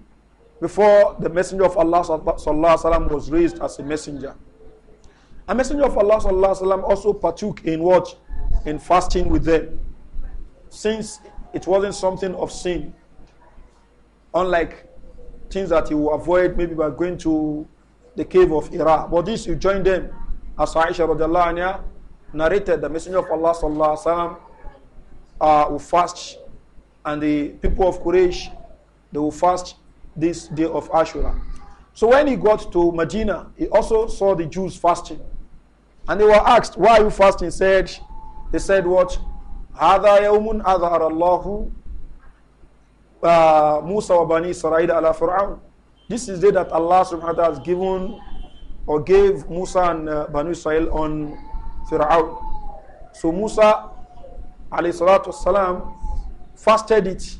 before the Messenger of Allah was raised as a messenger. A messenger of Allah also partook in what? In fasting with them since it wasn't something of sin, unlike things that you avoid maybe by going to the cave of Iraq. But this, you join them. As Aisha anha, narrated, the Messenger of Allah sallallahu alaihi wasallam uh, will fast, and the people of Quraysh, they will fast this day of Ashura. So when he got to Medina, he also saw the Jews fasting. And they were asked, why are you fasting? He said, they said what? هذا يوم أظهر الله uh, Musa wa Bani Israel ala Fir'aun. This is the day that Allah subhanahu wa ta'ala has given or gave Musa and uh, Bani Israel on Fir'aun. So Musa alayhi salatu wasalam fasted it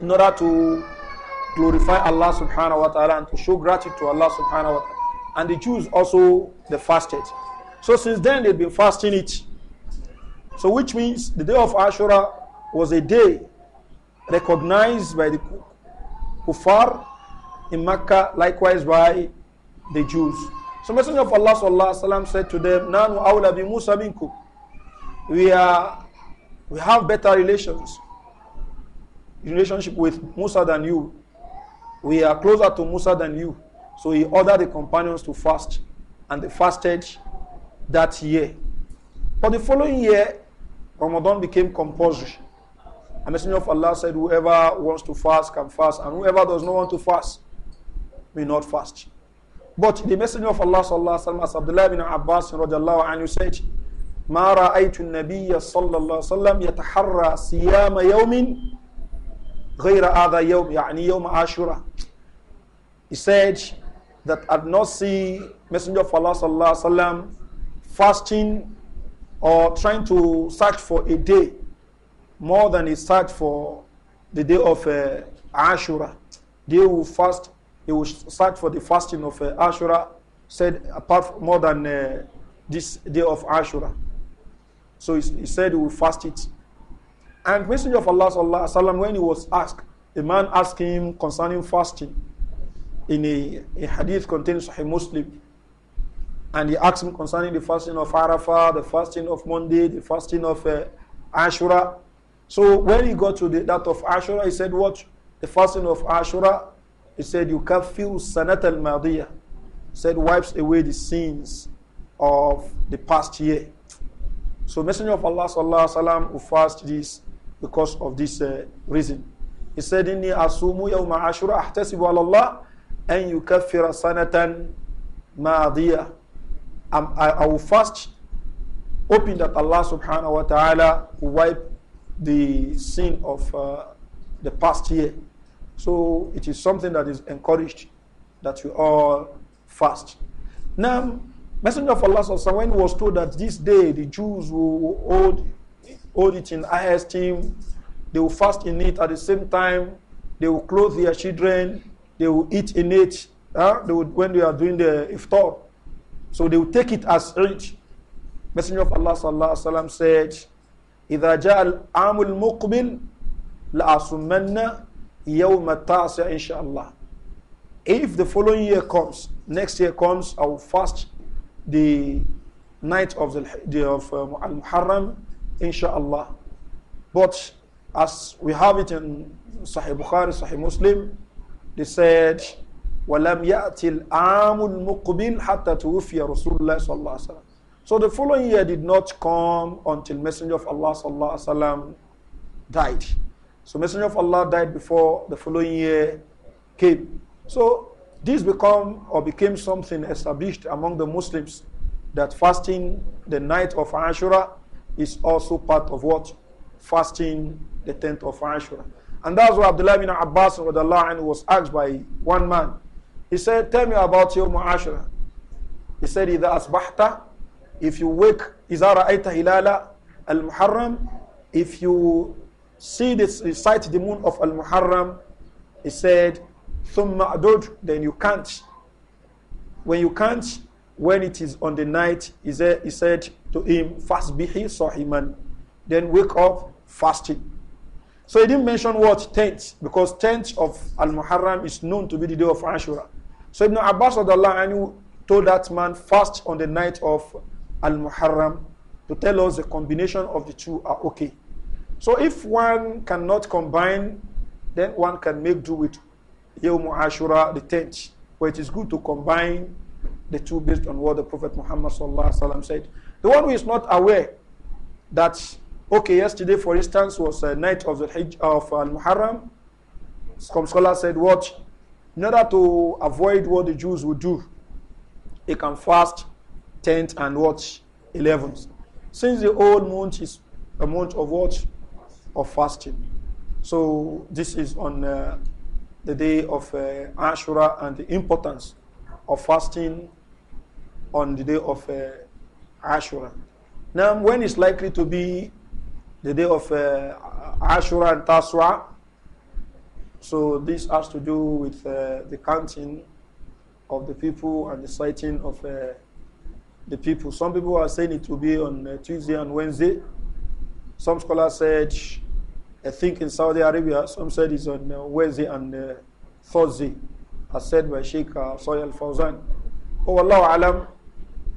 in order to glorify Allah subhanahu wa ta'ala and to show gratitude to Allah subhanahu wa ta'ala. And the Jews also they fasted. So since then they've been fasting it. So, which means the day of Ashura was a day recognized by the Kufar in Mecca, likewise by the Jews. So, Messenger of Allah sallallahu alaihi wasallam said to them, "Nanu awla bi Musa minkum." We are, we have better relations, relationship with Musa than you. We are closer to Musa than you. So he ordered the companions to fast, and they fasted that year. But the following year, Ramadan became compulsory. A messenger of Allah said, Whoever wants to fast can fast, and whoever does not want to fast may not fast. But the messenger of Allah, sallallahu alayhi wa sallam, Abdullah bin Abbas, radiallahu anhu, said, ما رأيت النبي صلى الله عليه وسلم يتحرى صيام يوم غير هذا يوم يعني يوم عاشوراء He said that I've not seen Messenger of Allah صلى الله عليه وسلم fasting or trying to search for a day more than he search for the day of uh, Ashura. They will fast, he will search for the fasting of uh, Ashura, said apart from, more than uh, this day of Ashura. So he, he, said he will fast it. And Messenger of Allah, وسلم, when he was asked, a man asked him concerning fasting in a, a hadith contains Sahih Muslim. And he asked him concerning the fasting of Arafah, the fasting of Monday, the fasting of uh, Ashura. So when he got to the, that of Ashura, he said, What? The fasting of Ashura, he said, You feel sanat al madiyah. said, Wipes away the sins of the past year. So Messenger of Allah sallallahu alaihi wasallam who fast this because of this uh, reason. He said, "Inni asumu yawma ashura ahtasibu ala Allah an yukaffira sanatan ma'adiyah." i I, I will fast, hoping that Allah subhanahu wa ta'ala will wipe the sin of uh, the past year. So it is something that is encouraged that we all fast. Now, Messenger of Allah when he was told that this day the Jews will hold, hold it in high esteem, they will fast in it at the same time, they will clothe their children, they will eat in it. Huh? They would, when they are doing the iftar, so they will take it as urge. Messenger of Allah sallallahu alaihi wasallam said, إذا جاء العام المقبل لأصمنا يوم التاسع إن شاء الله. If the following year comes, next year comes, I will fast the night of the day of uh, Al-Muharram, inshallah. But as we have it in Sahih Bukhari, Sahih Muslim, they said وَلَمْ يَأْتِ الْعَامُ الْمُقْبِلْ حَتَّى تُوفِيَ رَسُولُ اللَّهِ صلى الله عليه وسلم. So the following year did not come until Messenger of Allah الله عليه وسلم died. So Messenger of Allah died before the following year came. So this become or became something established among the Muslims that fasting the night of Ashura is also part of what? Fasting the tenth of Ashura. And that's why Abdullah bin Abbas was asked by one man he said, Tell me about your Ashura. He said, Ida asbahta, if you wake, Iza ra'ayta hilala al Muharram, if you see this, recite the moon of al Muharram, he said, Thumma adud, then you can't. When you can't, when it is on the night, he said, he said to him, Fast bihi sahiman, then wake up fasting. So he didn't mention what tenth, because tenth of Al Muharram is known to be the day of Ashura. So Ibn Abbas anhu, told that man, fast on the night of Al Muharram to tell us the combination of the two are okay. So if one cannot combine, then one can make do with Yawm Ashura, the 10th, where it is good to combine the two based on what the Prophet Muhammad said. The one who is not aware that, okay, yesterday, for instance, was a night of the Hijj of Al Muharram. Some scholars said, what? in order to avoid what the Jews would do, they can fast 10th and watch 11th. Since the old month is a month of watch Of fasting. So this is on uh, the day of uh, Ashura and the importance of fasting on the day of uh, Ashura. Now, when is likely to be the day of uh, Ashura and Taswa? So this has to do with uh, the counting of the people and the sighting of uh, the people. Some people are saying it will be on uh, Tuesday and Wednesday. Some scholars said, I think in Saudi Arabia, some said it's on uh, Wednesday and uh, Thursday, as said by Sheikh uh, Soy Al Fawzan. Oh, Allah Alam,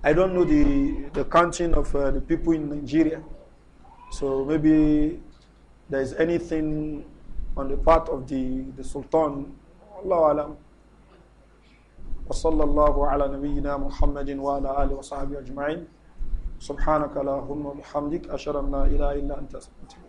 I don't know the, the counting of uh, the people in Nigeria. So maybe there is anything on the part of the, the Sultan. Allah alam. وصلى الله على نبينا محمد وعلى آله وصحبه أجمعين سبحانك اللهم وبحمدك أشهد أن لا إله إلا أنت أستغفرك